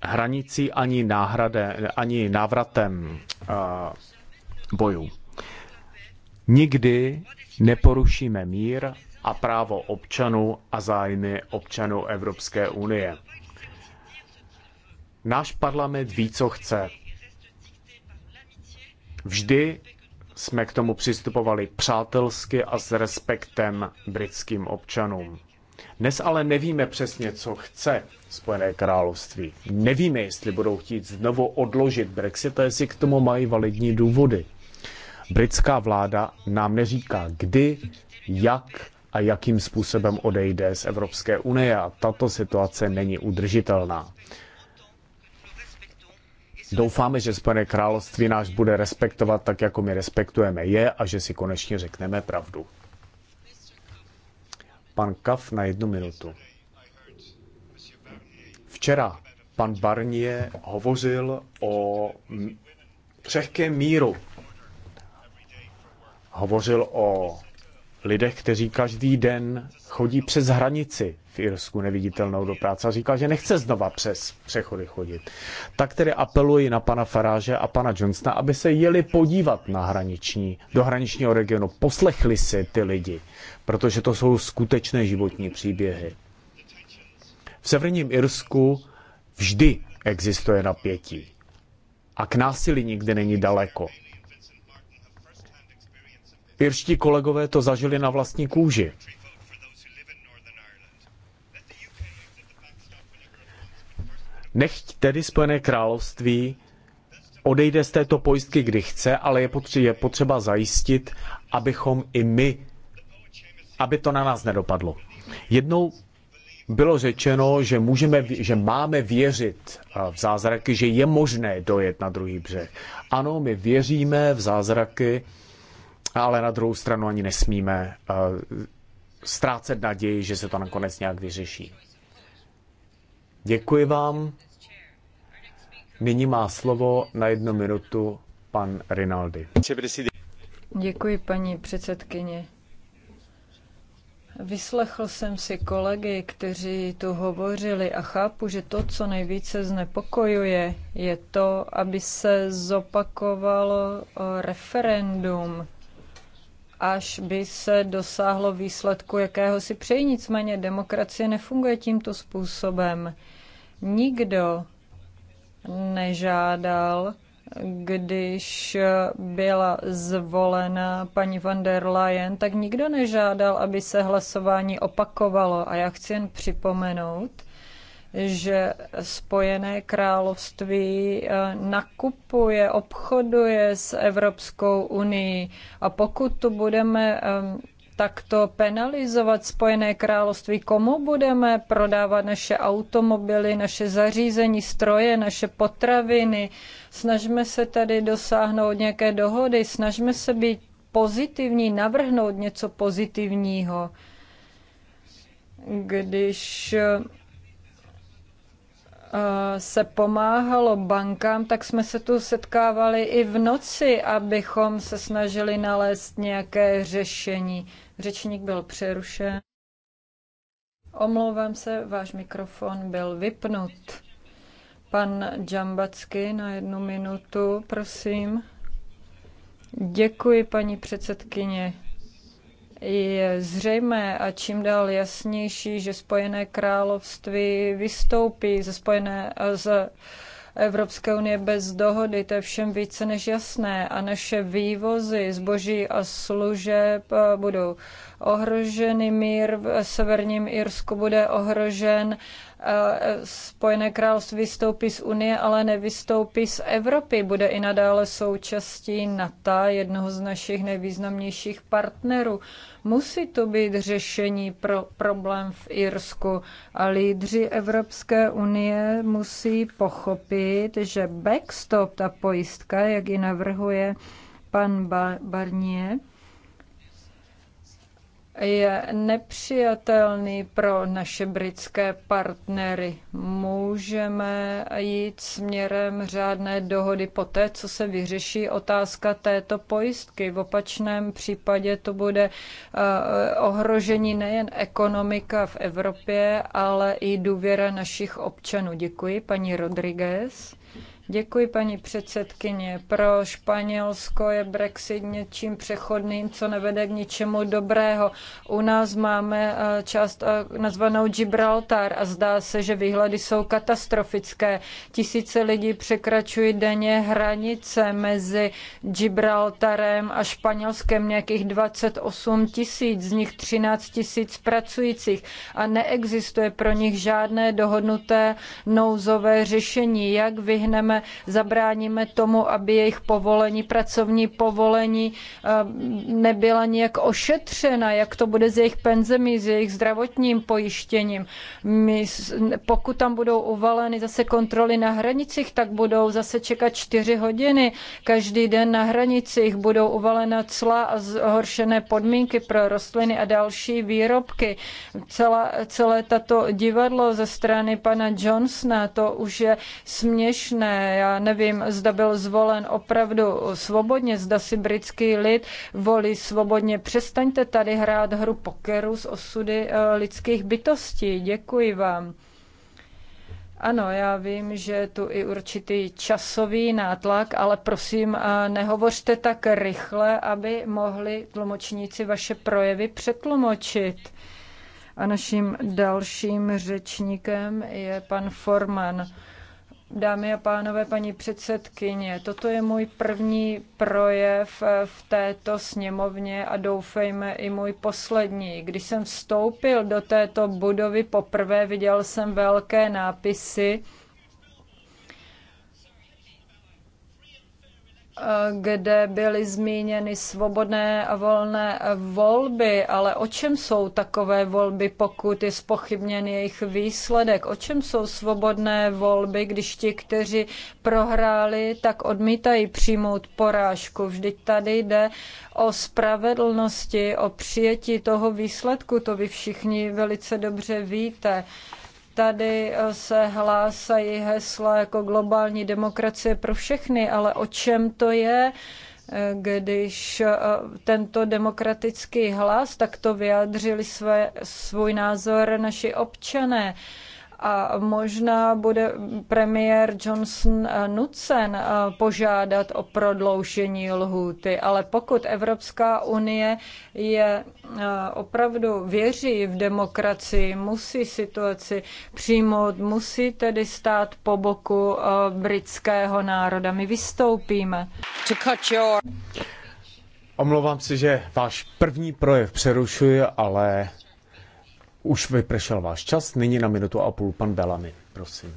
hranicí, ani, náhrade, ani návratem bojů. Nikdy neporušíme mír a právo občanů a zájmy občanů Evropské unie. Náš parlament ví, co chce. Vždy jsme k tomu přistupovali přátelsky a s respektem britským občanům. Dnes ale nevíme přesně, co chce Spojené království. Nevíme, jestli budou chtít znovu odložit Brexit a jestli k tomu mají validní důvody. Britská vláda nám neříká, kdy, jak a jakým způsobem odejde z Evropské unie a tato situace není udržitelná. Doufáme, že Spojené království náš bude respektovat tak, jako my respektujeme je a že si konečně řekneme pravdu pan Kaf na jednu minutu. Včera pan Barnier hovořil o křehkém míru. Hovořil o lidech, kteří každý den chodí přes hranici v Irsku neviditelnou do práce a říkal, že nechce znova přes přechody chodit. Tak tedy apeluji na pana Faráže a pana Johnsona, aby se jeli podívat na hraniční, do hraničního regionu, poslechli si ty lidi, protože to jsou skutečné životní příběhy. V severním Irsku vždy existuje napětí a k násilí nikdy není daleko. Irští kolegové to zažili na vlastní kůži. Nechť tedy Spojené království odejde z této pojistky, kdy chce, ale je potřeba, je potřeba zajistit, abychom i my, aby to na nás nedopadlo. Jednou bylo řečeno, že, můžeme, že máme věřit v zázraky, že je možné dojet na druhý břeh. Ano, my věříme v zázraky, ale na druhou stranu ani nesmíme ztrácet naději, že se to nakonec nějak vyřeší. Děkuji vám. Nyní má slovo na jednu minutu pan Rinaldi. Děkuji, paní předsedkyně. Vyslechl jsem si kolegy, kteří tu hovořili a chápu, že to, co nejvíce znepokojuje, je to, aby se zopakovalo eh, referendum až by se dosáhlo výsledku, jakého si přejí. Nicméně demokracie nefunguje tímto způsobem. Nikdo nežádal, když byla zvolena paní van der Leyen, tak nikdo nežádal, aby se hlasování opakovalo. A já chci jen připomenout, že Spojené království eh, nakupuje, obchoduje s Evropskou unii. A pokud tu budeme eh, takto penalizovat Spojené království, komu budeme prodávat naše automobily, naše zařízení, stroje, naše potraviny. Snažme se tady dosáhnout nějaké dohody, snažme se být pozitivní, navrhnout něco pozitivního. Když eh, Eh, se pomáhalo bankám, tak jsme se tu setkávali i v noci, abychom se snažili nalézt nějaké řešení. Řečník byl přerušen. Omlouvám se, váš mikrofon byl vypnut. Pan Džambacky na jednu minutu, prosím. Děkuji, paní předsedkyně je zřejmé a čím dál jasnější, že Spojené království vystoupí ze Spojené z Evropské unie bez dohody, to je všem více než jasné a naše vývozy zboží a služeb eh, budou ohrožený mír v severním Irsku bude ohrožen. Eh, Spojené království vystoupí z Unie, ale nevystoupí z Evropy. Bude i nadále součástí NATO, jednoho z našich nejvýznamnějších partnerů. Musí to být řešení pro problém v Irsku a lídři Evropské unie musí pochopit, že backstop, ta pojistka, jak ji navrhuje pan Barnier, je nepřijatelný pro naše britské partnery. Můžeme jít směrem řádné dohody poté, co se vyřeší otázka této pojistky. V opačném případě to bude eh, ohrožení nejen ekonomika v Evropě, ale i důvěra našich občanů. Děkuji, paní Rodriguez. Děkuji, paní předsedkyně. Pro Španělsko je Brexit něčím přechodným, co nevede k ničemu dobrého. U nás máme eh, část eh, nazvanou Gibraltar a zdá se, že výhledy jsou katastrofické. Tisíce lidí překračují denně hranice mezi Gibraltarem a Španělskem, nějakých 28 tisíc, z nich 13 tisíc pracujících a neexistuje pro nich žádné dohodnuté nouzové řešení, jak vyhneme zabráníme tomu, aby jejich povolení, pracovní povolení eh, nebyla nějak ošetřena, jak to bude s jejich penzemi, s jejich zdravotním pojištěním. My, pokud tam budou uvaleny zase kontroly na hranicích, tak budou zase čekat čtyři hodiny. Každý den na hranicích budou uvalena cla a zhoršené podmínky pro rostliny a další výrobky. Celá, celé tato divadlo ze strany pana Johnsona, to už je směšné. Já nevím, zda byl zvolen opravdu svobodně, zda si britský lid volí svobodně. Přestaňte tady hrát hru pokeru s osudy eh, lidských bytostí. Děkuji vám. Ano, já vím, že je tu i určitý časový nátlak, ale prosím, eh, nehovořte tak rychle, aby mohli tlumočníci vaše projevy přetlumočit. A naším dalším řečníkem je pan Forman. Dámy a pánové, paní předsedkyně, toto je můj první projev eh, v této sněmovně a doufejme i můj poslední. Když jsem vstoupil do této budovy poprvé, viděl jsem velké nápisy, kde byly zmíněny svobodné a volné volby, ale o čem jsou takové volby, pokud je spochybněn jejich výsledek? O čem jsou svobodné volby, když ti, kteří prohráli, tak odmítají přijmout porážku? Vždyť tady jde o spravedlnosti, o přijetí toho výsledku, to vy všichni velice dobře víte. Tady eh, se hlásají hesla jako globální demokracie pro všechny, ale o čem to je? Eh, když eh, tento demokratický hlas, tak to vyjádřili své, svůj názor naši občané a možná bude premiér Johnson eh, nucen eh, požádat o prodloužení lhůty, ale pokud Evropská unie je eh, opravdu věří v demokracii, musí situaci přijmout, musí tedy stát po boku britského národa. My vystoupíme. Omlouvám se, že váš první projev přerušuji, ale už vypršel váš čas, nyní na minutu a půl pan Belami, prosím.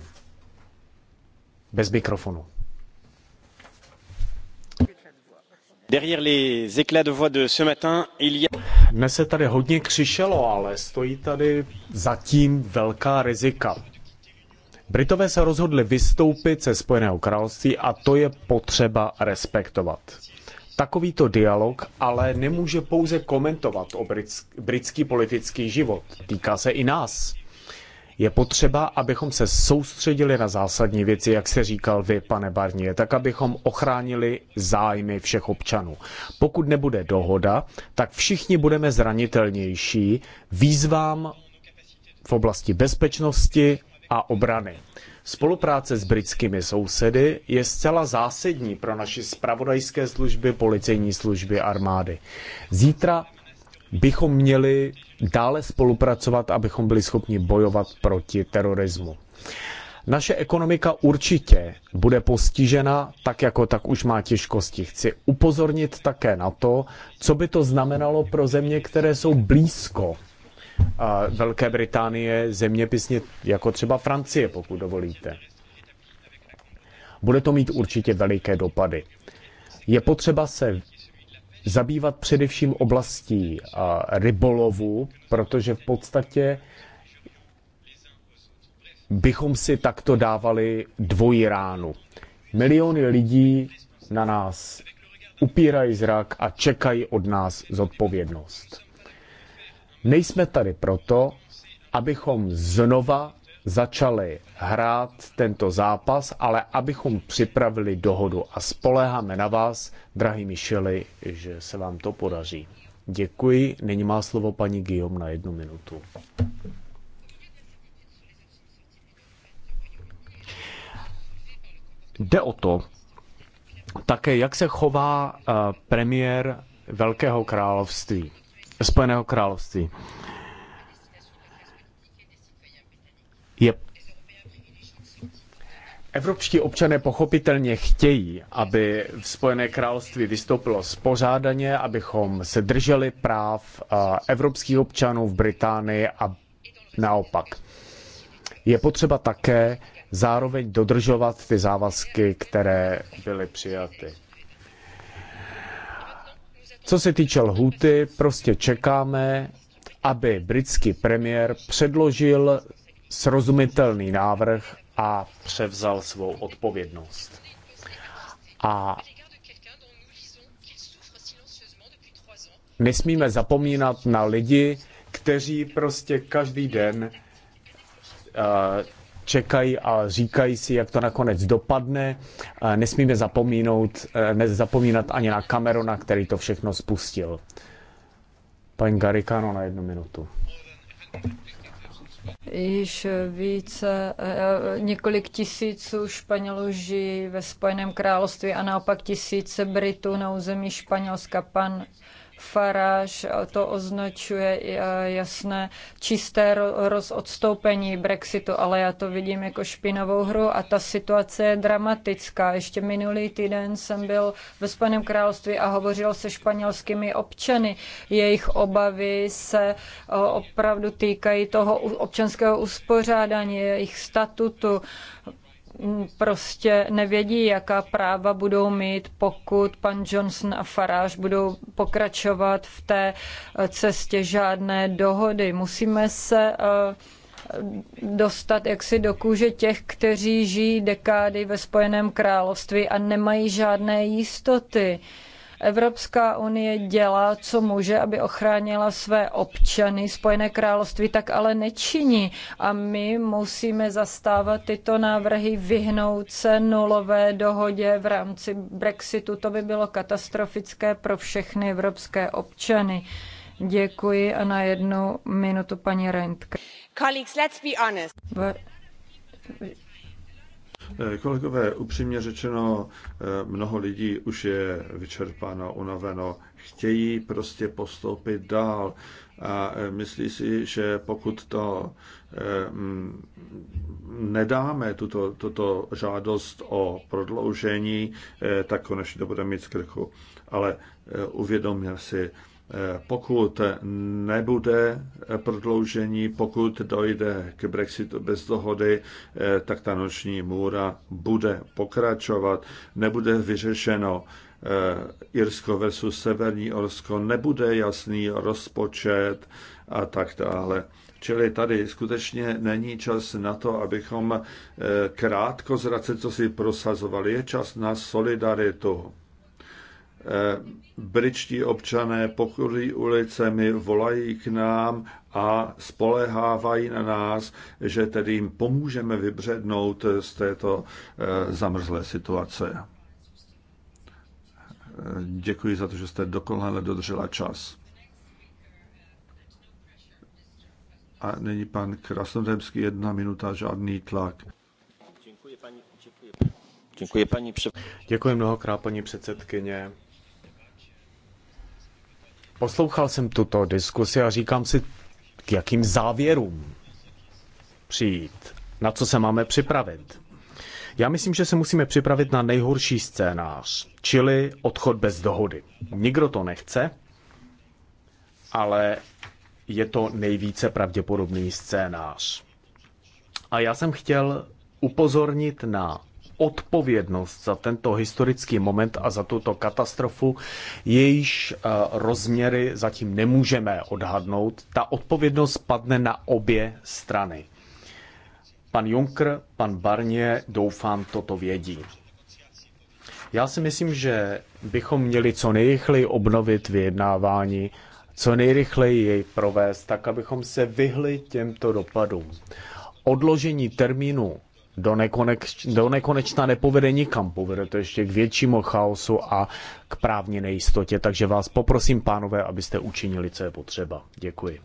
Bez mikrofonu. Dnes se tady hodně křišelo, ale stojí tady zatím velká rizika. Britové se rozhodli vystoupit ze Spojeného království a to je potřeba respektovat. Takovýto dialog ale nemůže pouze komentovat o britský politický život. Týká se i nás. Je potřeba, abychom se soustředili na zásadní věci, jak se říkal vy, pane Barnier, tak abychom ochránili zájmy všech občanů. Pokud nebude dohoda, tak všichni budeme zranitelnější výzvám v oblasti bezpečnosti a obrany. Spolupráce s britskými sousedy je zcela zásadní pro naše spravodajské služby, policejní služby, armády. Zítra bychom měli dále spolupracovat, abychom byli schopni bojovat proti terorismu. Naše ekonomika určitě bude postižena, tak jako tak už má těžkosti. Chci upozornit také na to, co by to znamenalo pro země, které jsou blízko Velké Británie zeměpisně jako třeba Francie, pokud dovolíte. Bude to mít určitě veliké dopady. Je potřeba se zabývat především oblastí rybolovu, protože v podstatě bychom si takto dávali dvojí ránu. Miliony lidí na nás upírají zrak a čekají od nás zodpovědnost. Nejsme tady proto, abychom znova začali hrát tento zápas, ale abychom připravili dohodu a spoléháme na vás, drahý Micheli, že se vám to podaří. Děkuji. Nyní má slovo paní Guillaume na jednu minutu. Jde o to, také jak se chová eh, premiér Velkého království. Spojeného království. Je Evropští občané pochopitelně chtějí, aby v Spojené království vystoupilo spořádaně, abychom se drželi práv eh, evropských občanů v Británii a naopak. Je potřeba také zároveň dodržovat ty závazky, které byly přijaty. Co se týče lhuty, prostě čekáme, aby britský premiér předložil srozumitelný návrh a převzal svou odpovědnost. A nesmíme zapomínat na lidi, kteří prostě každý den uh, čekají a říkají si, jak to nakonec dopadne. Nesmíme zapomínout, e, nezapomínat ani na Camerona, který to všechno spustil. Paní Garikano na jednu minutu. Již více, e, e, několik tisíců Španělů žijí ve Spojeném království a naopak tisíce Britů na území Španělska. Pan Farage to označuje e, jasné čisté rozodstoupení Brexitu, ale já to vidím jako špinavou hru a ta situace je dramatická. Ještě minulý týden jsem byl ve Spojeném království a hovořil se španělskými občany. Jejich obavy se e, opravdu týkají toho občanského uspořádání, jejich statutu Mm, prostě nevědí, jaká práva budou mít, pokud pan Johnson a Farage budou pokračovat v té eh, cestě žádné dohody. Musíme se eh, dostat jaksi do kůže těch, kteří žijí dekády ve Spojeném království a nemají žádné jistoty. Evropská unie dělá, co může, aby ochránila své občany. Spojené království tak ale nečiní a my musíme zastávat tyto návrhy, vyhnout se nulové dohodě v rámci Brexitu. To by bylo katastrofické pro všechny evropské občany. Děkuji a na jednu minutu paní Reintke. Colleagues, let's be honest Eh, kolegové, upřímně řečeno, eh, mnoho lidí už je vyčerpáno, unaveno, chtějí prostě postoupit dál a eh, myslí si, že pokud to mm, nedáme, tuto, tuto žádost o prodloužení, tak konečně to bude mít z krku. Ale uvědomil si, Eh, pokud nebude prodloužení, pokud dojde k Brexitu bez dohody, eh, tak ta noční můra bude pokračovat, nebude vyřešeno eh, Irsko versus Severní Orsko, nebude jasný rozpočet a tak dále. Čili tady skutečně není čas na to, abychom krátko zrace, co si prosazovali, je čas na solidaritu Eh, britští občané pochodují ulicemi, volají k nám a spolehávají na nás, že tedy jim pomůžeme vybřednout z této eh, zamrzlé situace. Eh, děkuji za to, že jste dokonale dodržela čas. A není pan Krasnodemský, jedna minuta, žádný tlak. Děkuji, paní, děkuji. Děkuji, paní Děkuji mnohokrát, paní předsedkyně. Poslouchal jsem tuto diskusi a říkám si, k jakým závěrům přijít, na co se máme připravit. Já myslím, že se musíme připravit na nejhorší scénář, čili odchod bez dohody. Nikdo to nechce, ale je to nejvíce pravděpodobný scénář. A já jsem chtěl upozornit na odpovědnost za tento historický moment a za tuto katastrofu, jejíž eh, rozměry zatím nemůžeme odhadnout. Ta odpovědnost padne na obě strany. Pan Juncker, pan Barnier, doufám, toto vědí. Já si myslím, že bychom měli co nejrychleji obnovit vyjednávání, co nejrychleji jej provést, tak abychom se vyhli těmto dopadům. Odložení termínu do, nekoneč, do nekonečna nepovede nikam. Povede to ještě k většímu chaosu a k právní nejistotě. Takže vás poprosím, pánové, abyste učinili, co je potřeba. Děkuji.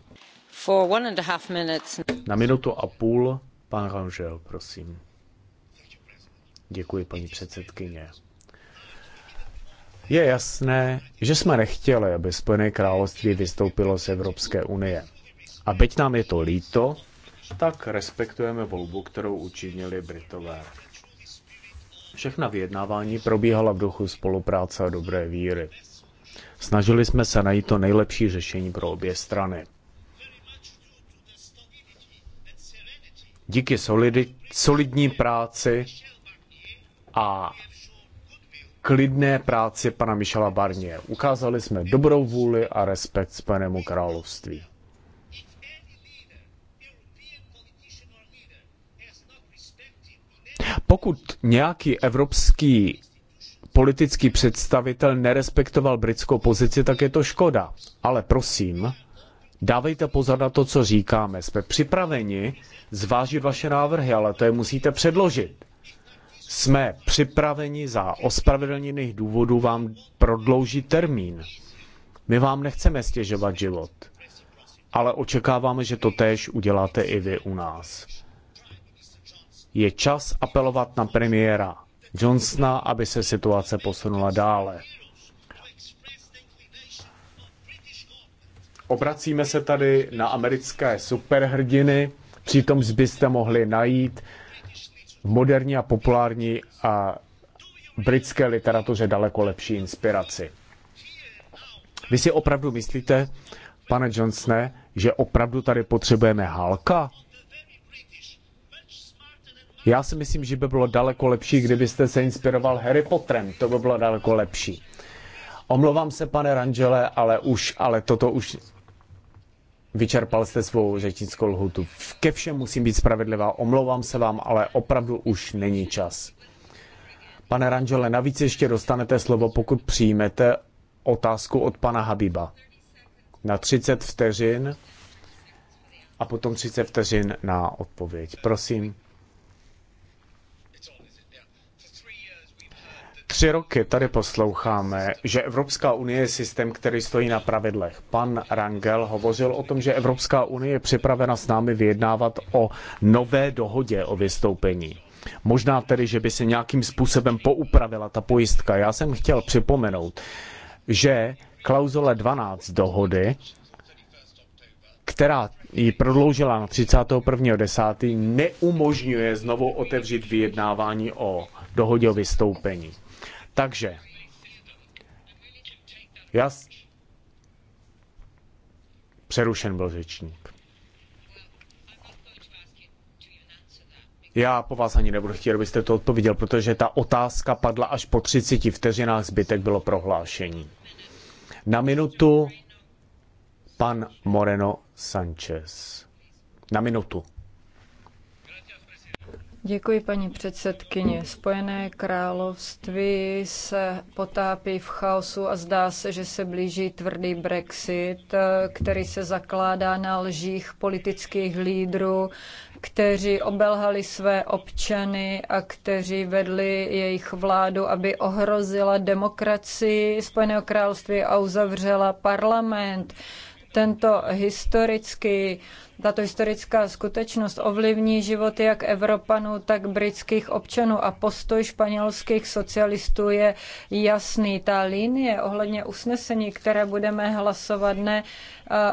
Na minutu a půl, pan Rangel, prosím. Děkuji, paní předsedkyně. Je jasné, že jsme nechtěli, aby Spojené království vystoupilo z Evropské unie. A byť nám je to líto, tak respektujeme volbu, kterou učinili Britové. Všechna vyjednávání probíhala v duchu spolupráce a dobré víry. Snažili jsme se najít to nejlepší řešení pro obě strany. Díky solidi- solidní práci a klidné práci pana Michela Barnier ukázali jsme dobrou vůli a respekt Spojenému království. pokud nějaký evropský politický představitel nerespektoval britskou pozici, tak je to škoda. Ale prosím, dávejte pozor na to, co říkáme. Jsme připraveni zvážit vaše návrhy, ale to je musíte předložit. Jsme připraveni za ospravedlněných důvodů vám prodloužit termín. My vám nechceme stěžovat život, ale očekáváme, že to též uděláte i vy u nás. Je čas apelovat na premiéra Johnsona, aby se situace posunula dále. Obracíme se tady na americké superhrdiny, přitom byste mohli najít v moderní a populární a britské literatuře daleko lepší inspiraci. Vy si opravdu myslíte, pane Johnsone, že opravdu tady potřebujeme Halka? Já si myslím, že by bylo daleko lepší, kdybyste se inspiroval Harry Potterem. To by bylo daleko lepší. Omlouvám se, pane Rangele, ale už, ale toto už vyčerpal jste svou řečnickou lhutu. Ke všem musím být spravedlivá. Omlouvám se vám, ale opravdu už není čas. Pane Rangele, navíc ještě dostanete slovo, pokud přijmete otázku od pana Habiba. Na 30 vteřin a potom 30 vteřin na odpověď. Prosím. Tři roky tady posloucháme, že Evropská unie je systém, který stojí na pravidlech. Pan Rangel hovořil o tom, že Evropská unie je připravena s námi vyjednávat o nové dohodě o vystoupení. Možná tedy, že by se nějakým způsobem poupravila ta pojistka. Já jsem chtěl připomenout, že klauzule 12 dohody, která ji prodloužila na 31.10., neumožňuje znovu otevřít vyjednávání o dohodě o vystoupení. Takže já... Přerušen byl řečník. Já po vás ani nebudu chtít, abyste to odpověděl, protože ta otázka padla až po 30 vteřinách, zbytek bylo prohlášení. Na minutu pan Moreno Sanchez. Na minutu. Děkuji, paní předsedkyně. Spojené království se potápí v chaosu a zdá se, že se blíží tvrdý Brexit, který se zakládá na lžích politických lídrů, kteří obelhali své občany a kteří vedli jejich vládu, aby ohrozila demokracii Spojeného království a uzavřela parlament. Tento historický tato historická skutečnost ovlivní životy jak Evropanů, tak britských občanů a postoj španělských socialistů je jasný. Ta linie ohledně usnesení, které budeme hlasovat ne,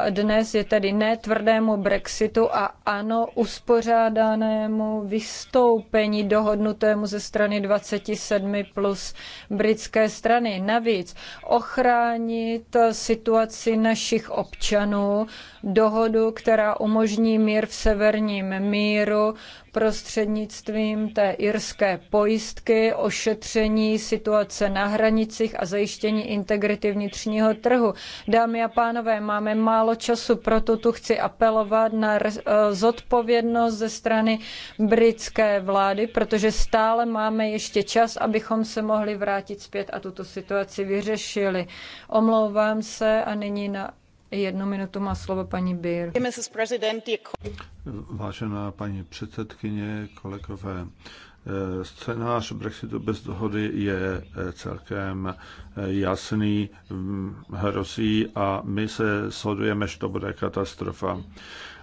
dnes, je tedy ne tvrdému Brexitu a ano uspořádanému vystoupení dohodnutému ze strany 27 plus britské strany. Navíc ochránit situaci našich občanů, dohodu, která umožňuje umožní mír v severním míru prostřednictvím té irské pojistky, ošetření situace na hranicích a zajištění integrity vnitřního trhu. Dámy a pánové, máme málo času, proto tu chci apelovat na eh, zodpovědnost ze strany britské vlády, protože stále máme ještě čas, abychom se mohli vrátit zpět a tuto situaci vyřešili. Omlouvám se a nyní na Jednu minutu má slovo paní Bir. Vážená paní předsedkyně, kolegové, scénář Brexitu bez dohody je eh, celkem eh, jasný, mm, hrozí a my se shodujeme, že to bude katastrofa.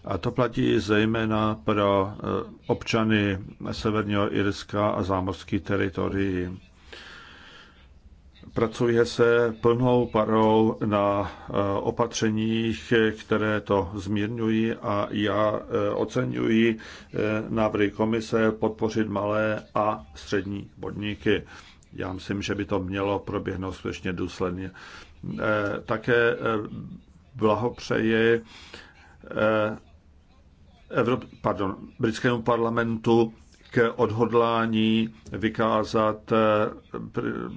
A to platí zejména pro eh, občany Severního Irska a zámořský teritorií pracuje se plnou parou na e, opatřeních, které to zmírňují a já e, oceňuji e, návrhy komise podpořit malé a střední podniky. Já myslím, že by to mělo proběhnout skutečně důsledně. Také blahopřeji Evrop, pardon, britskému parlamentu k odhodlání vykázat eh,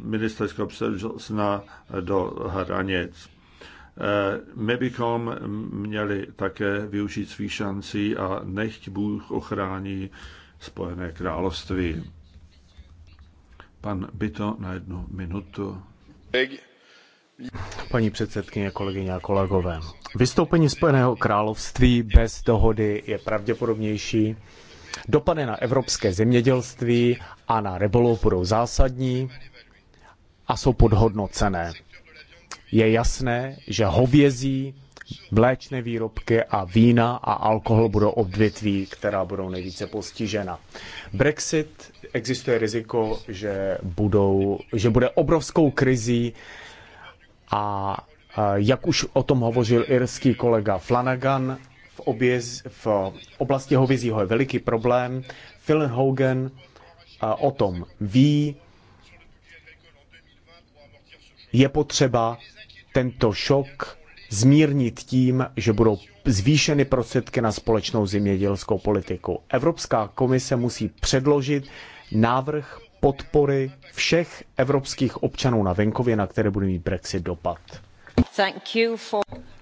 ministerského předsna do hranic. Eh, my bychom měli také využít svých šancí a nechť Bůh ochrání Spojené království. Pan Byto na jednu minutu. Paní předsedkyně, kolegyně a kolegové, vystoupení Spojeného království bez dohody je pravděpodobnější Dopady na evropské zemědělství a na rybolov budou zásadní a jsou podhodnocené. Je jasné, že hovězí, mléčné výrobky a vína a alkohol budou odvětví, která budou nejvíce postižena. Brexit existuje riziko, že, budou, že bude obrovskou krizí a jak už o tom hovořil irský kolega Flanagan, v, oběz, v oblasti hovězího je veliký problém. Phil Hogan o tom ví. Je potřeba tento šok zmírnit tím, že budou zvýšeny prostředky na společnou zemědělskou politiku. Evropská komise musí předložit návrh podpory všech evropských občanů na venkově, na které bude mít Brexit dopad. For...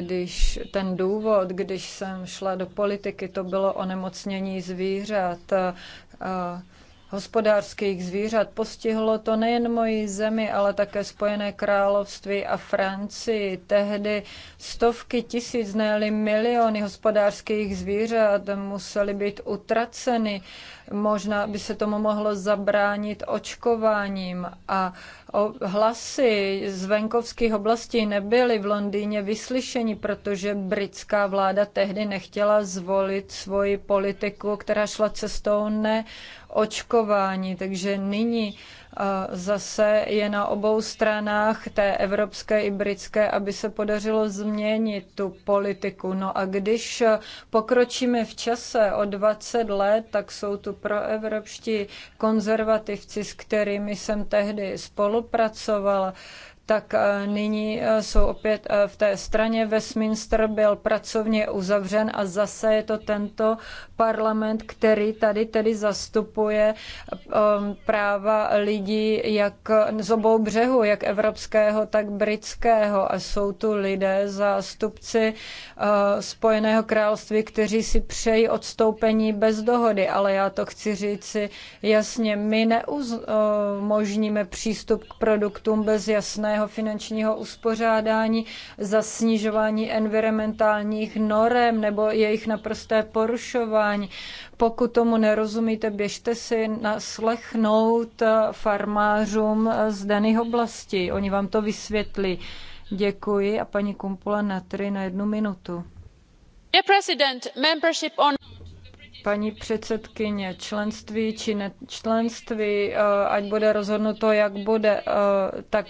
když ten důvod, když jsem šla do politiky, to bylo onemocnění zvířat, hospodářských zvířat. Postihlo to nejen moji zemi, ale také Spojené království a Francii. Tehdy stovky tisíc, ne miliony hospodářských zvířat musely být utraceny. Možná by se tomu mohlo zabránit očkováním a hlasy z venkovských oblastí nebyly v Londýně vyslyšeni, protože britská vláda tehdy nechtěla zvolit svoji politiku, která šla cestou neočkování. Takže nyní zase je na obou stranách té evropské i britské, aby se podařilo změnit tu politiku. No a když pokročíme v čase o 20 let, tak jsou tu proevropští konzervativci, s kterými jsem tehdy spolupracovala tak e, nyní e, jsou opět e, v té straně. Westminster byl pracovně uzavřen a zase je to tento parlament, který tady tedy zastupuje práva lidí jak z obou břehů, jak evropského, tak britského. A jsou tu lidé, zástupci Spojeného království, kteří si přejí odstoupení bez dohody. Ale já to chci říci jasně, my neumožníme přístup k produktům bez jasného správného finančního uspořádání, za snižování environmentálních norem nebo jejich naprosté porušování. Pokud tomu nerozumíte, běžte si naslechnout farmářům z daných oblastí. Oni vám to vysvětlí. Děkuji a paní Kumpula na tři na jednu minutu. On... Paní předsedkyně, členství či nečlenství, eh, ať bude rozhodnuto, jak bude, eh, tak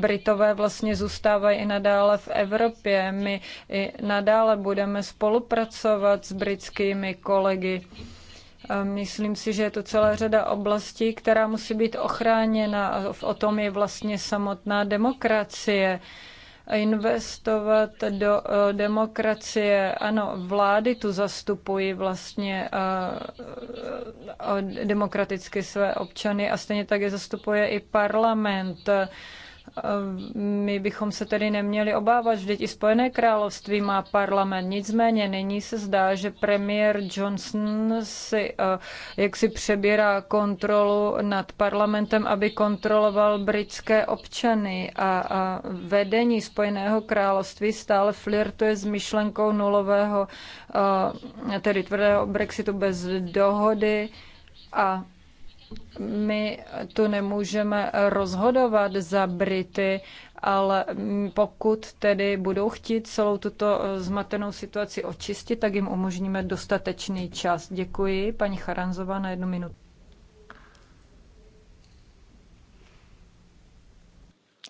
Britové vlastně zůstávají i nadále v Evropě. My i nadále budeme spolupracovat s britskými kolegy. Eh, myslím si, že je to celá řada oblastí, která musí být ochráněna. O tom je vlastně samotná demokracie investovat do eh, demokracie. Ano, vlády tu zastupují vlastně eh, eh, demokraticky své občany a stejně tak je zastupuje i parlament. Eh, my bychom se tedy neměli obávat, že i Spojené království má parlament. Nicméně nyní se zdá, že premiér Johnson si eh, jak si přebírá kontrolu nad parlamentem, aby kontroloval britské občany a, a vedení Spojeného království stále flirtuje s myšlenkou nulového, eh, tedy tvrdého Brexitu bez dohody a my tu nemůžeme rozhodovat za Brity, ale pokud tedy budou chtít celou tuto eh, zmatenou situaci očistit, tak jim umožníme dostatečný čas. Děkuji, paní Charanzová, na jednu minutu.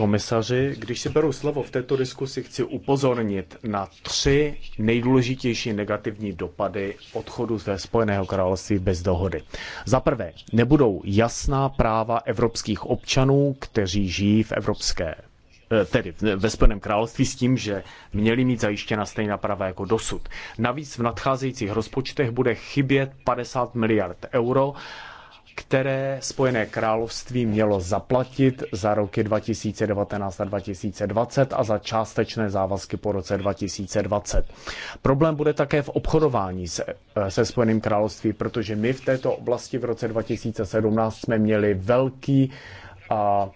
komisaři, když si beru slovo v této diskusi, chci upozornit na tři nejdůležitější negativní dopady odchodu ze Spojeného království bez dohody. Za prvé, nebudou jasná práva evropských občanů, kteří žijí v Evropské eh, tedy ve Spojeném království s tím, že měli mít zajištěna stejná práva jako dosud. Navíc v nadcházejících rozpočtech bude chybět 50 miliard euro které Spojené království mělo zaplatit za roky 2019 a 2020 a za částečné závazky po roce 2020. Problém bude také v obchodování se, se Spojeným království, protože my v této oblasti v roce 2017 jsme měli velký, a,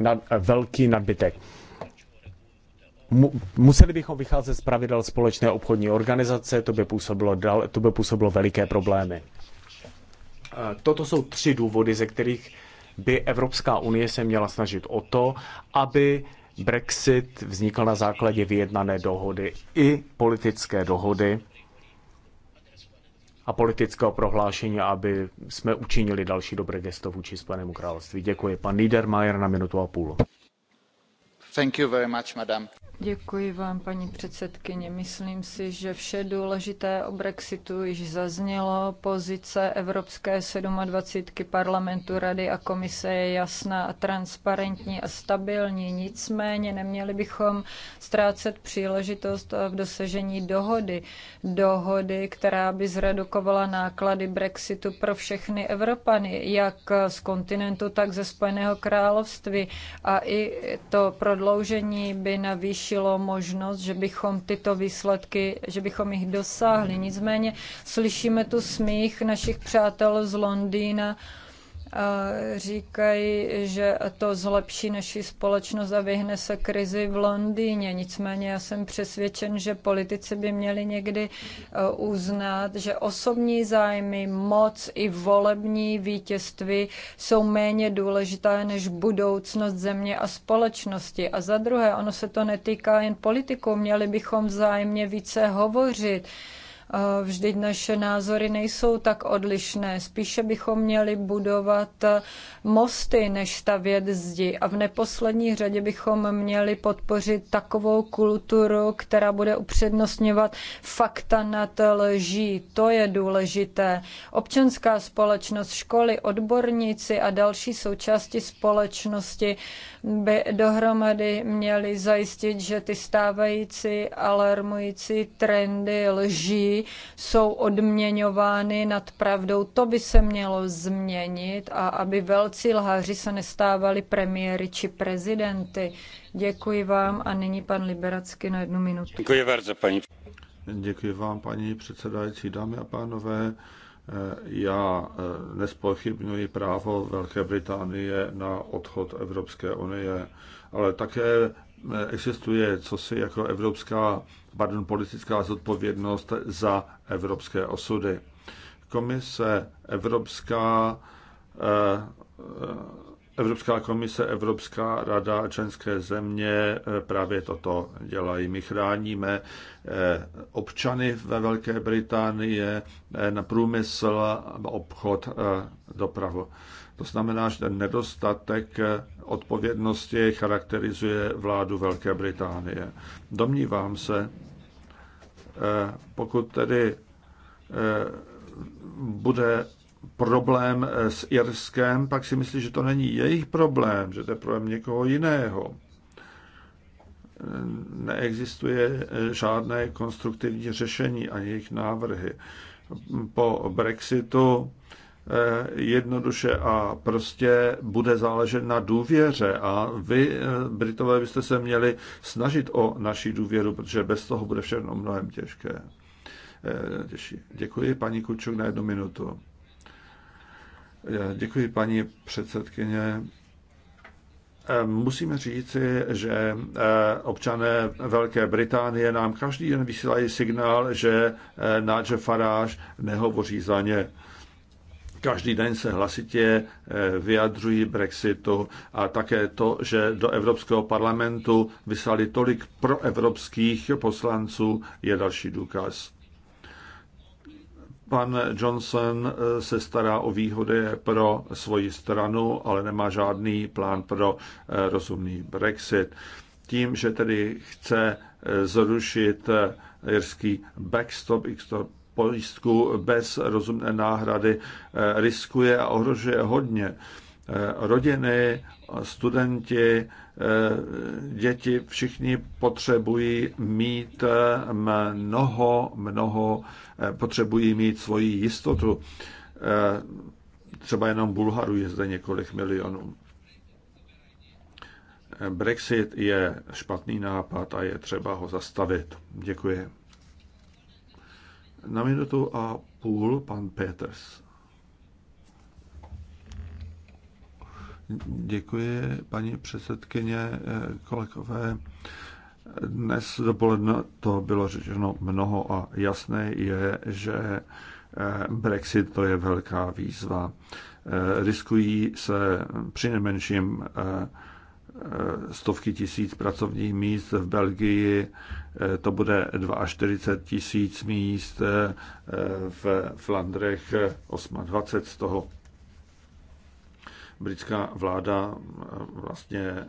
nad, velký nadbytek. Museli bychom vycházet z pravidel společné obchodní organizace, to by působilo, dal, to by působilo veliké problémy. Eh, toto jsou tři důvody, ze kterých by Evropská unie se měla snažit o to, aby Brexit vznikl na základě vyjednané dohody i politické dohody a politického prohlášení, aby jsme učinili další dobré gesto vůči Spojenému království. Děkuji. Pan Niedermayer na minutu a půl. Thank you very much, madam. Děkuji vám, paní předsedkyně. Myslím si, že vše důležité o Brexitu již zaznělo. Pozice Evropské 27. parlamentu, rady a komise je jasná a transparentní a stabilní. Nicméně neměli bychom ztrácet příležitost v dosažení dohody. Dohody, která by zredukovala náklady Brexitu pro všechny Evropany, jak z kontinentu, tak ze Spojeného království. A i to prodloužení by navýšilo vyloučilo možnost, že bychom tyto výsledky, že bychom jich dosáhli. Nicméně slyšíme tu smích našich přátel z Londýna říkají, že to zlepší naši společnost a vyhne se krizi v Londýně. Nicméně já jsem přesvědčen, že politici by měli někdy e, uznat, že osobní zájmy, moc i volební vítězství jsou méně důležité než budoucnost země a společnosti. A za druhé, ono se to netýká jen politiků, měli bychom vzájemně více hovořit Eh, vždyť naše názory nejsou tak odlišné. Spíše bychom měli budovat eh, mosty, než stavět zdi. A v neposlední řadě bychom měli podpořit takovou kulturu, která bude upřednostňovat fakta nad lží. To je důležité. Občanská společnost, školy, odborníci a další součásti společnosti by dohromady měli zajistit, že ty stávající alarmující trendy lží jsou odměňovány nad pravdou. To by se mělo změnit a aby velcí lháři se nestávali premiéry či prezidenty. Děkuji vám a nyní pan Liberacky na jednu minutu. Děkuji bardzo, paní. Děkuji vám, paní předsedající, dámy a pánové. Eh, já eh, nespochybnuji právo Velké Británie na odchod Evropské unie, ale také existuje cosi jako evropská, pardon, politická zodpovědnost za evropské osudy. Komise Evropská eh, Evropská komise, Evropská rada a členské země eh, právě toto dělají. My chráníme eh, občany ve Velké Británii na průmysl, obchod, dopravu. To znamená, že ten nedostatek odpovědnosti charakterizuje vládu Velké Británie. Domnívám se, eh, pokud tedy eh, bude problém eh, s Irskem, pak si myslí, že to není jejich problém, že to je problém někoho jiného. Neexistuje žádné konstruktivní řešení ani jejich návrhy. Po Brexitu Eh, jednoduše a prostě bude záležet na důvěře a vy, eh, Britové, byste se měli snažit o naší důvěru, protože bez toho bude všechno mnohem těžké. Eh, těžší. Děkuji, paní Kučuk, na jednu minutu. Děkuji, paní předsedkyně. Musíme říci, že občané Velké Británie nám každý den vysílají signál, že Nigel Farage nehovoří za ně Každý den se hlasitě eh, vyjadřují Brexitu a také to, že do Evropského parlamentu vyslali tolik proevropských poslanců, je další důkaz. Pan Johnson eh, se stará o výhody pro svoji stranu, ale nemá žádný plán pro eh, rozumný Brexit. Tím, že tedy chce zrušit jirský backstop, pojistku bez rozumné náhrady eh, riskuje a ohrožuje hodně. Eh, rodiny, studenti, eh, děti, všichni potřebují mít mnoho, mnoho, potřebují mít svoji jistotu. Třeba jenom Bulharu je zde několik milionů. Brexit je špatný nápad a je třeba ho zastavit. Děkuji. Na minutu a půl pan Peters. Děkuji, paní předsedkyně, kolegové. Dnes dopoledne to bylo řečeno mnoho a jasné je, že eh, Brexit to je velká výzva. Eh, riskují se při přinejmenším eh, stovky tisíc pracovních míst v Belgii, Eh, to bude 42 tisíc míst, eh, v Flandrech 28 z toho. Britská vláda eh, vlastně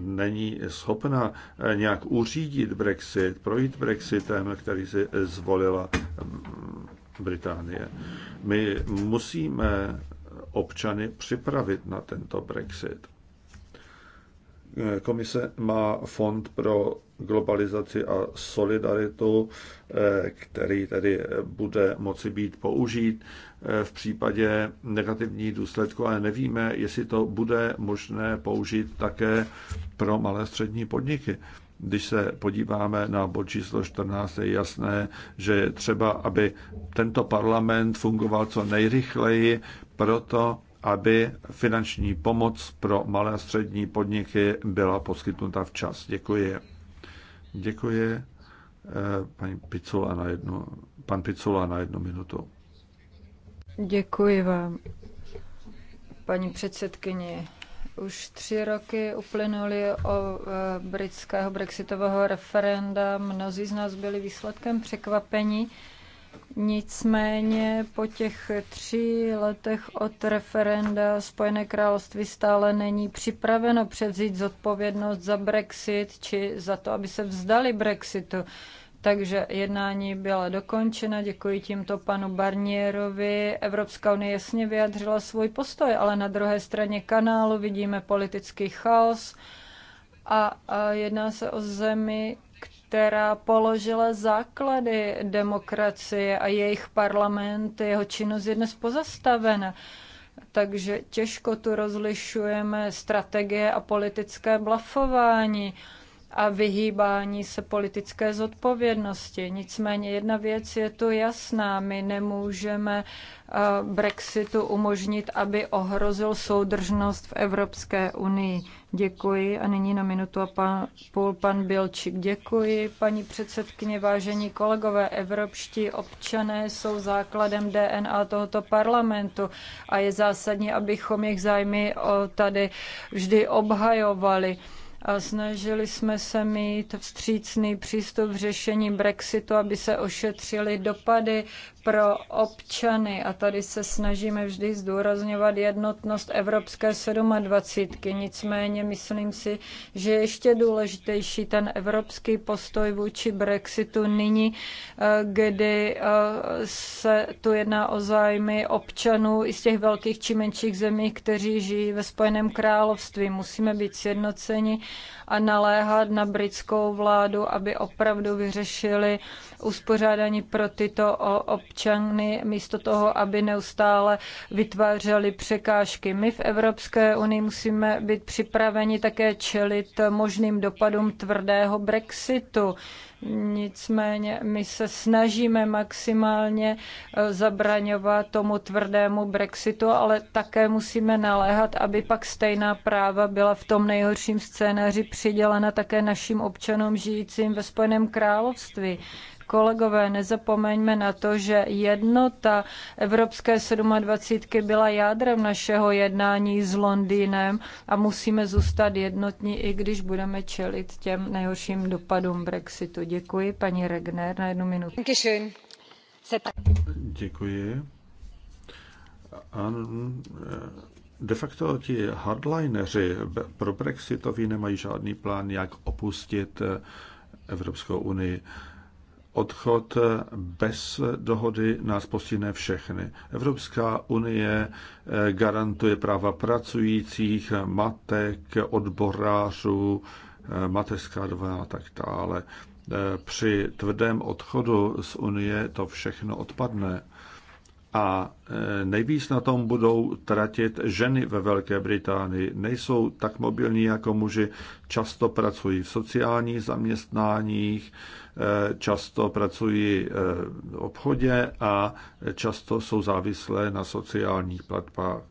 není schopna nějak uřídit Brexit, projít Brexitem, který si zvolila mm, Británie. My musíme občany připravit na tento Brexit. Komise má fond pro globalizaci a solidaritu, eh, který tedy bude moci být použít eh, v případě negativních důsledků, ale nevíme, jestli to bude možné použít také pro malé střední podniky. Když se podíváme na bod číslo 14, je jasné, že je třeba, aby tento parlament fungoval co nejrychleji, proto aby finanční pomoc pro malé a střední podniky byla poskytnuta včas. Děkuji. Děkuji. Eh, paní Picula na jednu, pan Picula na jednu minutu. Děkuji vám, paní předsedkyně. Už tři roky uplynuly o eh, britského brexitového referenda. Mnozí z nás byli výsledkem překvapení. Nicméně po těch tří letech od referenda Spojené království stále není připraveno převzít zodpovědnost za Brexit či za to, aby se vzdali Brexitu. Takže jednání byla dokončena, děkuji tímto panu Barnierovi. Evropská unie jasně vyjadřila svůj postoj, ale na druhé straně kanálu vidíme politický chaos a, a jedná se o zemi, která položila základy demokracie a jejich parlament, jeho činnost je dnes pozastavena. Takže těžko tu rozlišujeme strategie a politické blafování a vyhýbání se politické zodpovědnosti. Nicméně jedna věc je to jasná, my nemůžeme eh, Brexitu umožnit, aby ohrozil soudržnost v Evropské unii. Děkuji a nyní na minutu a pan, půl pan Bilčík. Děkuji, paní předsedkyně, vážení kolegové. Evropští občané jsou základem DNA tohoto parlamentu a je zásadní, abychom jejich zájmy tady vždy obhajovali a snažili jsme se mít vstřícný přístup v řešení Brexitu, aby se ošetřily dopady pro občany a tady se snažíme vždy zdůrazňovat jednotnost Evropské 27. Nicméně myslím si, že ještě důležitější ten evropský postoj vůči Brexitu nyní, eh, kdy eh, se tu jedná o zájmy občanů i z těch velkých či menších zemí, kteří žijí ve Spojeném království. Musíme být sjednoceni a naléhat na britskou vládu, aby opravdu vyřešili uspořádání pro tyto občany, místo toho, aby neustále vytvářeli překážky. My v Evropské unii musíme být připraveni také čelit možným dopadům tvrdého Brexitu. Nicméně my se snažíme maximálně eh, zabraňovat tomu tvrdému Brexitu, ale také musíme naléhat, aby pak stejná práva byla v tom nejhorším scénáři přidělena také našim občanům žijícím ve Spojeném království. Kolegové, nezapomeňme na to, že jednota Evropské 27 byla jádrem našeho jednání s Londýnem a musíme zůstat jednotní, i když budeme čelit těm nejhorším dopadům Brexitu. Děkuji, paní Regner, na jednu minutu. Děkuji. de facto ti hardlineři pro Brexitoví nemají žádný plán, jak opustit Evropskou unii odchod bez dohody nás postihne všechny. Evropská unie eh, garantuje práva pracujících, matek, odborářů, eh, mateřská a tak dále. Eh, při tvrdém odchodu z unie to všechno odpadne. A nejvíc na tom budou tratit ženy ve Velké Británii. Nejsou tak mobilní jako muži, často pracují v sociálních zaměstnáních, často pracují eh, v obchodě a často jsou závislé na sociálních platbách.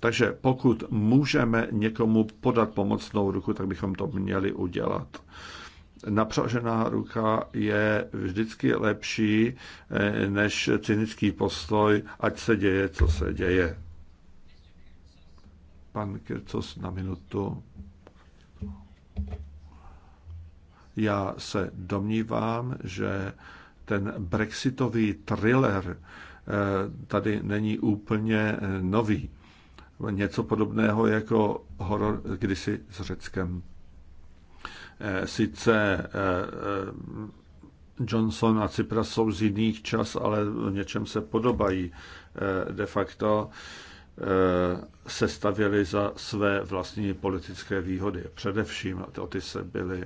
Takže pokud můžeme někomu podat pomocnou ruku, tak bychom to měli udělat. Napřažená ruka je vždycky lepší eh, než cynický postoj, ať se děje, co se děje. Pan Kircos na minutu. Já se domnívám, že ten brexitový thriller eh, tady není úplně eh, nový. Něco podobného jako horor kdysi s Řeckem. Eh, sice Johnson a Tsipras jsou z jiných čas, ale v něčem se podobají. De facto se stavěli za své vlastní politické výhody. Především o ty se byly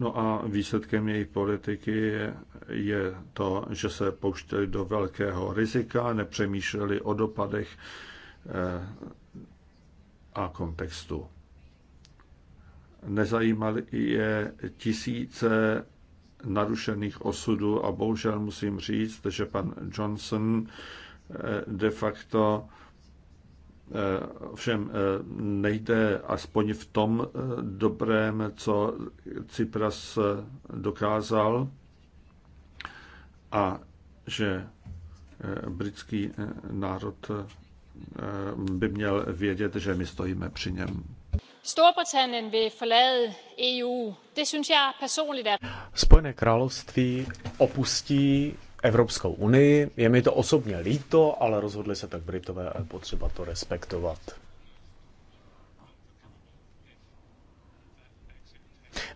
No a výsledkem jejich politiky je, je to, že se pouštěli do velkého rizika, nepřemýšleli o dopadech eh, a kontextu. Nezajímaly je tisíce narušených osudů a bohužel musím říct, že pan Johnson eh, de facto Eh, ovšem eh, nejde aspoň v tom eh, dobrém, co Cypras dokázal a že britský národ by měl vědět, že my stojíme při něm. Storbritannien vil forlade EU. Det synes jeg personligt er... Spojené království opustí Evropskou unii. Je mi to osobně líto, ale rozhodli se tak Britové a je potřeba to respektovat.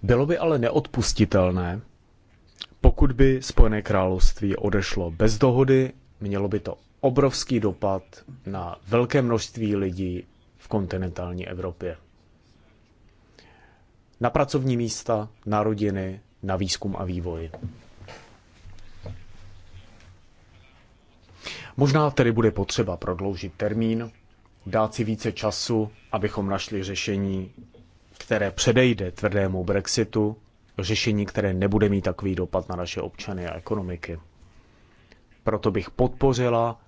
Bylo by ale neodpustitelné, pokud by Spojené království odešlo bez dohody, mělo by to obrovský dopad na velké množství lidí v kontinentální Evropě. Na pracovní místa, na rodiny, na výzkum a vývoj. Možná tedy bude potřeba prodloužit termín, dát si více času, abychom našli řešení, které předejde tvrdému Brexitu, řešení, které nebude mít takový dopad na naše občany a ekonomiky. Proto bych podpořila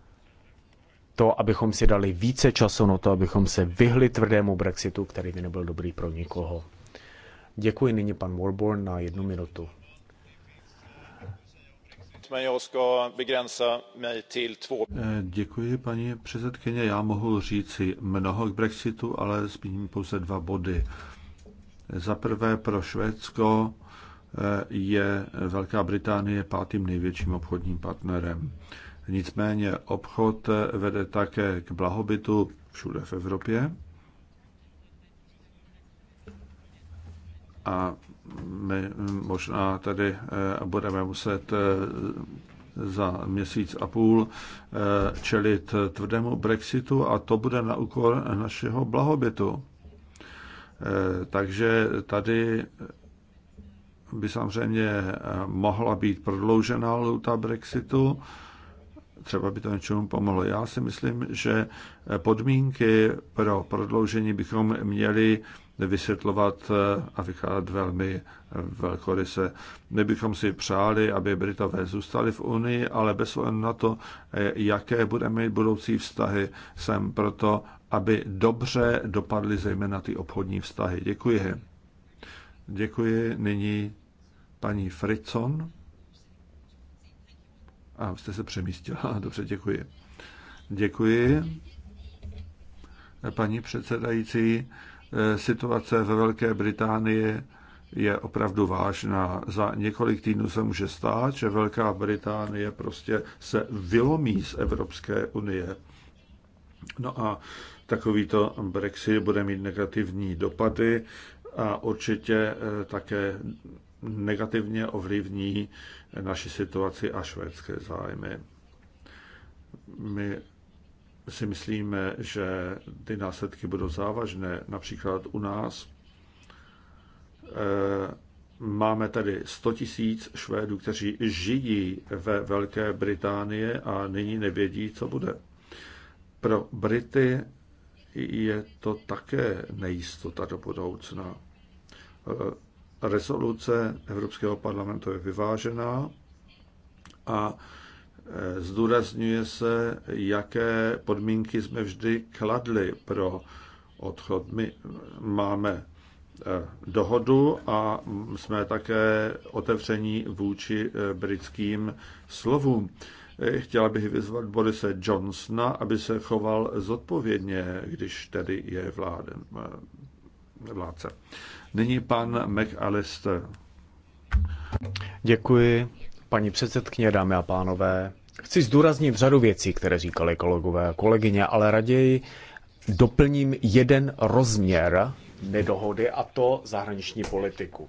to, abychom si dali více času na to, abychom se vyhli tvrdému Brexitu, který by nebyl dobrý pro nikoho. Děkuji nyní pan Warborn na jednu minutu men jag ska begränsa eh, Děkuji, paní předsedkyně. Já mohu říci mnoho k Brexitu, ale zmíním pouze dva body. Za prvé pro Švédsko eh, je Velká Británie pátým největším obchodním partnerem. Nicméně obchod eh, vede také k blahobytu všude v Evropě. A my eh, možná tady eh, budeme muset eh, za měsíc a půl čelit tvrdému Brexitu a to bude na úkor našeho blahobytu. Takže tady by samozřejmě mohla být prodloužená luta Brexitu, třeba by to něčemu pomohlo. Já si myslím, že podmínky pro prodloužení bychom měli vysvětlovat eh, a vykládat velmi eh, velkoryse. My bychom si přáli, aby Britové zůstali v Unii, ale bez ohledu na to, eh, jaké budeme mít budoucí vztahy, jsem proto, aby dobře dopadly zejména ty obchodní vztahy. Děkuji. Děkuji nyní paní Fritson. A jste se přemístila. [LAUGHS] Dobře, děkuji. Děkuji. Paní předsedající, Eh, situace ve Velké Británii je opravdu vážná. Za několik týdnů se může stát, že Velká Británie prostě se vylomí z Evropské unie. No a takovýto Brexit bude mít negativní dopady a určitě eh, také negativně ovlivní naši situaci a švédské zájmy. My si myslíme, že ty následky budou závažné. Například u nás eh, máme tady 100 tisíc Švédů, kteří žijí ve Velké Británii a nyní nevědí, co bude. Pro Brity je to také nejistota do budoucna. Eh, rezoluce Evropského parlamentu je vyvážená a Eh, zdůrazňuje se, jaké podmínky jsme vždy kladli pro odchod. My máme eh, dohodu a jsme také otevření vůči eh, britským slovům. Chtěla bych vyzvat Borise Johnsona, aby se choval zodpovědně, když tedy je vládem, vládce. Nyní pan McAllister. Děkuji, paní předsedkyně, dámy a pánové. Chci zdůraznit řadu věcí, které říkali kolegové a kolegyně, ale raději doplním jeden rozměr nedohody a to zahraniční politiku.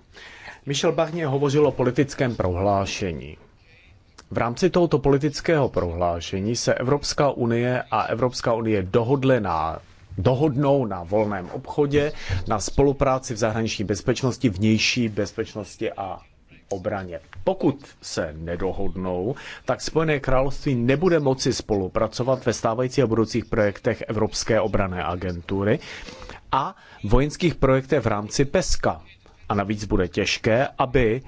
Michel Barnier hovořil o politickém prohlášení. V rámci tohoto politického prohlášení se Evropská unie a Evropská unie dohodly na dohodnou na volném obchodě, na spolupráci v zahraniční bezpečnosti, vnější bezpečnosti a obraně. Pokud se nedohodnou, tak Spojené království nebude moci spolupracovat ve stávajících a budoucích projektech Evropské obrané agentury a vojenských projektech v rámci PESKA. A navíc bude těžké, aby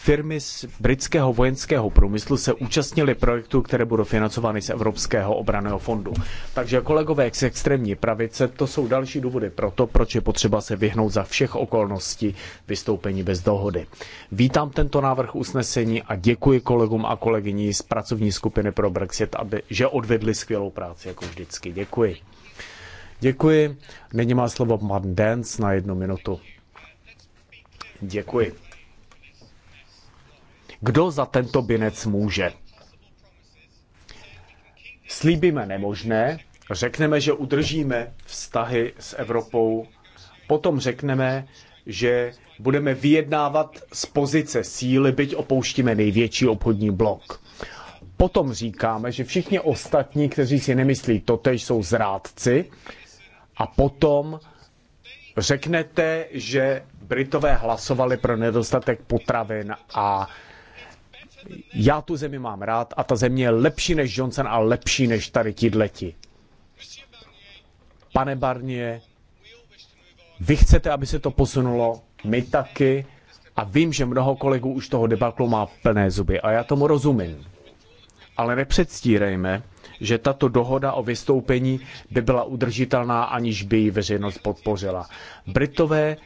Firmy z britského vojenského průmyslu se účastnily projektů, které budou financovány z Evropského obraného fondu. Takže kolegové z extrémní pravice, to jsou další důvody pro to, proč je potřeba se vyhnout za všech okolností vystoupení bez dohody. Vítám tento návrh usnesení a děkuji kolegům a kolegyni z pracovní skupiny pro Brexit, aby, že odvedli skvělou práci, jako vždycky. Děkuji. Děkuji. Nyní má slovo Martin Dance na jednu minutu. Děkuji. Kdo za tento binec může? Slíbíme nemožné, řekneme, že udržíme vztahy s Evropou, potom řekneme, že budeme vyjednávat z pozice síly, byť opouštíme největší obchodní blok. Potom říkáme, že všichni ostatní, kteří si nemyslí totež, jsou zrádci. A potom řeknete, že Britové hlasovali pro nedostatek potravin a já tu zemi mám rád a ta země je lepší než Johnson a lepší než tady leti. Pane Barnie, vy chcete, aby se to posunulo, my taky a vím, že mnoho kolegů už toho debaklu má plné zuby a já tomu rozumím. Ale nepředstírejme, že tato dohoda o vystoupení by byla udržitelná, aniž by ji veřejnost podpořila. Britové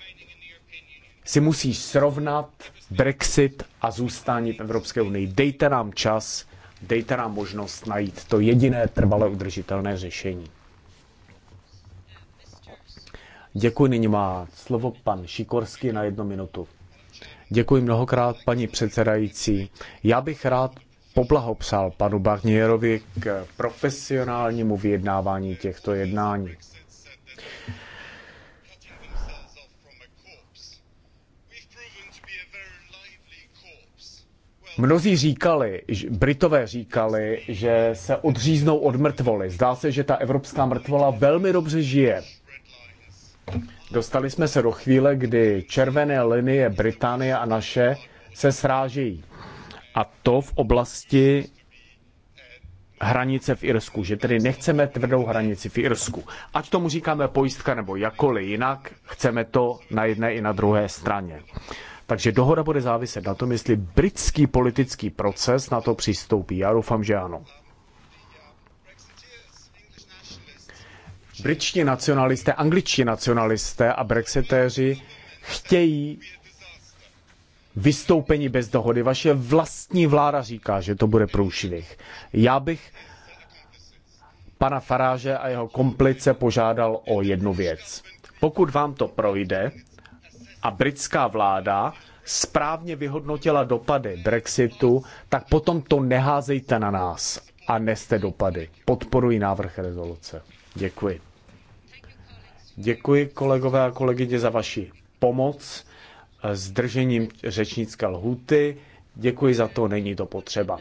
si musíš srovnat Brexit a zůstání v Evropské unii. Dejte nám čas, dejte nám možnost najít to jediné trvale udržitelné řešení. Děkuji, nyní má slovo pan Šikorský na jednu minutu. Děkuji mnohokrát, paní předsedající. Já bych rád poblahopřál panu Barnierovi k profesionálnímu vyjednávání těchto jednání. Mnozí říkali, Britové říkali, že se odříznou od mrtvoly. Zdá se, že ta evropská mrtvola velmi dobře žije. Dostali jsme se do chvíle, kdy červené linie Británie a naše se srážejí. A to v oblasti hranice v Irsku, že tedy nechceme tvrdou hranici v Irsku. Ať tomu říkáme pojistka nebo jakkoliv jinak, chceme to na jedné i na druhé straně. Takže dohoda bude záviset na tom, jestli britský politický proces na to přistoupí. Já doufám, že ano. Britští nacionalisté, angličtí nacionalisté a brexitéři chtějí vystoupení bez dohody. Vaše vlastní vláda říká, že to bude průšvih. Já bych pana Faráže a jeho komplice požádal o jednu věc. Pokud vám to projde, a britská vláda správně vyhodnotila dopady Brexitu, tak potom to neházejte na nás a neste dopady. Podporuji návrh rezoluce. Děkuji. Děkuji kolegové a kolegyně za vaši pomoc s držením řečnické lhuty. Děkuji za to, není to potřeba.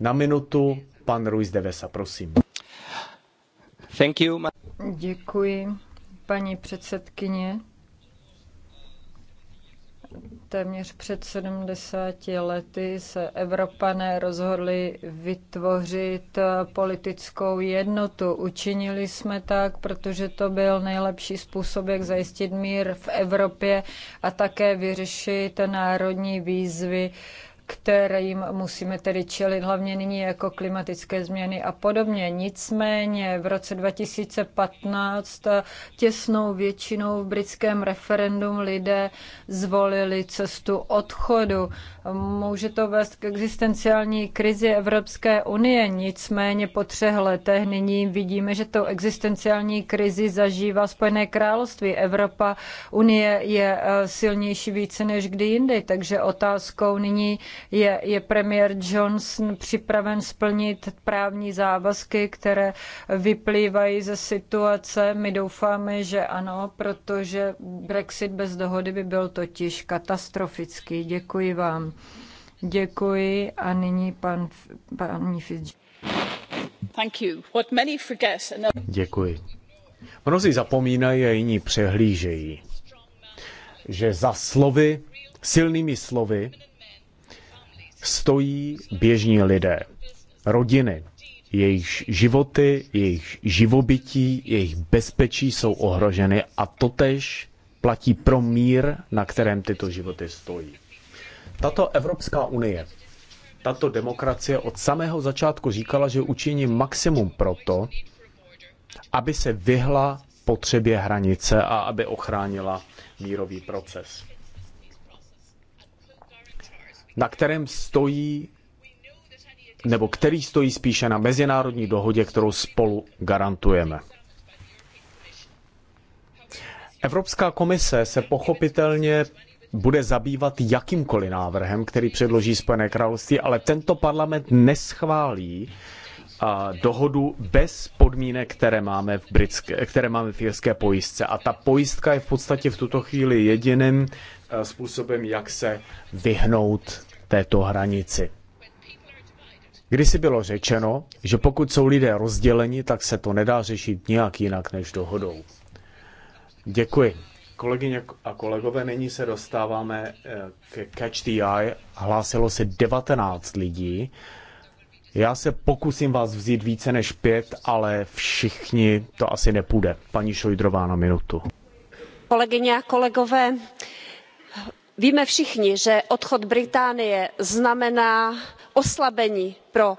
Na minutu pan Ruiz Devesa, prosím. Thank you. Děkuji, paní předsedkyně téměř před 70 lety se Evropané rozhodli vytvořit politickou jednotu. Učinili jsme tak, protože to byl nejlepší způsob, jak zajistit mír v Evropě a také vyřešit národní výzvy kterým musíme tedy čelit hlavně nyní jako klimatické změny a podobně. Nicméně v roce 2015 těsnou většinou v britském referendum lidé zvolili cestu odchodu. Může to vést k existenciální krizi Evropské unie, nicméně po třech letech nyní vidíme, že to existenciální krizi zažívá Spojené království. Evropa unie je eh, silnější více než kdy jindy, takže otázkou nyní je, je premiér Johnson připraven splnit právní závazky, které vyplývají ze situace? My doufáme, že ano, protože Brexit bez dohody by byl totiž katastrofický. Děkuji vám. Děkuji a nyní pan, paní Fitzgerald. Děkuji. Mnozí zapomínají a jiní přehlížejí, že za slovy, silnými slovy, stojí běžní lidé, rodiny, jejich životy, jejich živobytí, jejich bezpečí jsou ohroženy a totež platí pro mír, na kterém tyto životy stojí. Tato Evropská unie, tato demokracie od samého začátku říkala, že učiní maximum proto, aby se vyhla potřebě hranice a aby ochránila mírový proces na kterém stojí nebo který stojí spíše na mezinárodní dohodě, kterou spolu garantujeme. Evropská komise se pochopitelně bude zabývat jakýmkoliv návrhem, který předloží Spojené království, ale tento parlament neschválí dohodu bez podmínek, které máme v, britské, které máme v jirské pojistce. A ta pojistka je v podstatě v tuto chvíli jediným Eh, způsobem, jak se vyhnout této hranici. Když si bylo řečeno, že pokud jsou lidé rozděleni, tak se to nedá řešit nijak jinak než dohodou. Děkuji. Kolegyně a kolegové, nyní se dostáváme eh, k Catch the Eye. Hlásilo se 19 lidí. Já se pokusím vás vzít více než pět, ale všichni to asi nepůjde. Paní Šojdrová na minutu. Kolegyně a kolegové, víme všichni že odchod británie znamená oslabení pro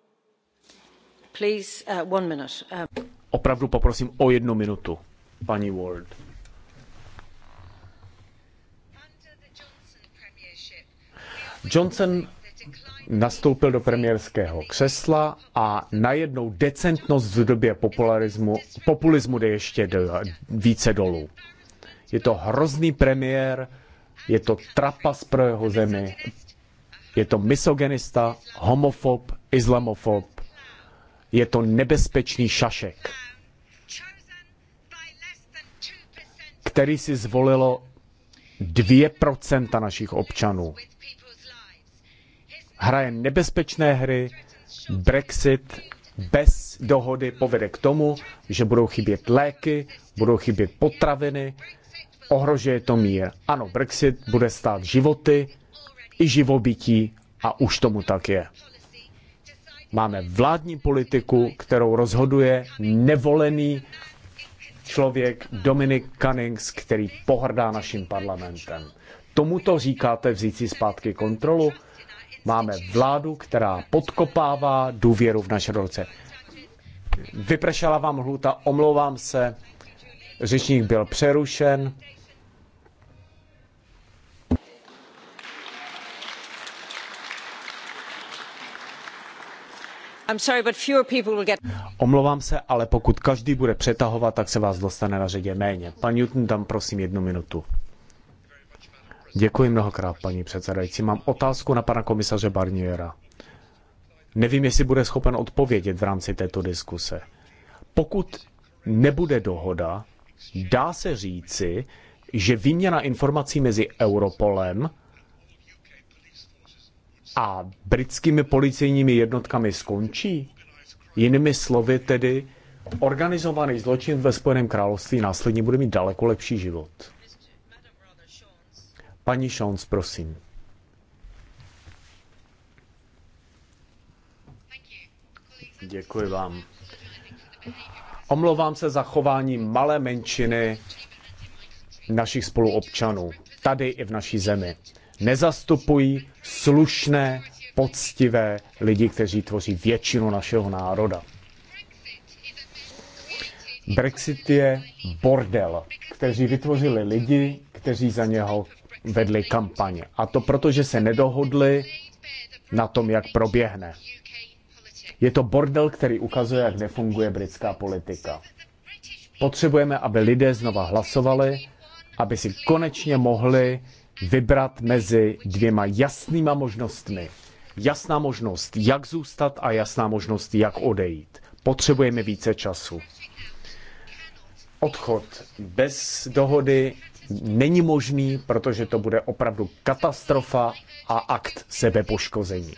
Uh, uh, Opravdu poprosím o jednu minutu, paní Ward. Johnson nastoupil do premiérského křesla a najednou decentnost v době popularismu, populismu jde ještě do, více dolů. Je to hrozný premiér, je to trapas pro jeho zemi, je to misogenista, homofob, islamofob je to nebezpečný šašek, který si zvolilo 2% našich občanů. Hraje nebezpečné hry, Brexit bez dohody povede k tomu, že budou chybět léky, budou chybět potraviny, ohrožuje to mír. Ano, Brexit bude stát životy i živobytí a už tomu tak je. Máme vládní politiku, kterou rozhoduje nevolený člověk Dominic Cunnings, který pohrdá naším parlamentem. Tomuto říkáte vzít si zpátky kontrolu? Máme vládu, která podkopává důvěru v naše roce. Vypršela vám hluta, omlouvám se, řečník byl přerušen. Omlouvám se, ale pokud každý bude přetahovat, tak se vás dostane na řadě méně. Pan Newton, tam prosím jednu minutu. Děkuji mnohokrát, paní předsedající. Mám otázku na pana komisaře Barniera. Nevím, jestli bude schopen odpovědět v rámci této diskuse. Pokud nebude dohoda, dá se říci, že výměna informací mezi Europolem a britskými policejními jednotkami skončí? Jinými slovy tedy, organizovaný zločin ve Spojeném království následně bude mít daleko lepší život. Paní Shons, prosím. Děkuji vám. Omlouvám se za chování malé menšiny našich spoluobčanů, tady i v naší zemi nezastupují slušné, poctivé lidi, kteří tvoří většinu našeho národa. Brexit je bordel, kteří vytvořili lidi, kteří za něho vedli kampaně. A to proto, že se nedohodli na tom, jak proběhne. Je to bordel, který ukazuje, jak nefunguje britská politika. Potřebujeme, aby lidé znova hlasovali, aby si konečně mohli vybrat mezi dvěma jasnýma možnostmi. Jasná možnost, jak zůstat a jasná možnost, jak odejít. Potřebujeme více času. Odchod bez dohody není možný, protože to bude opravdu katastrofa a akt sebepoškození.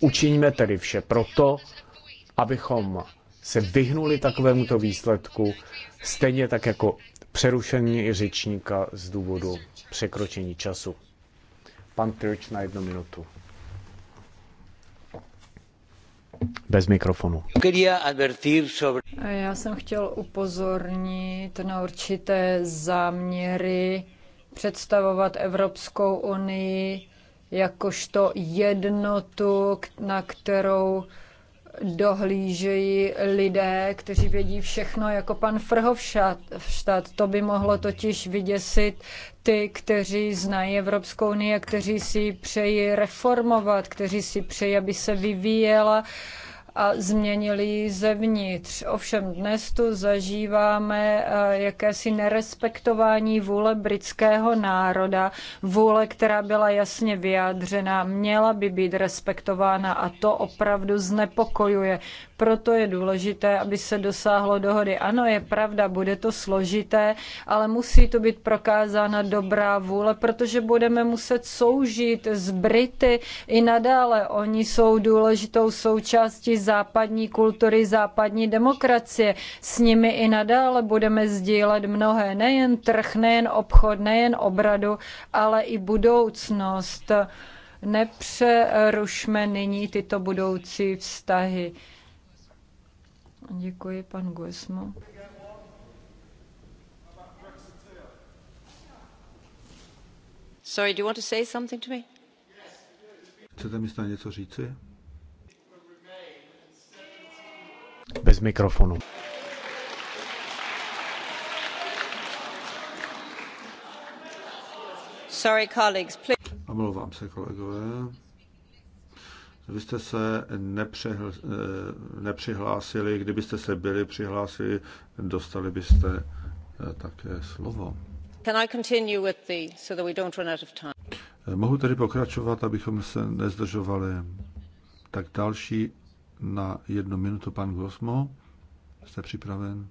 Učiníme tedy vše proto, abychom se vyhnuli takovémuto výsledku, stejně tak jako přerušení řečníka z důvodu překročení času. Pan Trč na jednu minutu. Bez mikrofonu. Já jsem chtěl upozornit na určité záměry představovat Evropskou unii jakožto jednotu, na kterou dohlížejí lidé, kteří vědí všechno, jako pan Frhovštát. To by mohlo totiž vyděsit ty, kteří znají Evropskou unii a kteří si ji přejí reformovat, kteří si přejí, aby se vyvíjela a změnili ji zevnitř. Ovšem dnes tu zažíváme eh, jakési nerespektování vůle britského národa. Vůle, která byla jasně vyjádřena, měla by být respektována a to opravdu znepokojuje. Proto je důležité, aby se dosáhlo dohody. Ano, je pravda, bude to složité, ale musí to být prokázána dobrá vůle, protože budeme muset soužít s Brity i nadále. Oni jsou důležitou součástí západní kultury, západní demokracie. S nimi i nadále budeme sdílet mnohé, nejen trh, nejen obchod, nejen obradu, ale i budoucnost nepřerušme nyní tyto budoucí vztahy. Děkuji, pan Guesmo. Sorry, do you want to say something to me? Chcete mi snad něco říci? Bez mikrofonu. Sorry, colleagues, please. Omlouvám se, kolegové. Vy jste se nepřihl, eh, nepřihlásili, kdybyste se byli přihlásili, dostali byste eh, také slovo. Can I continue with the, so that we don't run out of time? Eh, mohu tedy pokračovat, abychom se nezdržovali. Tak další na jednu minutu pan Gosmo. Jste připraven?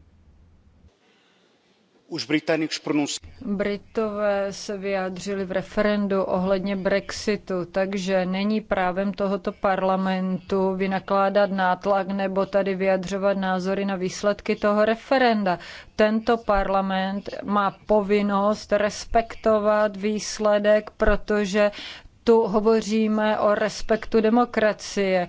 Už Britannics pronunci... Britové se vyjádřili v referendu ohledně Brexitu, takže není právem tohoto parlamentu vynakládat nátlak nebo tady vyjadřovat názory na výsledky toho referenda. Tento parlament má povinnost respektovat výsledek, protože tu hovoříme o respektu demokracie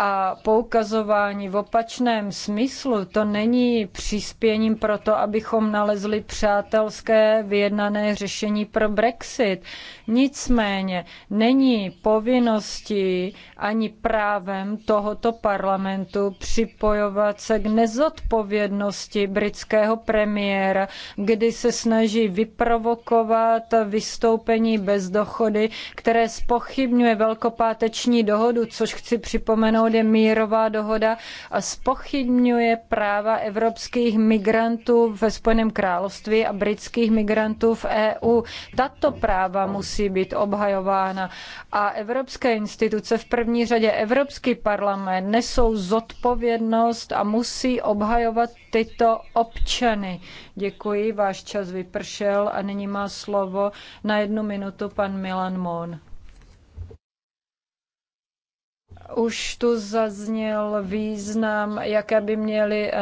a poukazování v opačném smyslu, to není přispěním pro to, abychom nalezli přátelské vyjednané řešení pro Brexit. Nicméně není povinností ani právem tohoto parlamentu připojovat se k nezodpovědnosti britského premiéra, kdy se snaží vyprovokovat vystoupení bez dochody, které spochybňuje velkopáteční dohodu, což chci připomenout přijmout, je mírová dohoda a spochybňuje práva evropských migrantů ve Spojeném království a britských migrantů v EU. Tato práva musí být obhajována a evropské instituce, v první řadě Evropský parlament, nesou zodpovědnost a musí obhajovat tyto občany. Děkuji, váš čas vypršel a nyní má slovo na jednu minutu pan Milan Mon. Už tu zazněl význam, jaké by měly eh,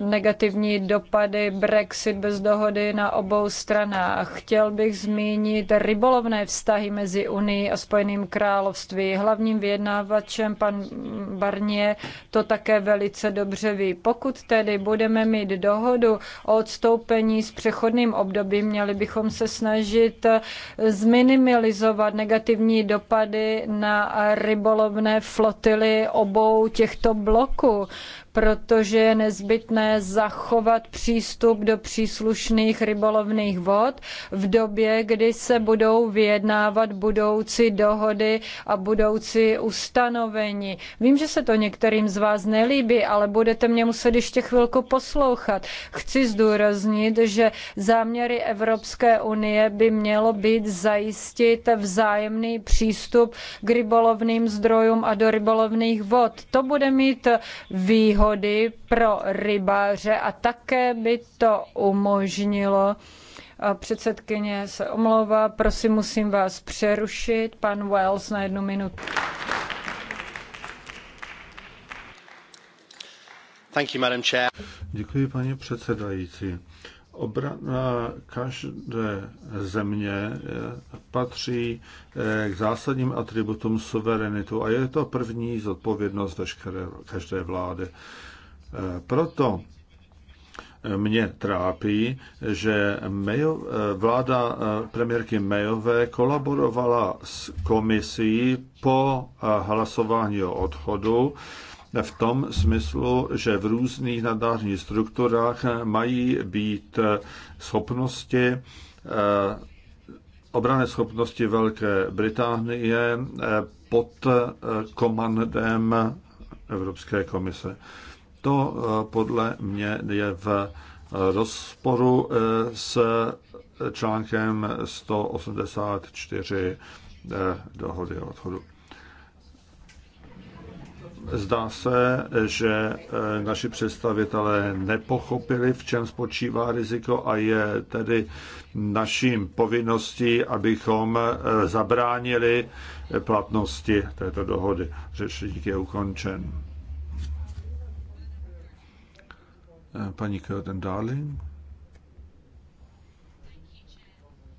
negativní dopady Brexit bez dohody na obou stranách. Chtěl bych zmínit rybolovné vztahy mezi Unii a Spojeným království. Hlavním vyjednávačem pan Barně to také velice dobře ví. Pokud tedy budeme mít dohodu o odstoupení s přechodným obdobím, měli bychom se snažit eh, zminimalizovat negativní dopady na rybolovné floty flotily obou těchto bloků protože je nezbytné zachovat přístup do příslušných rybolovných vod v době, kdy se budou vyjednávat budoucí dohody a budoucí ustanovení. Vím, že se to některým z vás nelíbí, ale budete mě muset ještě chvilku poslouchat. Chci zdůraznit, že záměry Evropské unie by mělo být zajistit vzájemný přístup k rybolovným zdrojům a do rybolovných vod. To bude mít výhodu výhody pro rybáře a také by to umožnilo předsedkyně se omlouvá, prosím, musím vás přerušit. Pan Wells na jednu minutu. Děkuji, paní předsedající. Obrana každé země eh, patří eh, k zásadním atributům suverenitu a je to první zodpovědnost veškeré, každé vlády. Eh, proto mě trápí, že Mayo, vláda premiérky Mayové kolaborovala s komisí po hlasování o odchodu v tom smyslu, že v různých nadnárodních strukturách mají být schopnosti eh, obrané schopnosti Velké Británie eh, pod eh, komandem Evropské komise. To podle mě je v rozporu s článkem 184 dohody o odchodu. Zdá se, že eh, naši představitelé nepochopili, v čem spočívá riziko a je tedy naším povinností, abychom eh, zabránili eh, platnosti této dohody. Řečník je ukončen. Paní Kyoten Darling.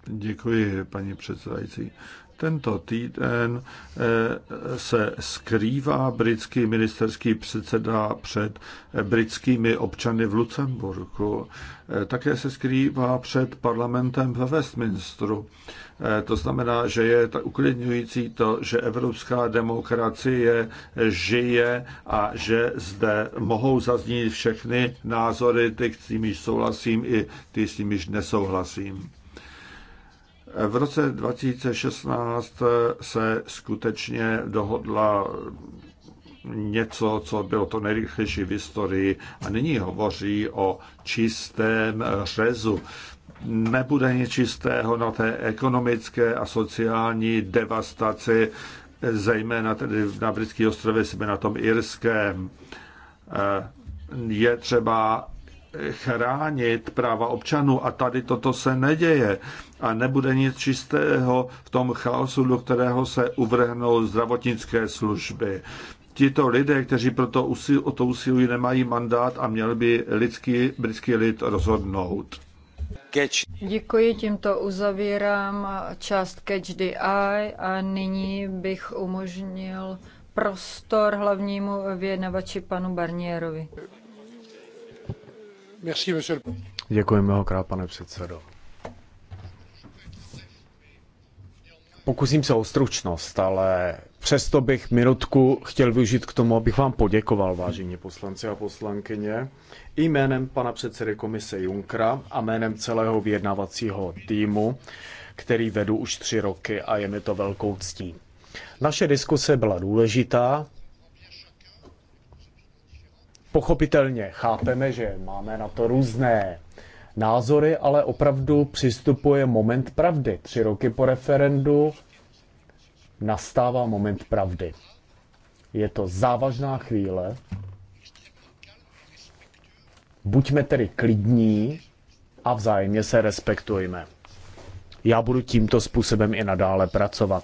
Děkuji, paní předsedající. Tento týden eh, se skrývá britský ministerský předseda před britskými občany v Lucemburku. Eh, také se skrývá před parlamentem ve Westminsteru. Eh, to znamená, že je tak uklidňující to, že evropská demokracie žije a že zde mohou zaznít všechny názory, ty, s nimiž souhlasím i ty, s nimiž nesouhlasím. V roce 2016 se skutečně dohodla něco, co bylo to nejrychlejší v historii a nyní hovoří o čistém řezu. Nebude nic čistého na té ekonomické a sociální devastaci, zejména tedy na britské ostrově jsme na tom irském. Je třeba chránit práva občanů a tady toto se neděje a nebude nic čistého v tom chaosu, do kterého se uvrhnou zdravotnické služby. Tito lidé, kteří proto usil, o to usilují, nemají mandát a měl by lidský, britský lid rozhodnout. Děkuji, tímto uzavírám část Catch the Eye a nyní bych umožnil prostor hlavnímu vyjednavači panu Barnierovi. Děkuji mnohokrát, pane předsedo. Pokusím se o stručnost, ale přesto bych minutku chtěl využít k tomu, abych vám poděkoval, vážení poslanci a poslankyně, i jménem pana předsedy komise Junkra a jménem celého vyjednavacího týmu, který vedu už tři roky a je mi to velkou ctí. Naše diskuse byla důležitá, pochopitelně chápeme, že máme na to různé názory, ale opravdu přistupuje moment pravdy. Tři roky po referendu nastává moment pravdy. Je to závažná chvíle. Buďme tedy klidní a vzájemně se respektujme. Já budu tímto způsobem i nadále pracovat.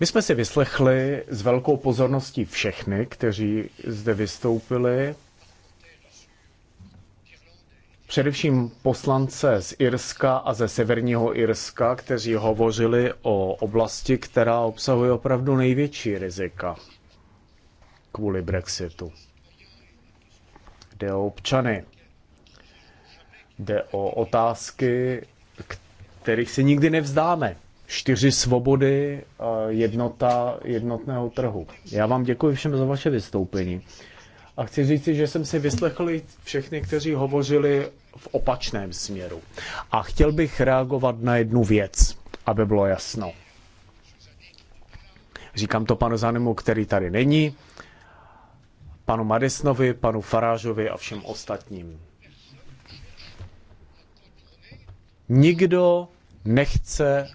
My jsme si vyslechli s velkou pozorností všechny, kteří zde vystoupili, především poslance z Irska a ze severního Irska, kteří hovořili o oblasti, která obsahuje opravdu největší rizika kvůli Brexitu. Jde o občany, jde o otázky, kterých se nikdy nevzdáme čtyři svobody jednota jednotného trhu. Já vám děkuji všem za vaše vystoupení. A chci říct, že jsem si vyslechl všechny, kteří hovořili v opačném směru. A chtěl bych reagovat na jednu věc, aby bylo jasno. Říkám to panu Zanemu, který tady není, panu Madisnovi, panu Farážovi a všem ostatním. Nikdo nechce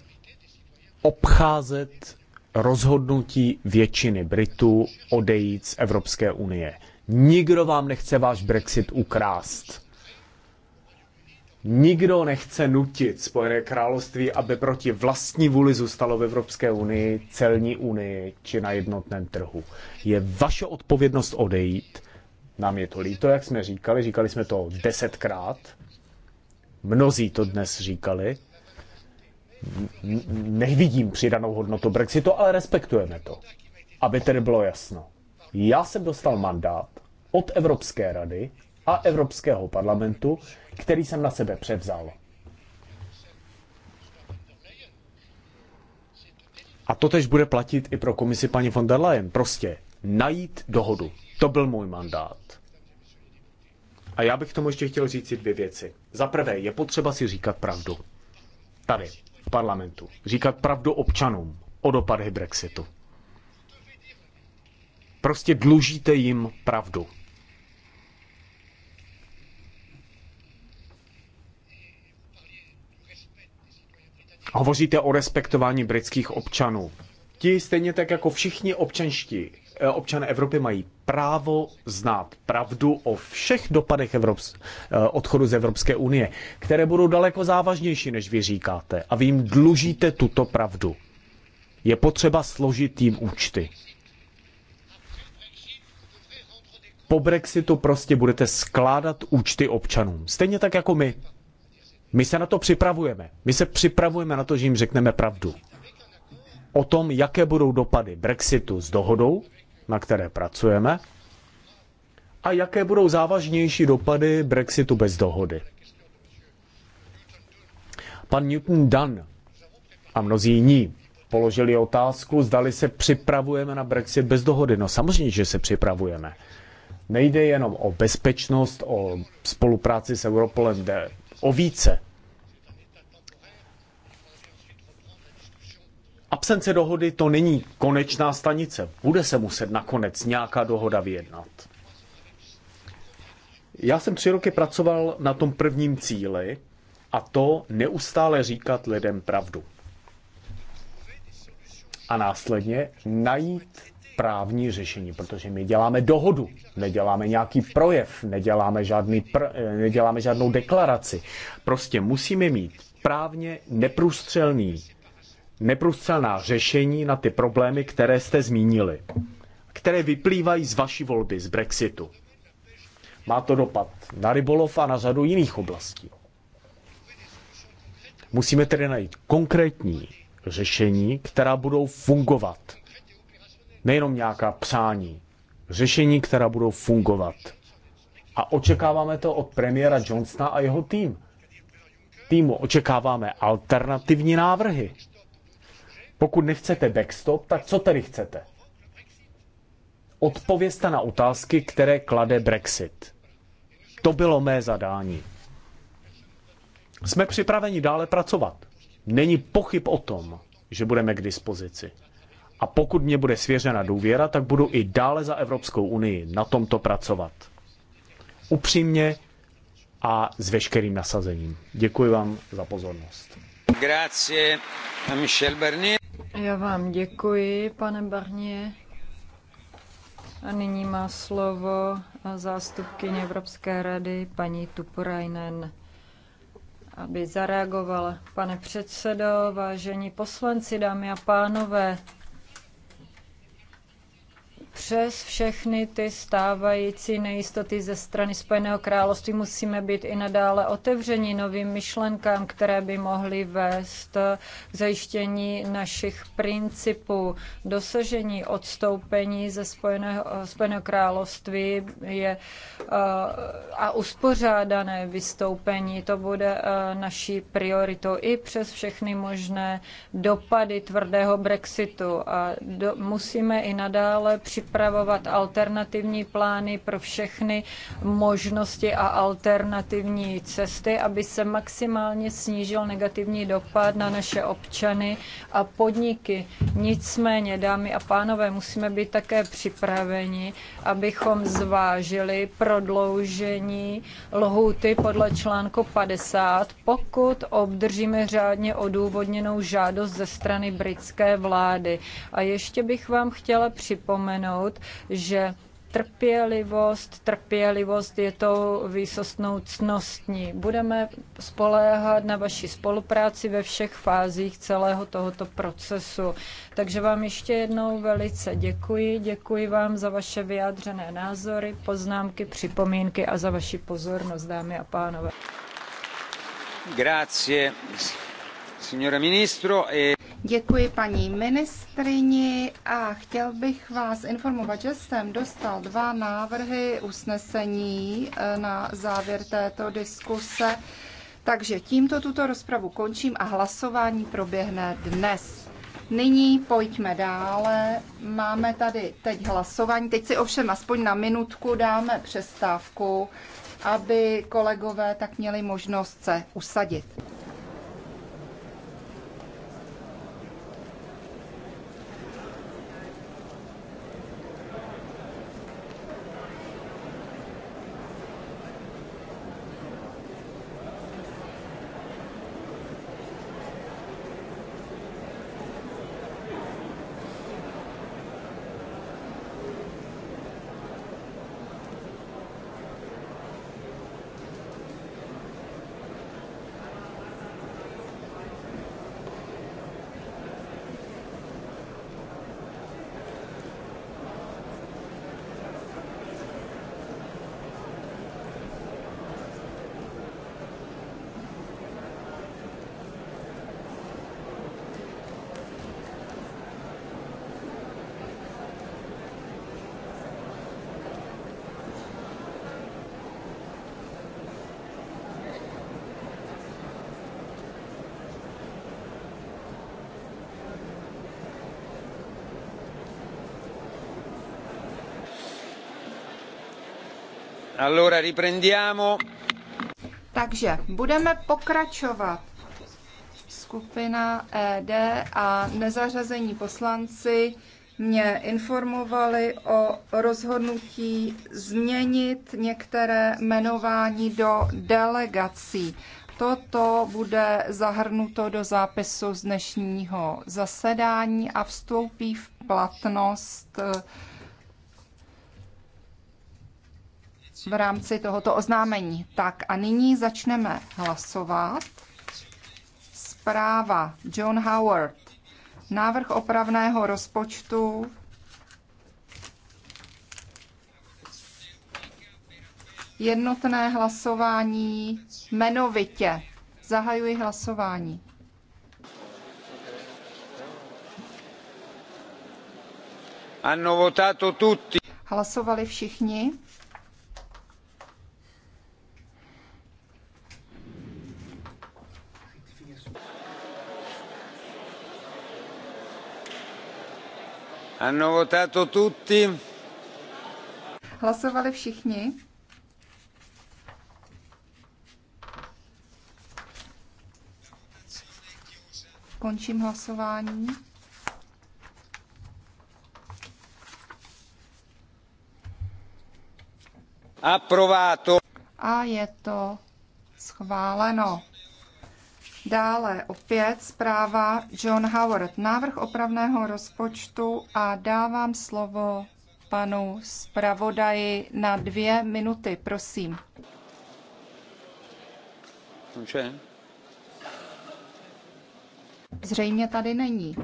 obcházet rozhodnutí většiny Britů odejít z Evropské unie. Nikdo vám nechce váš Brexit ukrást. Nikdo nechce nutit Spojené království, aby proti vlastní vůli zůstalo v Evropské unii, celní unii či na jednotném trhu. Je vaše odpovědnost odejít. Nám je to líto, jak jsme říkali, říkali jsme to desetkrát. Mnozí to dnes říkali, nevidím přidanou hodnotu Brexitu, ale respektujeme to. Aby tedy bylo jasno. Já jsem dostal mandát od Evropské rady a Evropského parlamentu, který jsem na sebe převzal. A to tež bude platit i pro komisi paní von der Leyen. Prostě najít dohodu. To byl můj mandát. A já bych tomu ještě chtěl říct dvě věci. Za prvé, je potřeba si říkat pravdu. Tady, v parlamentu. Říkat pravdu občanům o dopadech Brexitu. Prostě dlužíte jim pravdu. Hovoříte o respektování britských občanů. Ti stejně tak jako všichni občanští Eh, občané Evropy mají právo znát pravdu o všech dopadech Evrops, eh, odchodu z Evropské unie, které budou daleko závažnější, než vy říkáte. A vy jim dlužíte tuto pravdu. Je potřeba složit tím účty. Po Brexitu prostě budete skládat účty občanům. Stejně tak jako my. My se na to připravujeme. My se připravujeme na to, že jim řekneme pravdu o tom, jaké budou dopady Brexitu s dohodou na které pracujeme, a jaké budou závažnější dopady Brexitu bez dohody. Pan Newton Dunn a mnozí jiní položili otázku, zdali se připravujeme na Brexit bez dohody. No samozřejmě, že se připravujeme. Nejde jenom o bezpečnost, o spolupráci s Europolem, jde o více. absence dohody to není konečná stanice. Bude se muset nakonec nějaká dohoda vyjednat. Já jsem tři roky pracoval na tom prvním cíli a to neustále říkat lidem pravdu. A následně najít právní řešení, protože my děláme dohodu, neděláme nějaký projev, neděláme, žádný pr- neděláme žádnou deklaraci. Prostě musíme mít právně neprůstřelný neprůstřelná řešení na ty problémy, které jste zmínili, které vyplývají z vaší volby, z Brexitu. Má to dopad na rybolov a na řadu jiných oblastí. Musíme tedy najít konkrétní řešení, která budou fungovat. Nejenom nějaká přání. Řešení, která budou fungovat. A očekáváme to od premiéra Johnsona a jeho tým. Týmu očekáváme alternativní návrhy. Pokud nechcete backstop, tak co tedy chcete? Odpovězte na otázky, které klade Brexit. To bylo mé zadání. Jsme připraveni dále pracovat. Není pochyb o tom, že budeme k dispozici. A pokud mě bude svěřena důvěra, tak budu i dále za Evropskou unii na tomto pracovat. Upřímně a s veškerým nasazením. Děkuji vám za pozornost. Grazie, Michel Barnier. Já vám děkuji, pane Barně. A nyní má slovo zástupkyně Evropské rady paní Tupurainen, aby zareagovala. Pane předsedo, vážení poslanci, dámy a pánové, přes všechny ty stávající nejistoty ze strany Spojeného království musíme být i nadále otevřeni novým myšlenkám, které by mohly vést k zajištění našich principů. Dosažení odstoupení ze Spojeného, Spojeného království je eh, a uspořádané vystoupení, to bude eh, naší prioritou i přes všechny možné dopady tvrdého Brexitu. A do, musíme i nadále připravit připravovat alternativní plány pro všechny možnosti a alternativní cesty, aby se maximálně snížil negativní dopad na naše občany a podniky. Nicméně, dámy a pánové, musíme být také připraveni, abychom zvážili prodloužení lhůty podle článku 50, pokud obdržíme řádně odůvodněnou žádost ze strany britské vlády. A ještě bych vám chtěla připomenout, připomenout, že trpělivost, trpělivost je tou výsostnou cnostní. Budeme spoléhat na vaši spolupráci ve všech fázích celého tohoto procesu. Takže vám ještě jednou velice děkuji. Děkuji vám za vaše vyjádřené názory, poznámky, připomínky a za vaši pozornost, dámy a pánové. Grazie, signora ministro. E... Děkuji paní ministrini a chtěl bych vás informovat, že jsem dostal dva návrhy usnesení eh, na závěr této diskuse. Takže tímto tuto rozpravu končím a hlasování proběhne dnes. Nyní pojďme dále. Máme tady teď hlasování. Teď si ovšem aspoň na minutku dáme přestávku, aby kolegové tak měli možnost se usadit. Allora riprendiamo. Takže budeme pokračovat. Skupina ED a nezařazení poslanci mě informovali o rozhodnutí změnit některé jmenování do delegací. Toto bude zahrnuto do zápisu z dnešního zasedání a vstoupí v platnost eh, v rámci tohoto oznámení. Tak a nyní začneme hlasovat. Zpráva John Howard. Návrh opravného rozpočtu jednotné hlasování jmenovitě. Zahajuji hlasování. Hlasovali všichni? Ano, votato tutti? Hlasovali všichni? Končím hlasování. Aprovato. A je to schváleno. Dále opět zpráva John Howard, návrh opravného rozpočtu a dávám slovo panu zpravodaji na dvě minuty, prosím. Zřejmě tady není.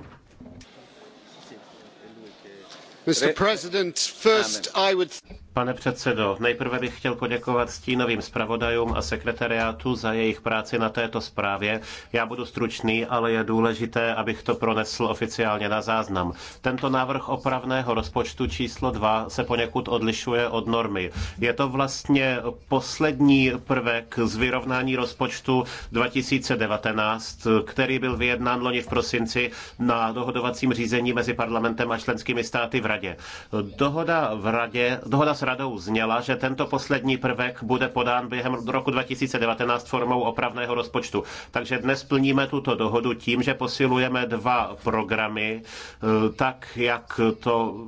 Mr. President, first I would... Pane předsedo, nejprve bych chtěl poděkovat stínovým zpravodajům a sekretariátu za jejich práci na této zprávě. Já budu stručný, ale je důležité, abych to pronesl oficiálně na záznam. Tento návrh opravného rozpočtu číslo 2 se poněkud odlišuje od normy. Je to vlastně poslední prvek z vyrovnání rozpočtu 2019, který byl vyjednán loni v prosinci na dohodovacím řízení mezi parlamentem a členskými státy v radě. Dohoda v radě, dohoda s radou zněla, že tento poslední prvek bude podán během roku 2019 formou opravného rozpočtu. Takže dnes plníme tuto dohodu tím, že posilujeme dva programy, eh, tak jak to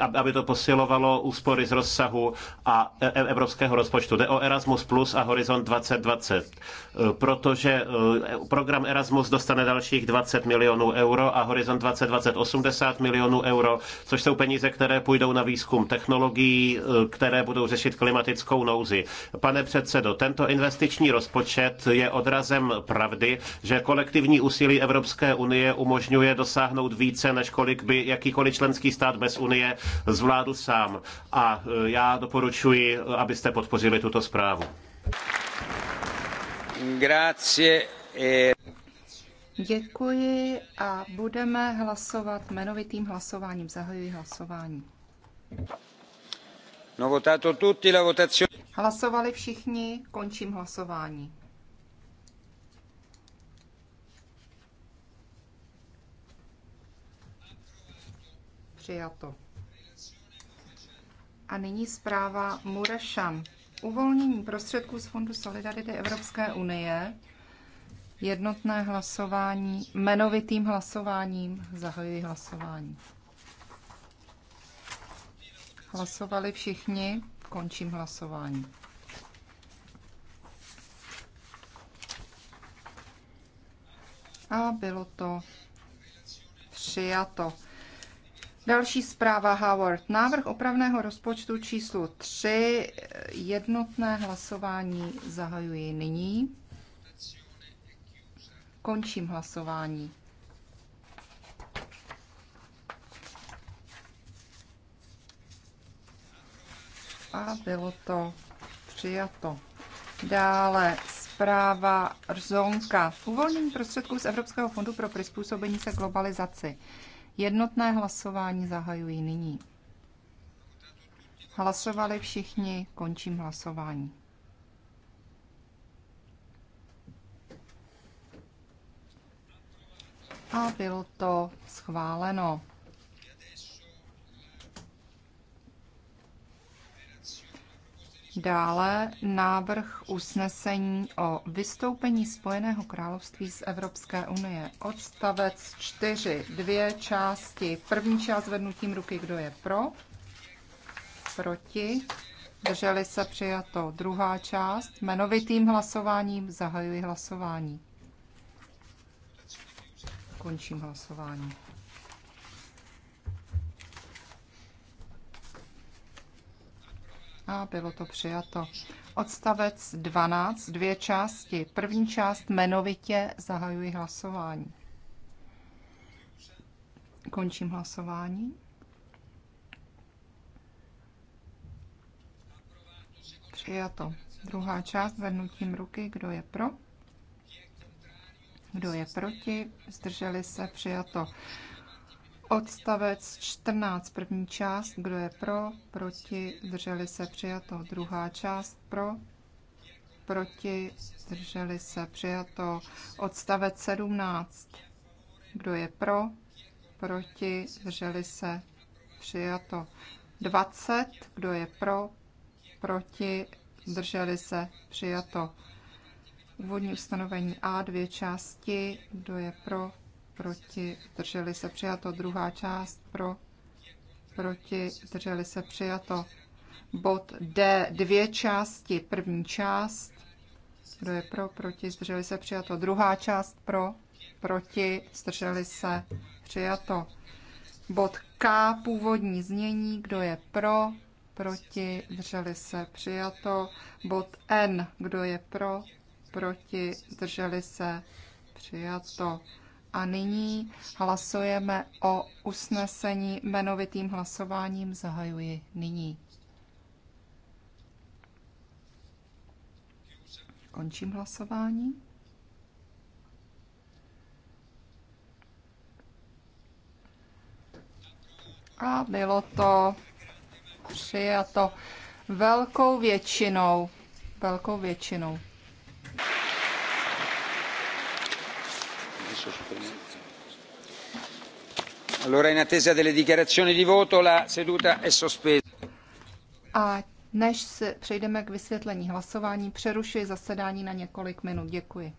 aby to posilovalo úspory z rozsahu a e, e, evropského rozpočtu. Jde o Erasmus Plus a Horizont 2020, e, protože program Erasmus dostane dalších 20 milionů euro a Horizont 2020 80 milionů euro, což jsou peníze, které půjdou na výzkum technologií, které budou řešit klimatickou nouzi. Pane předsedo, tento investiční rozpočet je odrazem pravdy, že kolektivní úsilí Evropské unie umožňuje dosáhnout více, než kolik by jakýkoliv členský stát bez unie zvládl sám. A e, já doporučuji, abyste podpořili tuto zprávu. Grazie. E- Děkuji a budeme hlasovat jmenovitým hlasováním. Zahajuji hlasování. No, votato tutti la votazione. Hlasovali všichni, končím hlasování. Přijato. A nyní zpráva Murešan. Uvolnění prostředků z Fondu Solidarity Evropské unie. Jednotné hlasování, jmenovitým hlasováním zahajuji hlasování. Hlasovali všichni, končím hlasování. A bylo to přijato. Další zpráva Howard. Návrh opravného rozpočtu číslo 3. Jednotné hlasování zahajuji nyní. Končím hlasování. A bylo to přijato. Dále zpráva Rzonka. V uvolnění prostředků z Evropského fondu pro přizpůsobení se globalizaci. Jednotné hlasování zahajuji nyní. Hlasovali všichni, končím hlasování. A bylo to schváleno. Dále návrh usnesení o vystoupení Spojeného království z Evropské unie. Odstavec 4, dvě části. První část vednutím ruky, kdo je pro, proti, drželi se přijato. Druhá část, jmenovitým hlasováním zahajuji hlasování. Končím hlasování. a bylo to přijato. Odstavec 12, dvě části. První část jmenovitě zahajuji hlasování. Končím hlasování. Přijato. Druhá část vednutím ruky, kdo je pro. Kdo je proti? Zdrželi se přijato. Odstavec 14, první část, kdo je pro, proti, drželi se přijato. Druhá část pro, proti, drželi se přijato. Odstavec 17, kdo je pro, proti, drželi se přijato. 20, kdo je pro, proti, drželi se přijato. Úvodní ustanovení A, dvě části, kdo je pro, proti, zdrželi se přijato. Druhá část pro, proti, zdrželi se přijato. Bod D, dvě části. První část, kdo je pro, proti, zdrželi se přijato. Druhá část pro, proti, zdrželi se přijato. Bod K, původní znění, kdo je pro, proti, zdrželi se přijato. Bod N, kdo je pro, proti, zdrželi se přijato. A nyní hlasujeme o usnesení jmenovitým hlasováním. Zahajuji nyní. Končím hlasování. A bylo to přijato velkou většinou. Velkou většinou. Allora in attesa delle dichiarazioni di voto la seduta è sospesa. A než se přejdeme k vysvětlení hlasování, přerušuji zasedání na několik minut. Děkuji.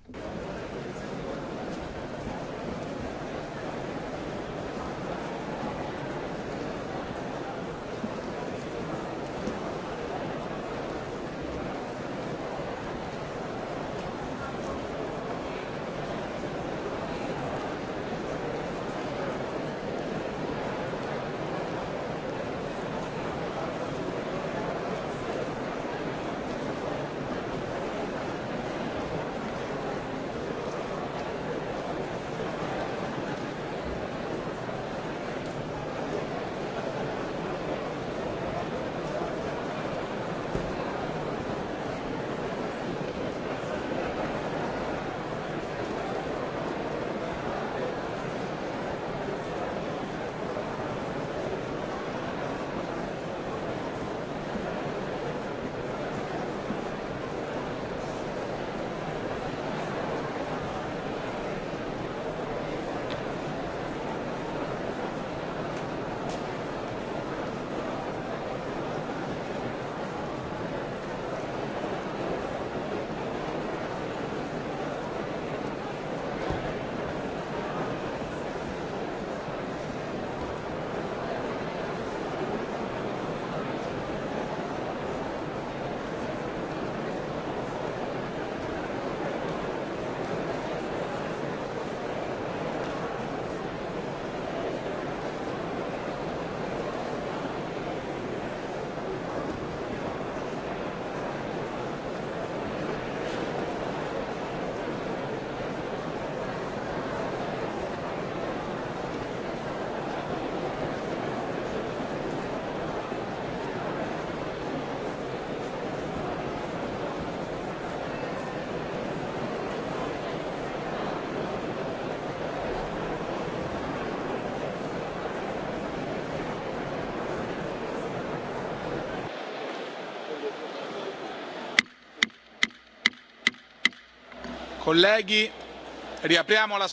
riapriamo la...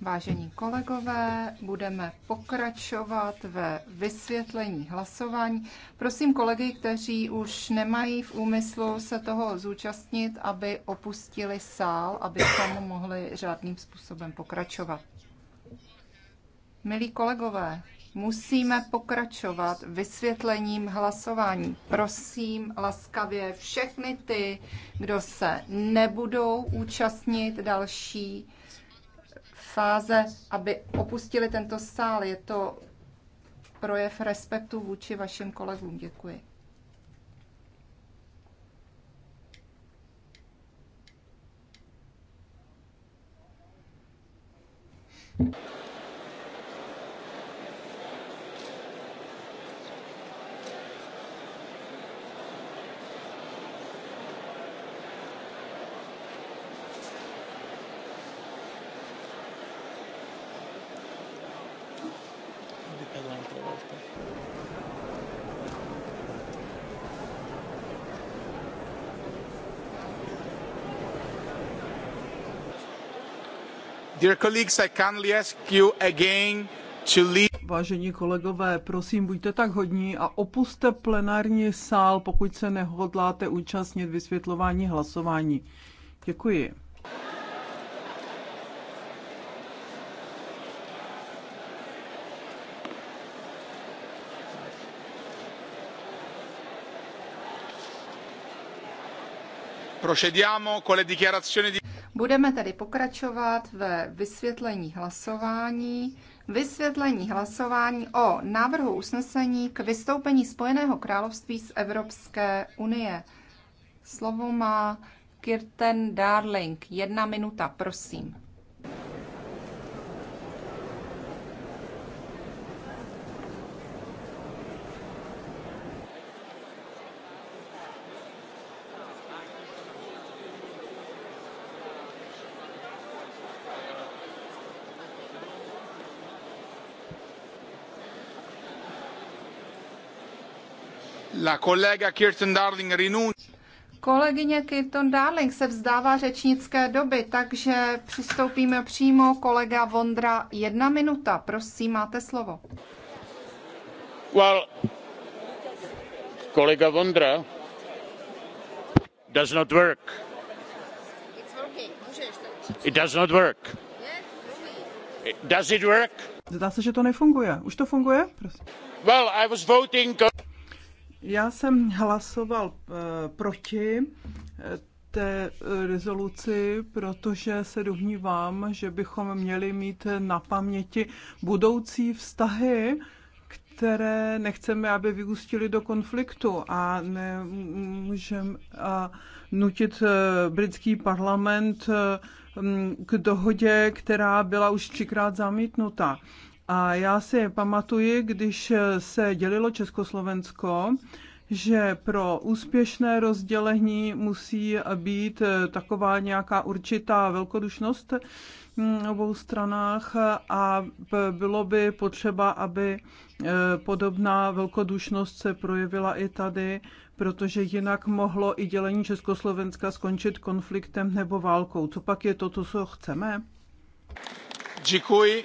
Vážení kolegové, budeme pokračovat ve vysvětlení hlasování. Prosím kolegy, kteří už nemají v úmyslu se toho zúčastnit, aby opustili sál, aby tam mohli řádným způsobem pokračovat. Milí kolegové, Musíme pokračovat vysvětlením hlasování. Prosím laskavě všechny ty, kdo se nebudou účastnit další fáze, aby opustili tento sál. Je to projev respektu vůči vašim kolegům. Děkuji. Thank you. Vážení kolegové, prosím, buďte tak hodní a opuste plenární sál, pokud se nehodláte účastnit vysvětlování hlasování. Děkuji. Procediamo con le dichiarazioni di Budeme tedy pokračovat ve vysvětlení hlasování. Vysvětlení hlasování o návrhu usnesení k vystoupení Spojeného království z Evropské unie. Slovo má Kirten Darling. Jedna minuta, prosím. La kolega Kirsten Darling renuncia. Kolegyně Kirton Darling se vzdává řečnické doby, takže přistoupíme přímo. Kolega Vondra, jedna minuta, prosím, máte slovo. Well, kolega Vondra does not work. It's working, můžeš. It does not work. does it work? Zdá se, že to nefunguje. Už to funguje? Prosím. Well, I was voting... Já jsem hlasoval eh, proti eh, té eh, rezoluci, protože se domnívám, že bychom měli mít na paměti budoucí vztahy, které nechceme, aby vyústily do konfliktu a nemůžeme nutit britský parlament k dohodě, která byla už třikrát zamítnuta. A já si pamatuji, když se dělilo Československo, že pro úspěšné rozdělení musí být taková nějaká určitá velkodušnost v obou stranách a bylo by potřeba, aby eh, podobná velkodušnost se projevila i tady, protože jinak mohlo i dělení Československa skončit konfliktem nebo válkou. Co pak je to, to co chceme? Děkuji.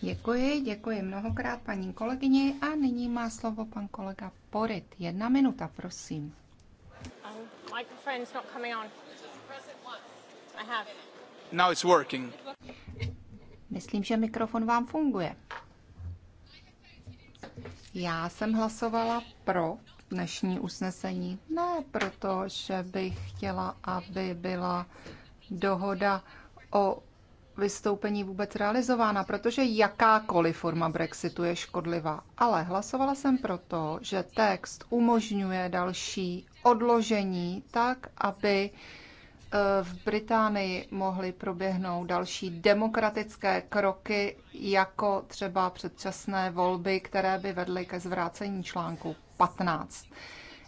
Děkuji, děkuji mnohokrát paní kolegyni a nyní má slovo pan kolega Porit. Jedna minuta, prosím. Um, Myslím, že mikrofon vám funguje. Já jsem hlasovala pro dnešní usnesení. Ne proto, že bych chtěla, aby byla dohoda o vystoupení vůbec realizována, protože jakákoliv forma Brexitu je škodlivá. Ale hlasovala jsem proto, že text umožňuje další odložení tak, aby eh, v Británii mohly proběhnout další demokratické kroky, jako třeba předčasné volby, které by vedly ke zvrácení článku 15.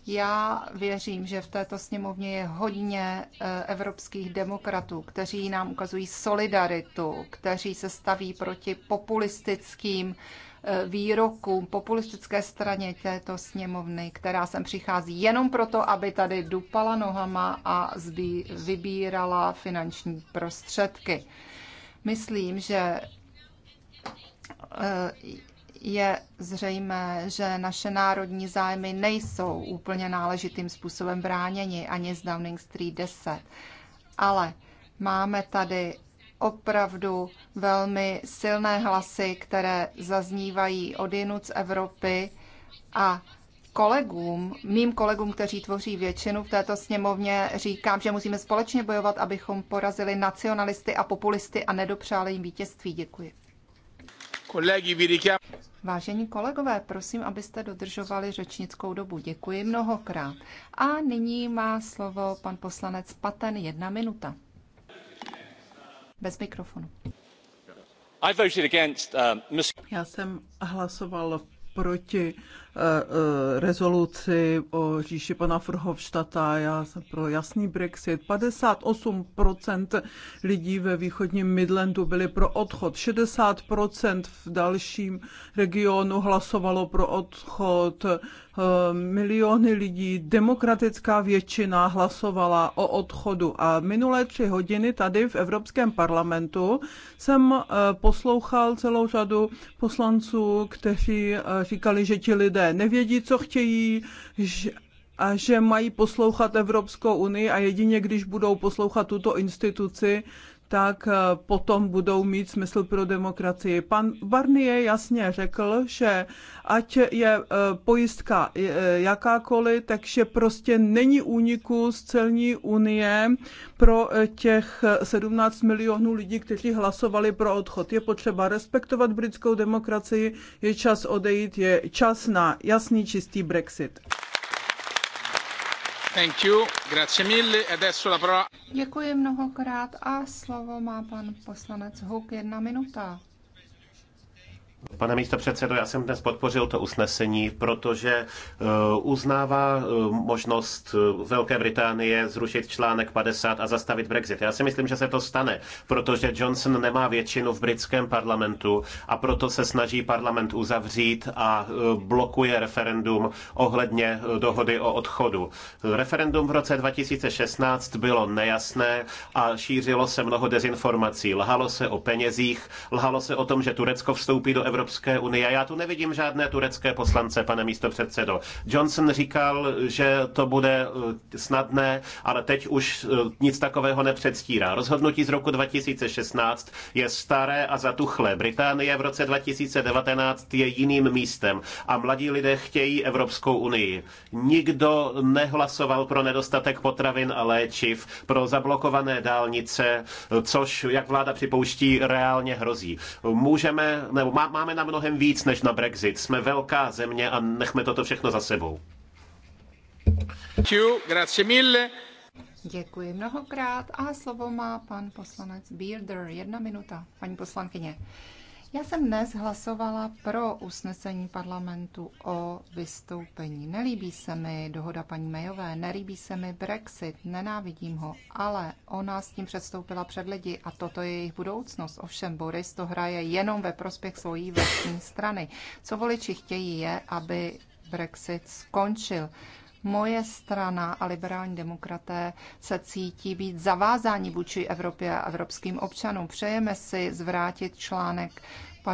Já věřím, že v této sněmovně je hodně eh, evropských demokratů, kteří nám ukazují solidaritu, kteří se staví proti populistickým eh, výrokům populistické straně této sněmovny, která sem přichází jenom proto, aby tady dupala nohama a zbí, vybírala finanční prostředky. Myslím, že eh, je zřejmé, že naše národní zájmy nejsou úplně náležitým způsobem bráněni ani z Downing Street 10. Ale máme tady opravdu velmi silné hlasy, které zaznívají od jinut z Evropy a kolegům, mým kolegům, kteří tvoří většinu v této sněmovně, říkám, že musíme společně bojovat, abychom porazili nacionalisty a populisty a nedopřáli jim vítězství. Děkuji. Vážení kolegové, prosím, abyste dodržovali řečnickou dobu. Děkuji mnohokrát. A nyní má slovo pan poslanec Paten, jedna minuta. Bez mikrofonu. Uh, Já jsem hlasoval proti Eh, rezoluci o říši pana Frhovštata. Já jsem pro jasný Brexit. 58% lidí ve východním Midlandu byli pro odchod. 60% v dalším regionu hlasovalo pro odchod. Eh, miliony lidí, demokratická většina hlasovala o odchodu. A minulé tři hodiny tady v Evropském parlamentu jsem eh, poslouchal celou řadu poslanců, kteří říkali, že ti lidé nevědí, co chtějí, že a že mají poslouchat Evropskou unii a jedině když budou poslouchat tuto instituci, tak eh, potom budou mít smysl pro demokracii. Pan Barnier jasně řekl, že ať je eh, pojistka eh, jakákoliv, takže prostě není úniku z celní unie pro těch 17 milionů lidí, kteří hlasovali pro odchod. Je potřeba respektovat britskou demokracii, je čas odejít, je čas na jasný, čistý Brexit. Thank you. Grazie mille. Adesso la parola... Děkuji mnohokrát a slovo má pan poslanec Huk. Jedna minuta. Pane místo předsedo, já jsem dnes podpořil to usnesení, protože e, uznává e, možnost e, Velké Británie zrušit článek 50 a zastavit Brexit. Já si myslím, že se to stane, protože Johnson nemá většinu v britském parlamentu a proto se snaží parlament uzavřít a blokuje referendum ohledně dohody o odchodu. Referendum v roce 2016 bylo nejasné a šířilo se mnoho dezinformací. Lhalo se o penězích, lhalo se o tom, že Turecko vstoupí do Evropské unie. Já tu nevidím žádné turecké poslance, pane místo předsedo. Johnson říkal, že to bude eh, snadné, ale teď už eh, nic takového nepředstírá. Rozhodnutí z roku 2016 je staré a zatuchlé. Británie v roce 2019 je jiným místem a mladí lidé chtějí Evropskou unii. Nikdo nehlasoval pro nedostatek potravin a léčiv, pro zablokované dálnice, eh, což, jak vláda připouští, reálně hrozí. Můžeme, nebo má, máme na mnohem víc než na Brexit. Jsme velká země a nechme toto všechno za sebou. Děkuji mnohokrát a slovo má pan poslanec Bearder. Jedna minuta, paní poslankyně. Já jsem dnes hlasovala pro usnesení parlamentu o vystoupení. Nelíbí se mi dohoda paní Mayové, nelíbí se mi Brexit, nenávidím ho, ale ona s tím předstoupila před lidi a toto je jejich budoucnost. Ovšem Boris to hraje jenom ve prospěch svojí vlastní strany. Co voliči chtějí je, aby Brexit skončil. Moje strana a liberální demokraté se cítí být zavázáni vůči Evropě a evropským občanům. Přejeme si zvrátit článek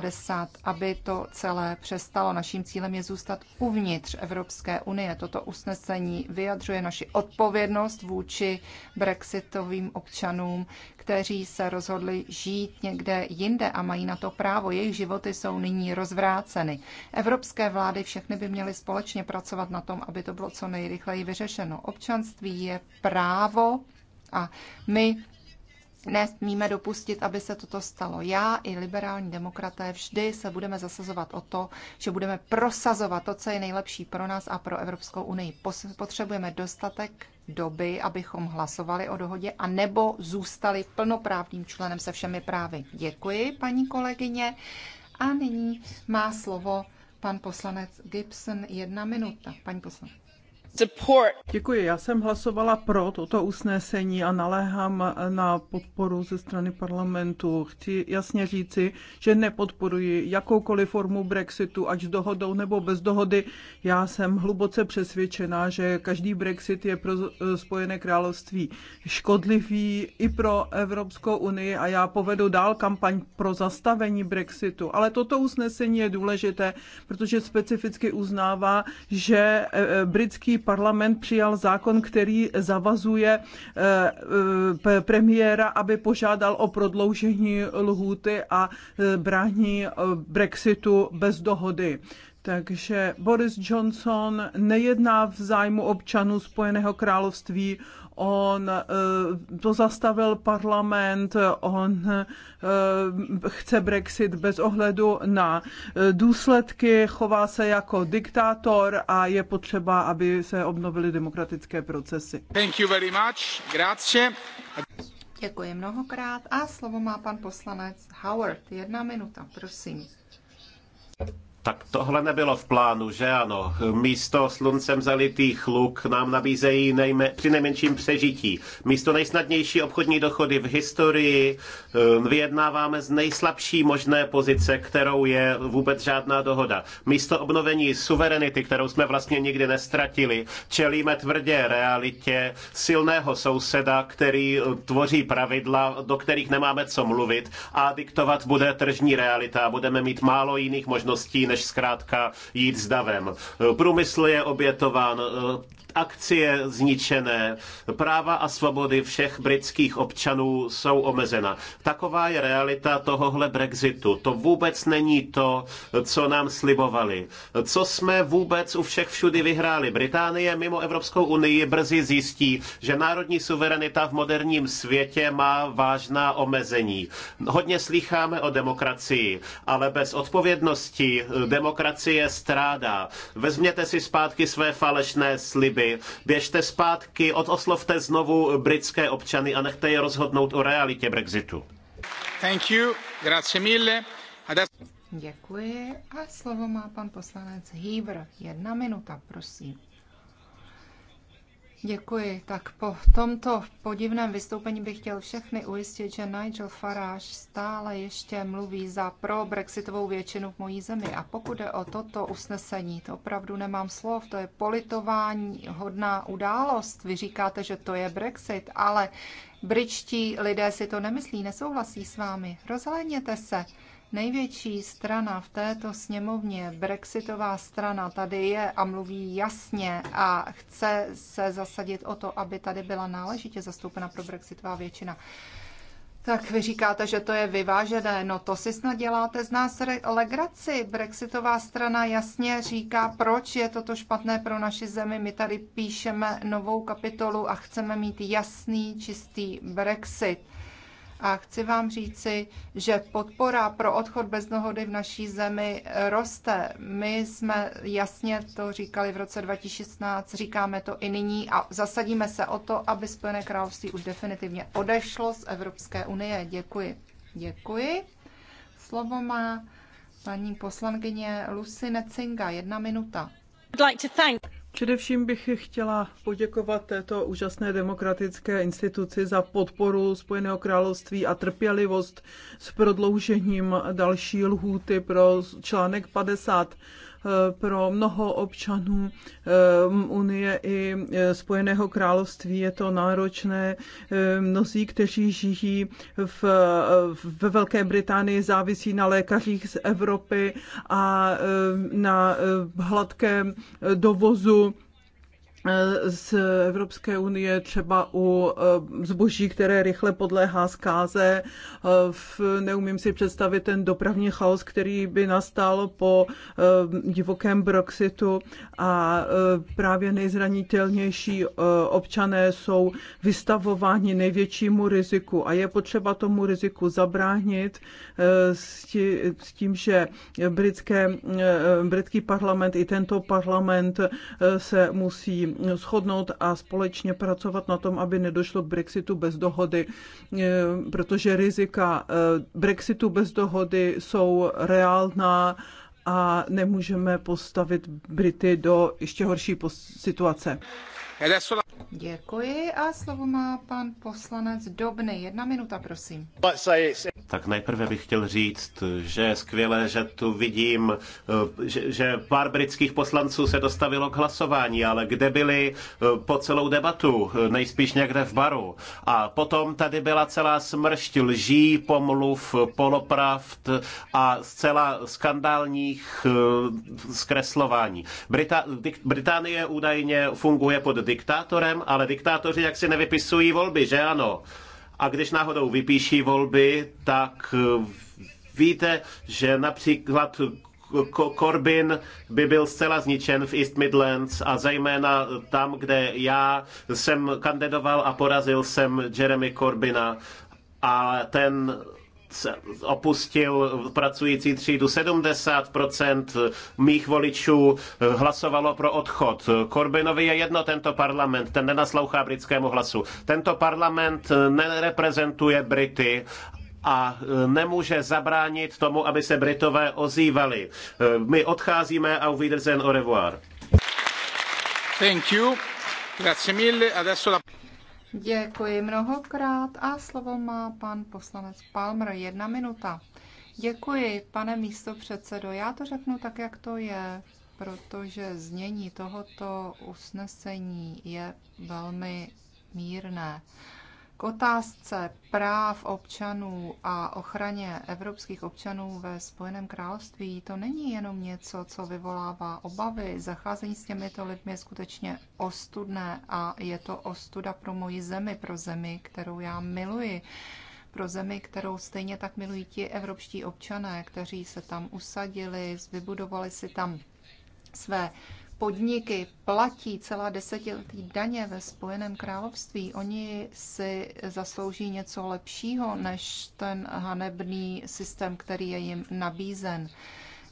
50, aby to celé přestalo. Naším cílem je zůstat uvnitř Evropské unie. Toto usnesení vyjadřuje naši odpovědnost vůči brexitovým občanům, kteří se rozhodli žít někde jinde a mají na to právo. Jejich životy jsou nyní rozvráceny. Evropské vlády všechny by měly společně pracovat na tom, aby to bylo co nejrychleji vyřešeno. Občanství je právo a my nesmíme dopustit, aby se toto stalo. Já i liberální demokraté vždy se budeme zasazovat o to, že budeme prosazovat to, co je nejlepší pro nás a pro Evropskou unii. Potřebujeme dostatek doby, abychom hlasovali o dohodě a nebo zůstali plnoprávným členem se všemi právy. Děkuji, paní kolegyně. A nyní má slovo pan poslanec Gibson. Jedna minuta. Paní poslanec. Děkuji, já jsem hlasovala pro toto usnesení a naléhám na podporu ze strany parlamentu. Chci jasně říci, že nepodporuji jakoukoliv formu Brexitu, ať s dohodou nebo bez dohody. Já jsem hluboce přesvědčená, že každý Brexit je pro Spojené království škodlivý i pro Evropskou unii a já povedu dál kampaň pro zastavení Brexitu. Ale toto usnesení je důležité, protože specificky uznává, že eh, eh, britský parlament přijal zákon, který zavazuje eh, eh, premiéra, aby požádal o prodloužení lhůty a eh, brání Brexitu bez dohody. Takže Boris Johnson nejedná v zájmu občanů Spojeného království on eh, to zastavil parlament, on eh, chce Brexit bez ohledu na eh, důsledky, chová se jako diktátor a je potřeba, aby se obnovily demokratické procesy. Thank you very much. Grazie. Děkuji mnohokrát a slovo má pan poslanec Howard. Jedna minuta, prosím. Tak tohle nebylo v plánu, že ano? Místo sluncem zalitých luk nám nabízejí nejme, při nejmenším přežití. Místo nejsnadnější obchodní dochody v historii eh, vyjednáváme z nejslabší možné pozice, kterou je vůbec žádná dohoda. Místo obnovení suverenity, kterou jsme vlastně nikdy nestratili, čelíme tvrdě realitě silného souseda, který eh, tvoří pravidla, do kterých nemáme co mluvit a diktovat bude tržní realita. Budeme mít málo jiných možností, než zkrátka jít s davem. Průmysl je obětován, akcie zničené, práva a svobody všech britských občanů jsou omezena. Taková je realita tohohle Brexitu. To vůbec není to, co nám slibovali. Co jsme vůbec u všech všudy vyhráli? Británie mimo Evropskou unii brzy zjistí, že národní suverenita v moderním světě má vážná omezení. Hodně slýcháme o demokracii, ale bez odpovědnosti demokracie strádá. Vezměte si zpátky své falešné sliby, běžte zpátky, odoslovte znovu britské občany a nechte je rozhodnout o realitě Brexitu. Thank you. Grazie mille. Děkuji a slovo má pan poslanec Hýbr. Jedna minuta, prosím. Děkuji. Tak po tomto podivném vystoupení bych chtěl všechny ujistit, že Nigel Farage stále ještě mluví za pro-brexitovou většinu v mojí zemi. A pokud je o toto usnesení, to opravdu nemám slov, to je politování hodná událost. Vy říkáte, že to je Brexit, ale Bričtí lidé si to nemyslí, nesouhlasí s vámi. Rozhlédněte se. Největší strana v této sněmovně, brexitová strana, tady je a mluví jasně a chce se zasadit o to, aby tady byla náležitě zastoupena pro brexitová většina. Tak vy říkáte, že to je vyvážené. No to si snad děláte z nás legraci. Brexitová strana jasně říká, proč je toto špatné pro naši zemi. My tady píšeme novou kapitolu a chceme mít jasný, čistý Brexit. A chci vám říci, že podpora pro odchod bez dohody v naší zemi roste. My jsme jasně to říkali v roce 2016, říkáme to i nyní a zasadíme se o to, aby Spojené království už definitivně odešlo z Evropské unie. Děkuji. Děkuji. Slovo má paní poslankyně Lucy Necinga. Jedna minuta. Především bych chtěla poděkovat této úžasné demokratické instituci za podporu Spojeného království a trpělivost s prodloužením další lhůty pro článek 50. Eh, pro mnoho občanů eh, Unie i eh, Spojeného království. Je to náročné. Mnozí, kteří žijí v, ve Velké Británii, závisí na lékařích z Evropy a na hladkém dovozu Eh, z Evropské unie, třeba u eh, zboží, které rychle podléhá zkáze. Eh, neumím si představit ten dopravní chaos, který by nastal po divokém Brexitu a právě nejzranitelnější občané jsou vystavováni největšímu riziku a je potřeba tomu riziku zabránit s tím, že britské, britský parlament i tento parlament se musí shodnout a společně pracovat na tom, aby nedošlo k Brexitu bez dohody, e, protože rizika e, Brexitu bez dohody jsou reálná a nemůžeme postavit Brity do ještě horší situace. Děkuji a slovo má pan poslanec Dobny. Jedna minuta, prosím. Tak nejprve bych chtěl říct, že je skvělé, že tu vidím, eh, že, že pár britských poslanců se dostavilo k hlasování, ale kde byli eh, po celou debatu, eh, nejspíš někde v baru. A potom tady byla celá smršť lží, pomluv, polopravd a zcela skandálních zkreslování. Brita- Británie údajně funguje pod diktátorem, ale diktátoři jaksi nevypisují volby, že ano? A když náhodou vypíší volby, tak eh, víte, že například Corbyn by byl zcela zničen v East Midlands a zejména tam, kde já jsem kandidoval a porazil jsem Jeremy Corbyna a ten opustil pracující třídu. 70% mých voličů eh, hlasovalo pro odchod. Korbinovi je jedno tento parlament, ten nenaslouchá britskému hlasu. Tento parlament eh, nereprezentuje Brity a eh, nemůže zabránit tomu, aby se Britové ozývali. My odcházíme a uvidíme au revoir. Thank you. Grazie mille. Adesso la... Děkuji mnohokrát a slovo má pan poslanec Palmer. Jedna minuta. Děkuji, pane místo předsedo. Já to řeknu tak, jak to je, protože znění tohoto usnesení je velmi mírné. K otázce práv občanů a ochraně evropských občanů ve Spojeném království to není jenom něco, co vyvolává obavy. Zacházení s těmito lidmi je skutečně ostudné a je to ostuda pro moji zemi, pro zemi, kterou já miluji pro zemi, kterou stejně tak milují ti evropští občané, kteří se tam usadili, vybudovali si tam své podniky platí celá desetiletí daně ve Spojeném království, oni si zaslouží něco lepšího než ten hanebný systém, který je jim nabízen.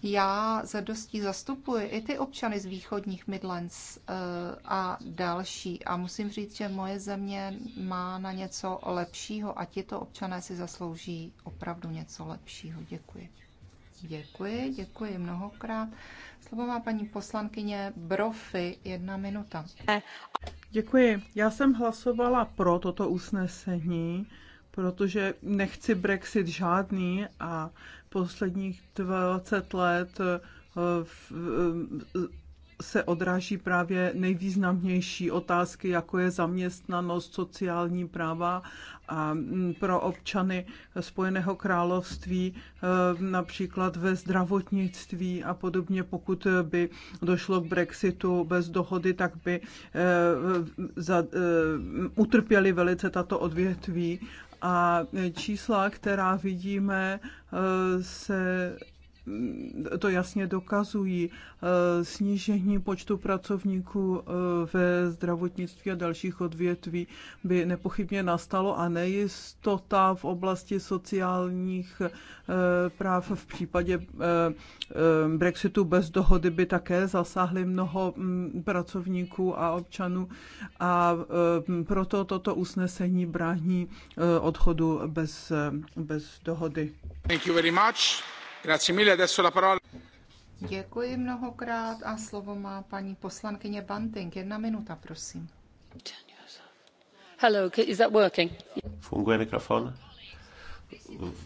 Já za dostí zastupuji i ty občany z východních Midlands eh, a další. A musím říct, že moje země má na něco lepšího a tito občané si zaslouží opravdu něco lepšího. Děkuji. Děkuji, děkuji mnohokrát. Slovo má paní poslankyně Brofy, jedna minuta. Děkuji. Já jsem hlasovala pro toto usnesení, protože nechci Brexit žádný a posledních 20 let eh, se odráží právě nejvýznamnější otázky, jako je zaměstnanost, sociální práva a mm, pro občany Spojeného království, e, například ve zdravotnictví a podobně, pokud by došlo k Brexitu bez dohody, tak by e, e, utrpěli velice tato odvětví a čísla, která vidíme, se to jasně dokazují. Eh, snížení počtu pracovníků eh, ve zdravotnictví a dalších odvětví by nepochybně nastalo a nejistota v oblasti sociálních eh, práv v případě Brexitu bez dohody by také zasáhly mnoho mm, pracovníků a občanů a proto toto usnesení brání odchodu bez, bez dohody. Thank you very much. Děkuji mnohokrát a slovo má paní poslankyně Banting. Jedna minuta, prosím. Hello, is that working? Funguje mikrofon?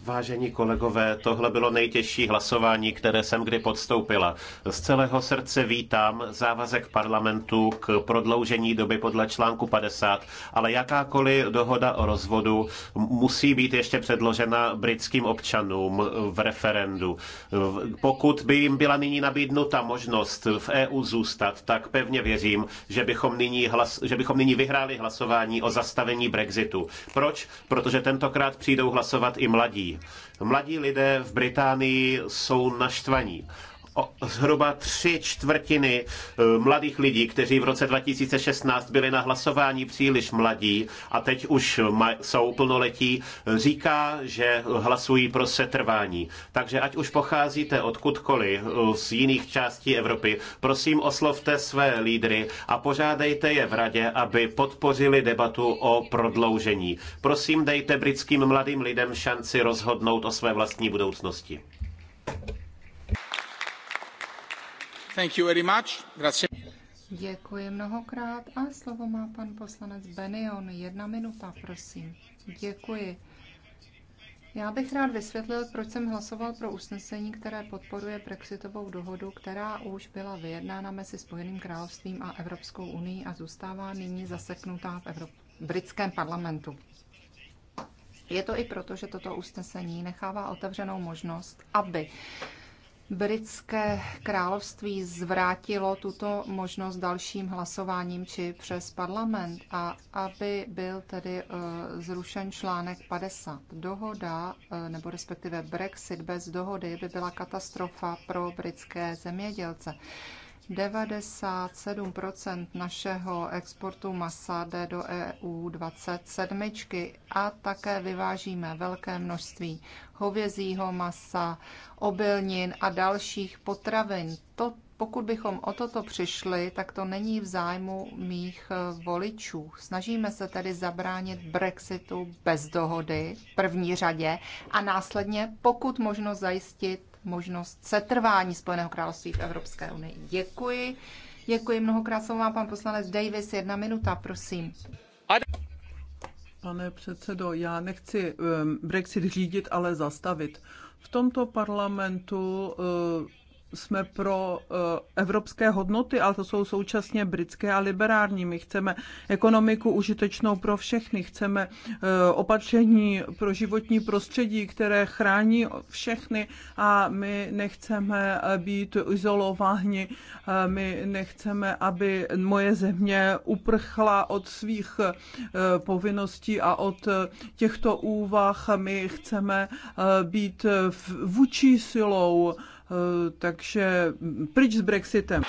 Vážení kolegové, tohle bylo nejtěžší hlasování, které jsem kdy podstoupila. Z celého srdce vítám závazek parlamentu k prodloužení doby podle článku 50, ale jakákoliv dohoda o rozvodu musí být ještě předložena britským občanům v referendu. Pokud by jim byla nyní nabídnuta možnost v EU zůstat, tak pevně věřím, že bychom nyní, hlas, že bychom nyní vyhráli hlasování o zastavení Brexitu. Proč? Protože tentokrát přijdou hlasovat i mladí. Mladí lidé v Británii jsou naštvaní zhruba tři čtvrtiny eh, mladých lidí, kteří v roce 2016 byli na hlasování příliš mladí a teď už jsou plnoletí, říká, že hlasují pro setrvání. Takže ať už pocházíte odkudkoliv eh, z jiných částí Evropy, prosím oslovte své lídry a požádejte je v radě, aby podpořili debatu o prodloužení. Prosím dejte britským mladým lidem šanci rozhodnout o své vlastní budoucnosti. Thank you very much. Grazie. Děkuji mnohokrát a slovo má pan poslanec Benion. Jedna minuta, prosím. Děkuji. Já bych rád vysvětlil, proč jsem hlasoval pro usnesení, které podporuje Brexitovou dohodu, která už byla vyjednána mezi Spojeným královstvím a Evropskou unii a zůstává nyní zaseknutá v Evrop- britském parlamentu. Je to i proto, že toto usnesení nechává otevřenou možnost, aby britské království zvrátilo tuto možnost dalším hlasováním či přes parlament a aby byl tedy eh, zrušen článek 50. Dohoda, eh, nebo respektive Brexit bez dohody, by byla katastrofa pro britské zemědělce. 97 našeho exportu masa jde do EU 27 a také vyvážíme velké množství hovězího masa, obilnin a dalších potravin. To, pokud bychom o toto přišli, tak to není v zájmu mých eh, voličů. Snažíme se tedy zabránit Brexitu bez dohody v první řadě a následně pokud možno zajistit možnost setrvání Spojeného království v Evropské unii. Děkuji. Děkuji mnohokrát. Slovo má pan poslanec Davis. Jedna minuta, prosím pane předsedo. Já nechci eh, Brexit řídit, ale zastavit. V tomto parlamentu eh, jsme pro eh, evropské hodnoty, ale to jsou současně britské a liberální. My chceme ekonomiku užitečnou pro všechny, chceme eh, opatření pro životní prostředí, které chrání všechny a my nechceme eh, být izolováni, my nechceme, aby moje země uprchla od svých povinností a od těchto úvah. My chceme být vůči silou, Eh, takže mm, pryč s Brexitem.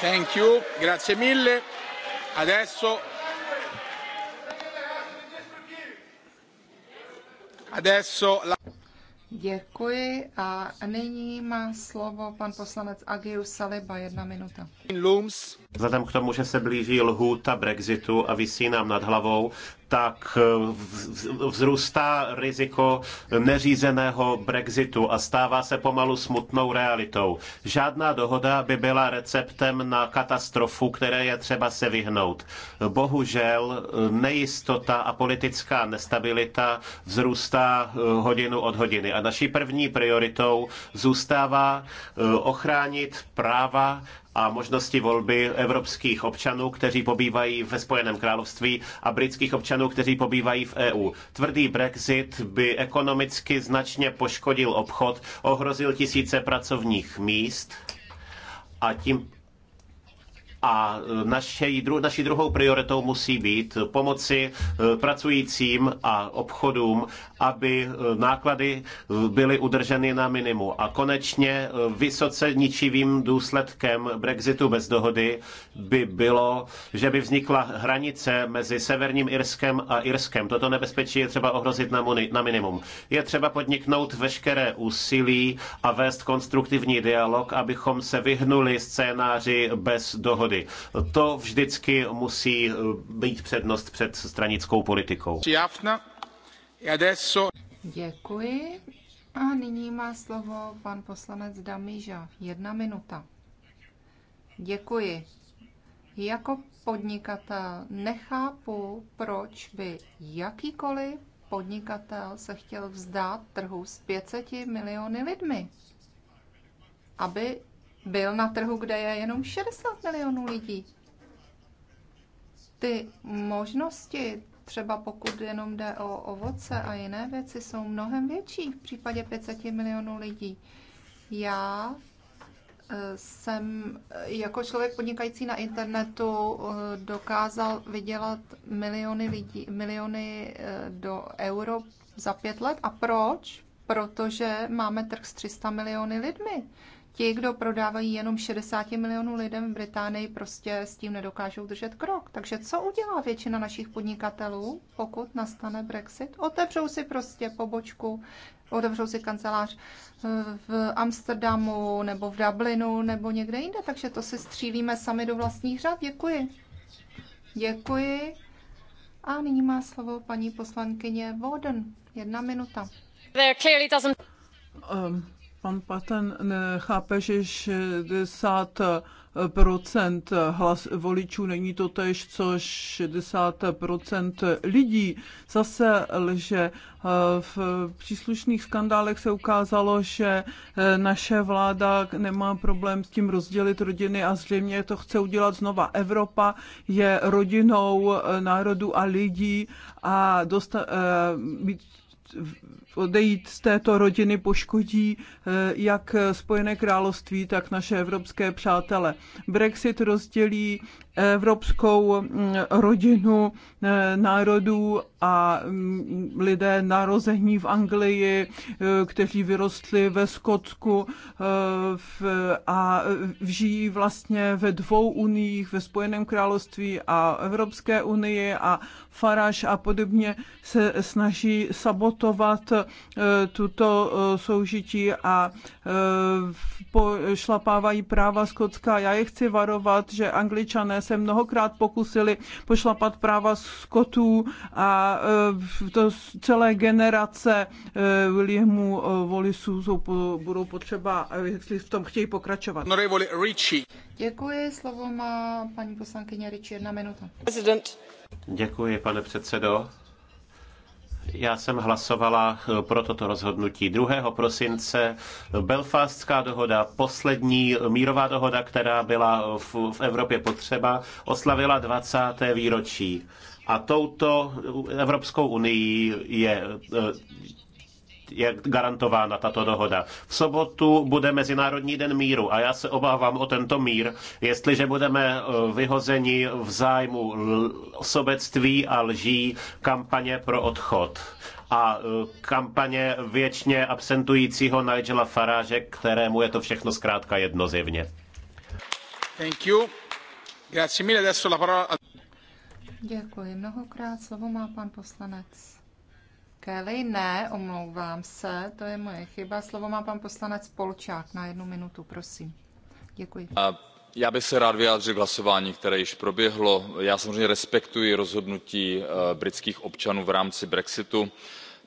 Thank you, grazie mille. Adesso Adesso la... Děkuji a nyní má slovo pan poslanec Agiu Saliba, jedna minuta. Vzhledem k tomu, že se blíží lhůta Brexitu a vysí nám nad hlavou, tak vzrůstá riziko neřízeného Brexitu a stává se pomalu smutnou realitou. Žádná dohoda by byla receptem na katastrofu, které je třeba se vyhnout. Bohužel nejistota a politická nestabilita vzrůstá eh, hodinu od hodiny a naší první prioritou zůstává eh, ochránit práva a možnosti volby evropských občanů, kteří pobývají ve Spojeném království a britských občanů, kteří pobývají v EU. Tvrdý Brexit by ekonomicky značně poškodil obchod, ohrozil tisíce pracovních míst a tím a eh, naší, naší druhou prioritou musí být pomoci eh, pracujícím a obchodům aby eh, náklady eh, byly udrženy na minimu. A konečně eh, vysoce ničivým důsledkem Brexitu bez dohody by bylo, že by vznikla hranice mezi Severním Irskem a Irskem. Toto nebezpečí je třeba ohrozit na, muni, na minimum. Je třeba podniknout veškeré úsilí a vést konstruktivní dialog, abychom se vyhnuli scénáři bez dohody. To vždycky musí být přednost před stranickou politikou. Přijávna. E Děkuji. A nyní má slovo pan poslanec Damiža. Jedna minuta. Děkuji. Jako podnikatel nechápu, proč by jakýkoliv podnikatel se chtěl vzdát trhu s 500 miliony lidmi, aby byl na trhu, kde je jenom 60 milionů lidí. Ty možnosti třeba pokud jenom jde o ovoce a jiné věci, jsou mnohem větší v případě 500 milionů lidí. Já eh, jsem eh, jako člověk podnikající na internetu eh, dokázal vydělat miliony, lidí, miliony do euro za pět let. A proč? Protože máme trh s 300 miliony lidmi ti, kdo prodávají jenom 60 milionů lidem v Británii, prostě s tím nedokážou držet krok. Takže co udělá většina našich podnikatelů, pokud nastane Brexit? Otevřou si prostě pobočku, otevřou si kancelář eh, v Amsterdamu nebo v Dublinu nebo někde jinde, takže to si střílíme sami do vlastních řad. Děkuji. Děkuji. A nyní má slovo paní poslankyně Voden. Jedna minuta. Um Pan Paten nechápe, že 60 procent hlas voličů není to tež, co 60 procent lidí. Zase lže. V příslušných skandálech se ukázalo, že naše vláda nemá problém s tím rozdělit rodiny a zřejmě to chce udělat znova. Evropa je rodinou národů a lidí a dosta, eh, odejít z této rodiny poškodí eh, jak Spojené království, tak naše evropské přátele. Brexit rozdělí evropskou mm, rodinu eh, národů a mm, lidé narození v Anglii, eh, kteří vyrostli ve Skotsku eh, a žijí vlastně ve dvou uniích, ve Spojeném království a Evropské unii a Faraž a podobně se snaží sabotovat tuto soužití a pošlapávají práva Skotska. Já je chci varovat, že angličané se mnohokrát pokusili pošlapat práva skotů a e, to celé generace e, Williamu e, Wallisů jsou, budou potřeba, jestli v tom chtějí pokračovat. Děkuji, slovo má paní poslankyně Richie jedna minuta. Děkuji, pane předsedo. Já jsem hlasovala eh, pro toto rozhodnutí. 2. prosince Belfastská dohoda, poslední mírová dohoda, která byla eh, v, v Evropě potřeba, oslavila 20. výročí. A touto Evropskou unii je eh, je garantována tato dohoda. V sobotu bude Mezinárodní den míru a já se obávám o tento mír, jestliže budeme eh, vyhozeni v zájmu sobectví a lží kampaně pro odchod a eh, kampaně věčně absentujícího Nigela Faráže, kterému je to všechno zkrátka jednozjevně. Thank you. Grazie mille, adesso la parola... Děkuji mnohokrát. Slovo má pan poslanec Kelly, ne, omlouvám se, to je moje chyba. Slovo má pan poslanec Polčák na jednu minutu, prosím. Děkuji. Já bych se rád vyjádřil k hlasování, které již proběhlo. Já samozřejmě respektuji rozhodnutí eh, britských občanů v rámci Brexitu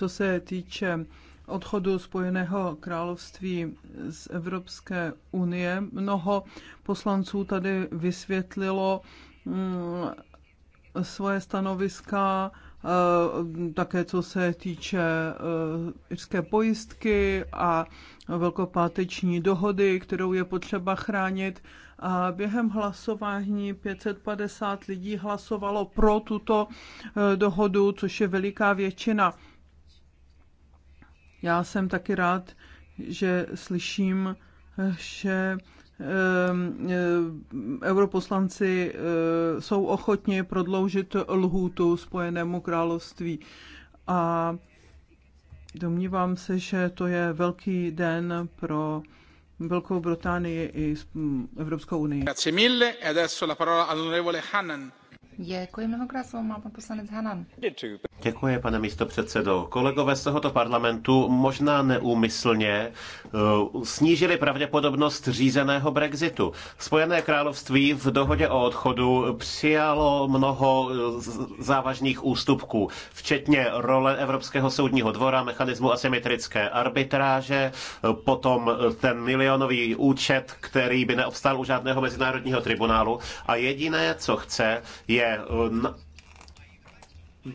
co se týče odchodu Spojeného království z Evropské unie. Mnoho poslanců tady vysvětlilo mm, svoje stanoviska, eh, také co se týče eh, irské pojistky a velkopáteční dohody, kterou je potřeba chránit. A během hlasování 550 lidí hlasovalo pro tuto eh, dohodu, což je veliká většina. Já jsem taky rád, že slyším, že ehm, e, europoslanci e, jsou ochotni prodloužit lhůtu Spojenému království. A domnívám se, že to je velký den pro Velkou Británii i Evropskou unii. Grazie mille. E adesso la parola all'onorevole Hannan. Děkuji mnohokrát, slovo má pan poslanec Hanan. Děkuji, pane místo předsedo. Kolegové z tohoto parlamentu možná neúmyslně eh, snížili pravděpodobnost řízeného Brexitu. Spojené království v dohodě o odchodu přijalo mnoho eh, závažných ústupků, včetně role Evropského soudního dvora, mechanismu asymetrické arbitráže, eh, potom ten milionový účet, který by neobstál u žádného mezinárodního tribunálu. A jediné, co chce, je Eh,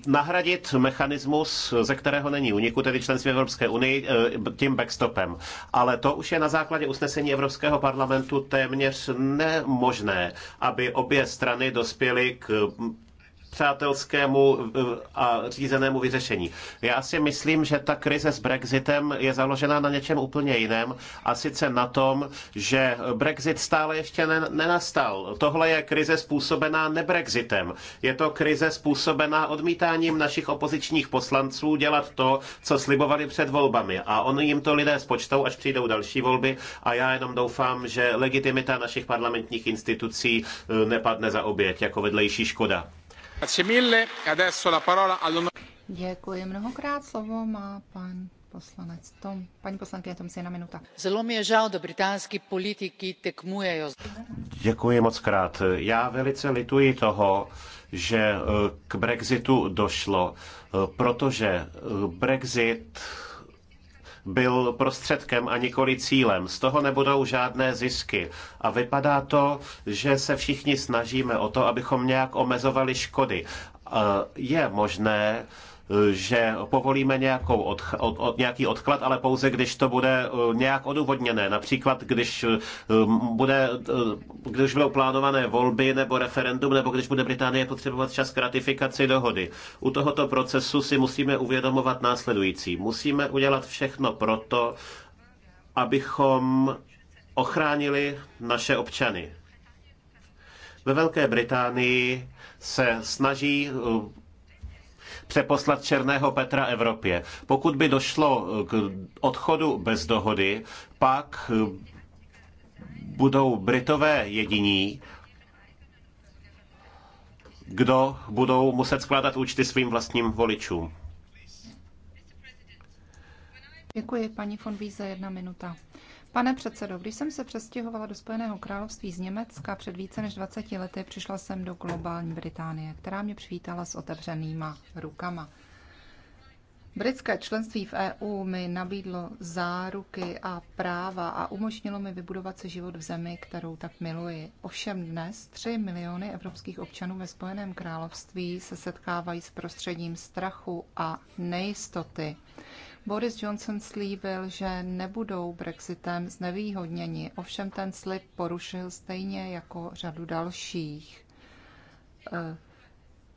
nahradit mechanismus, ze kterého není uniku, tedy členství Evropské unii, eh, tím backstopem. Ale to už je na základě usnesení Evropského parlamentu téměř nemožné, aby obě strany dospěly k přátelskému eh, a řízenému vyřešení. Já si myslím, že ta krize s Brexitem je založena na něčem úplně jiném a sice na tom, že Brexit stále ještě nenastal. Tohle je krize způsobená nebrexitem. Je to krize způsobená odmítáním našich opozičních poslanců dělat to, co slibovali před volbami. A oni jim to lidé spočtou, až přijdou další volby a já jenom doufám, že legitimita našich parlamentních institucí eh, nepadne za oběť jako vedlejší škoda. Děkuji mnohokrát. Slovo má pan poslanec Tom. Paní poslankyně Tom, si jedna minuta. Zelo mi je žal, da britanskí politiky tekmují. Děkuji moc krát. Já velice lituji toho, že eh, k Brexitu došlo, eh, protože eh, Brexit byl prostředkem a nikoli cílem. Z toho nebudou žádné zisky. A vypadá to, že se všichni snažíme o to, abychom nějak omezovali škody. Je možné, že povolíme nějakou od, od, od, nějaký odklad, ale pouze když to bude eh, nějak odůvodněné. Například, když, eh, bude, eh, když budou plánované volby nebo referendum, nebo když bude Británie potřebovat čas k ratifikaci dohody. U tohoto procesu si musíme uvědomovat následující. Musíme udělat všechno proto, abychom ochránili naše občany. Ve Velké Británii se snaží přeposlat Černého Petra Evropě. Pokud by došlo k odchodu bez dohody, pak eh, budou Britové jediní, kdo budou muset skládat účty svým vlastním voličům. Děkuji, paní von Víze, jedna minuta. Pane předsedo, když jsem se přestěhovala do Spojeného království z Německa před více než 20 lety, přišla jsem do globální Británie, která mě přivítala s otevřenýma rukama. Britské členství v EU mi nabídlo záruky a práva a umožnilo mi vybudovat si život v zemi, kterou tak miluji. Ovšem dnes 3 miliony evropských občanů ve Spojeném království se setkávají s prostředím strachu a nejistoty. Boris Johnson slíbil, že nebudou Brexitem znevýhodněni, ovšem ten slib porušil stejně jako řadu dalších. Eh,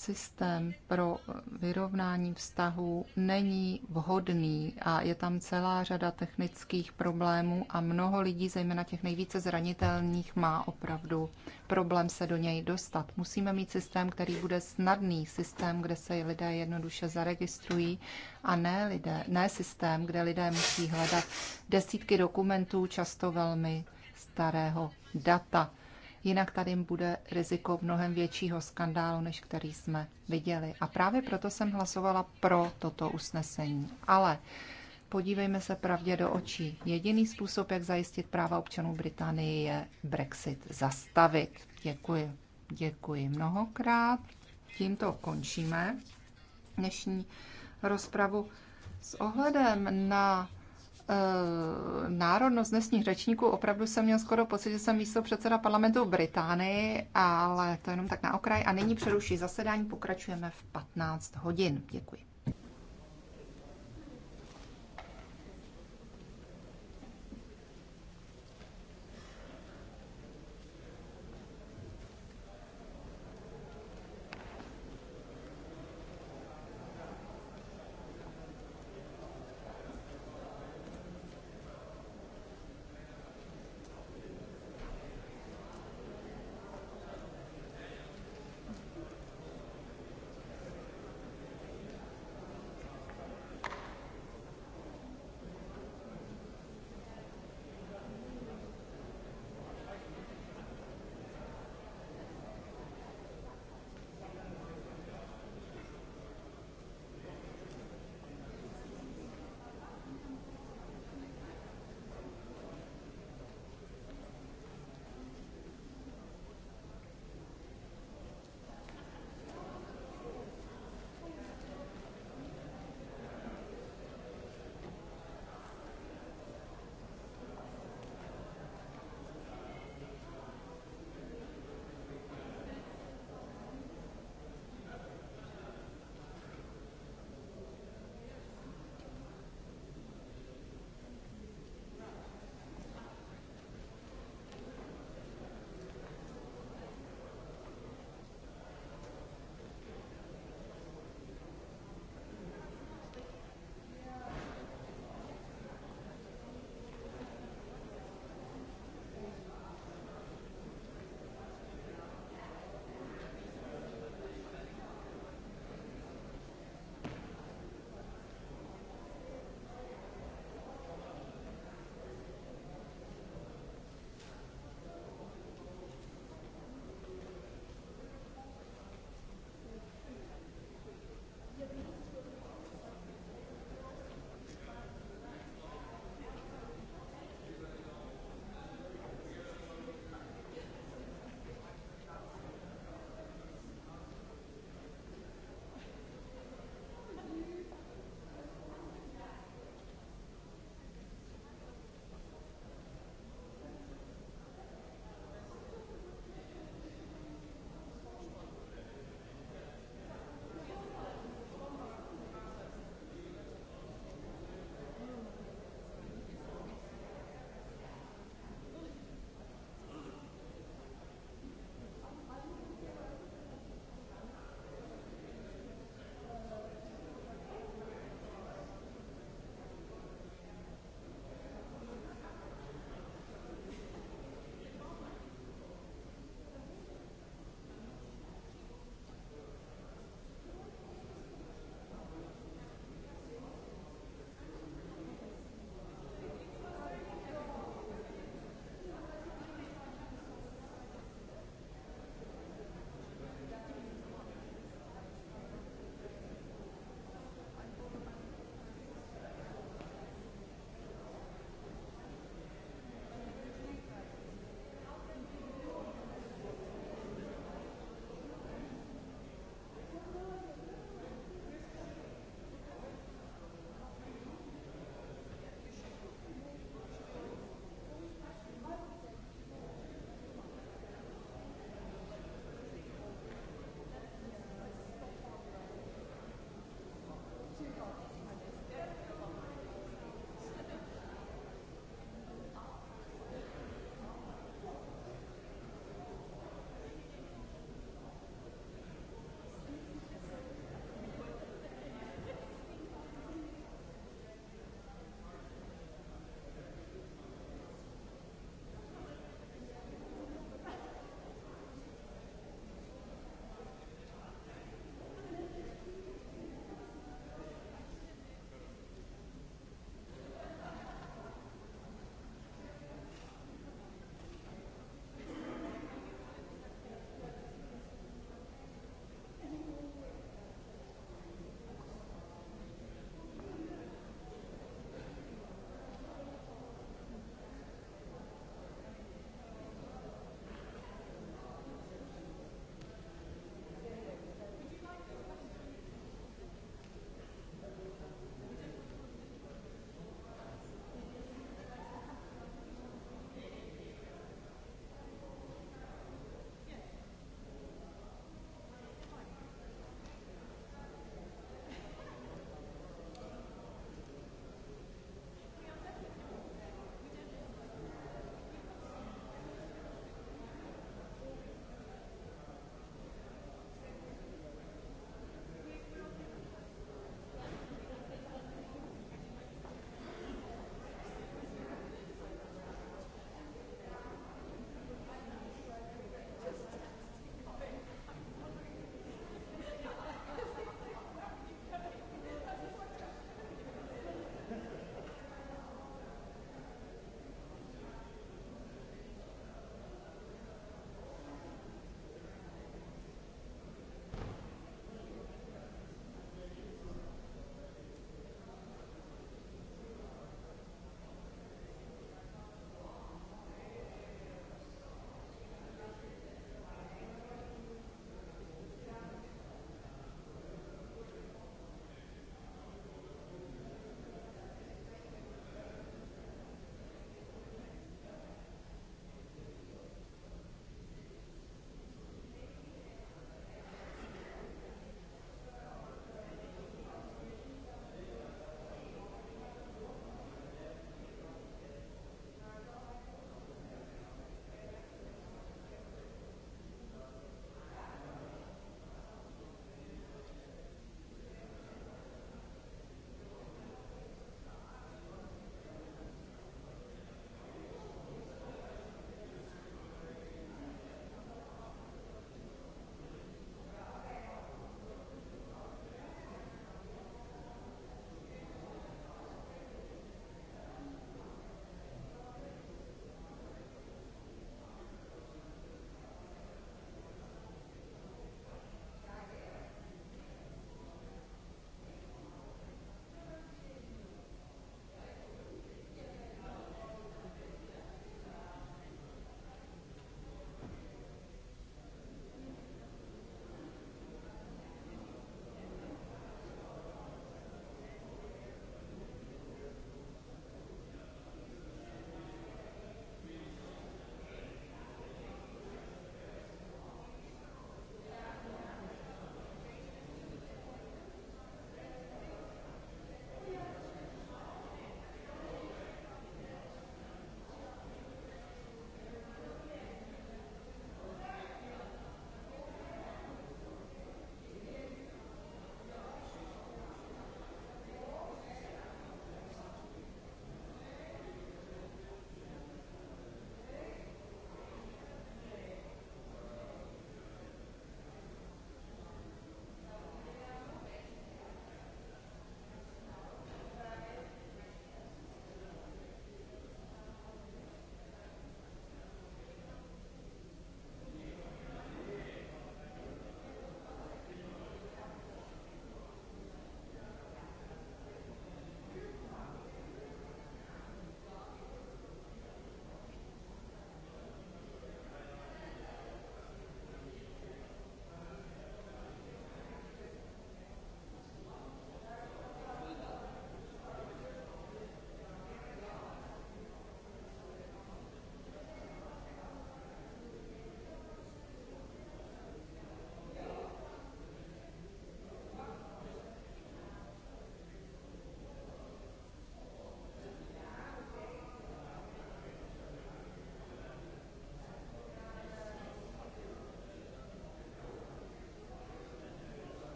systém pro vyrovnání vztahů není vhodný a je tam celá řada technických problémů a mnoho lidí, zejména těch nejvíce zranitelných, má opravdu problém se do něj dostat. Musíme mít systém, který bude snadný, systém, kde se lidé jednoduše zaregistrují a ne, lidé, ne systém, kde lidé musí hledat desítky dokumentů, často velmi starého data jinak tady bude riziko mnohem většího skandálu, než který jsme viděli. A právě proto jsem hlasovala pro toto usnesení. Ale podívejme se pravdě do očí. Jediný způsob, jak zajistit práva občanů Británie, je Brexit zastavit. Děkuji. Děkuji mnohokrát. Tímto končíme dnešní rozpravu. S ohledem na Eh, národnost dnesních řečníků, opravdu jsem měl skoro pocit, že jsem místo předseda parlamentu v Británii, ale to jenom tak na okraj. A nyní přeruší zasedání, pokračujeme v 15 hodin. Děkuji.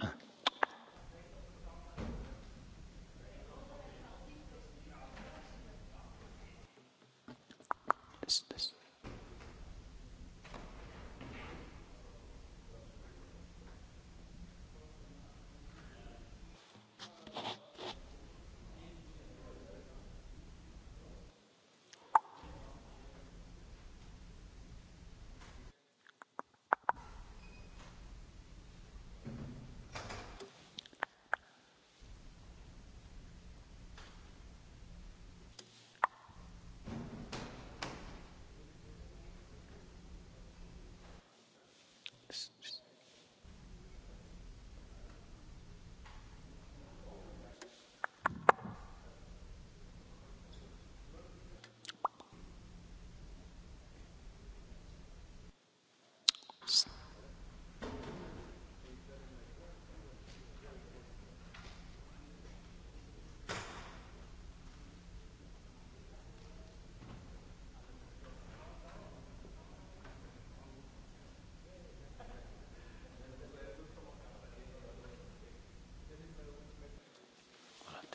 Uh.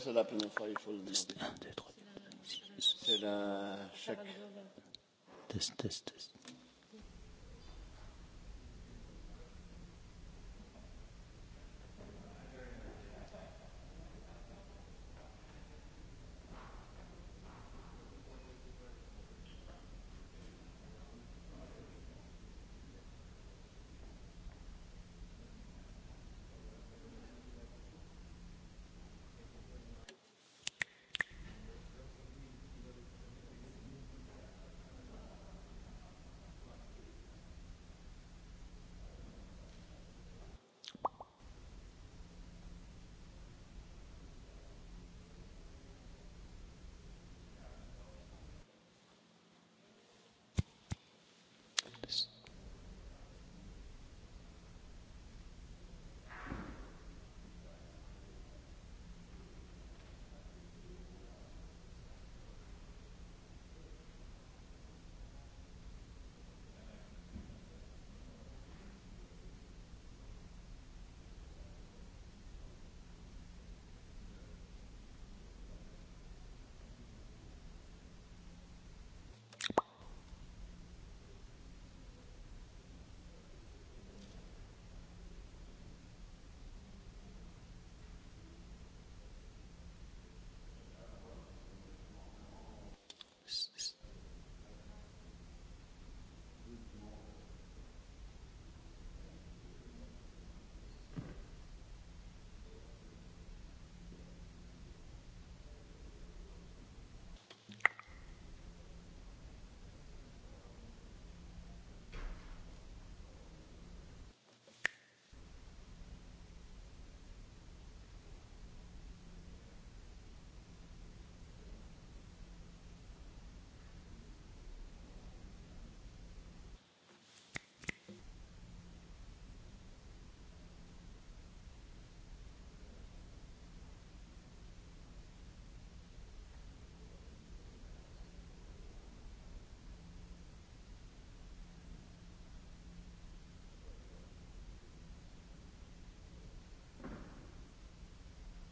C'est la première fois, il faut le demander. C'est la chèque. Test, test, test.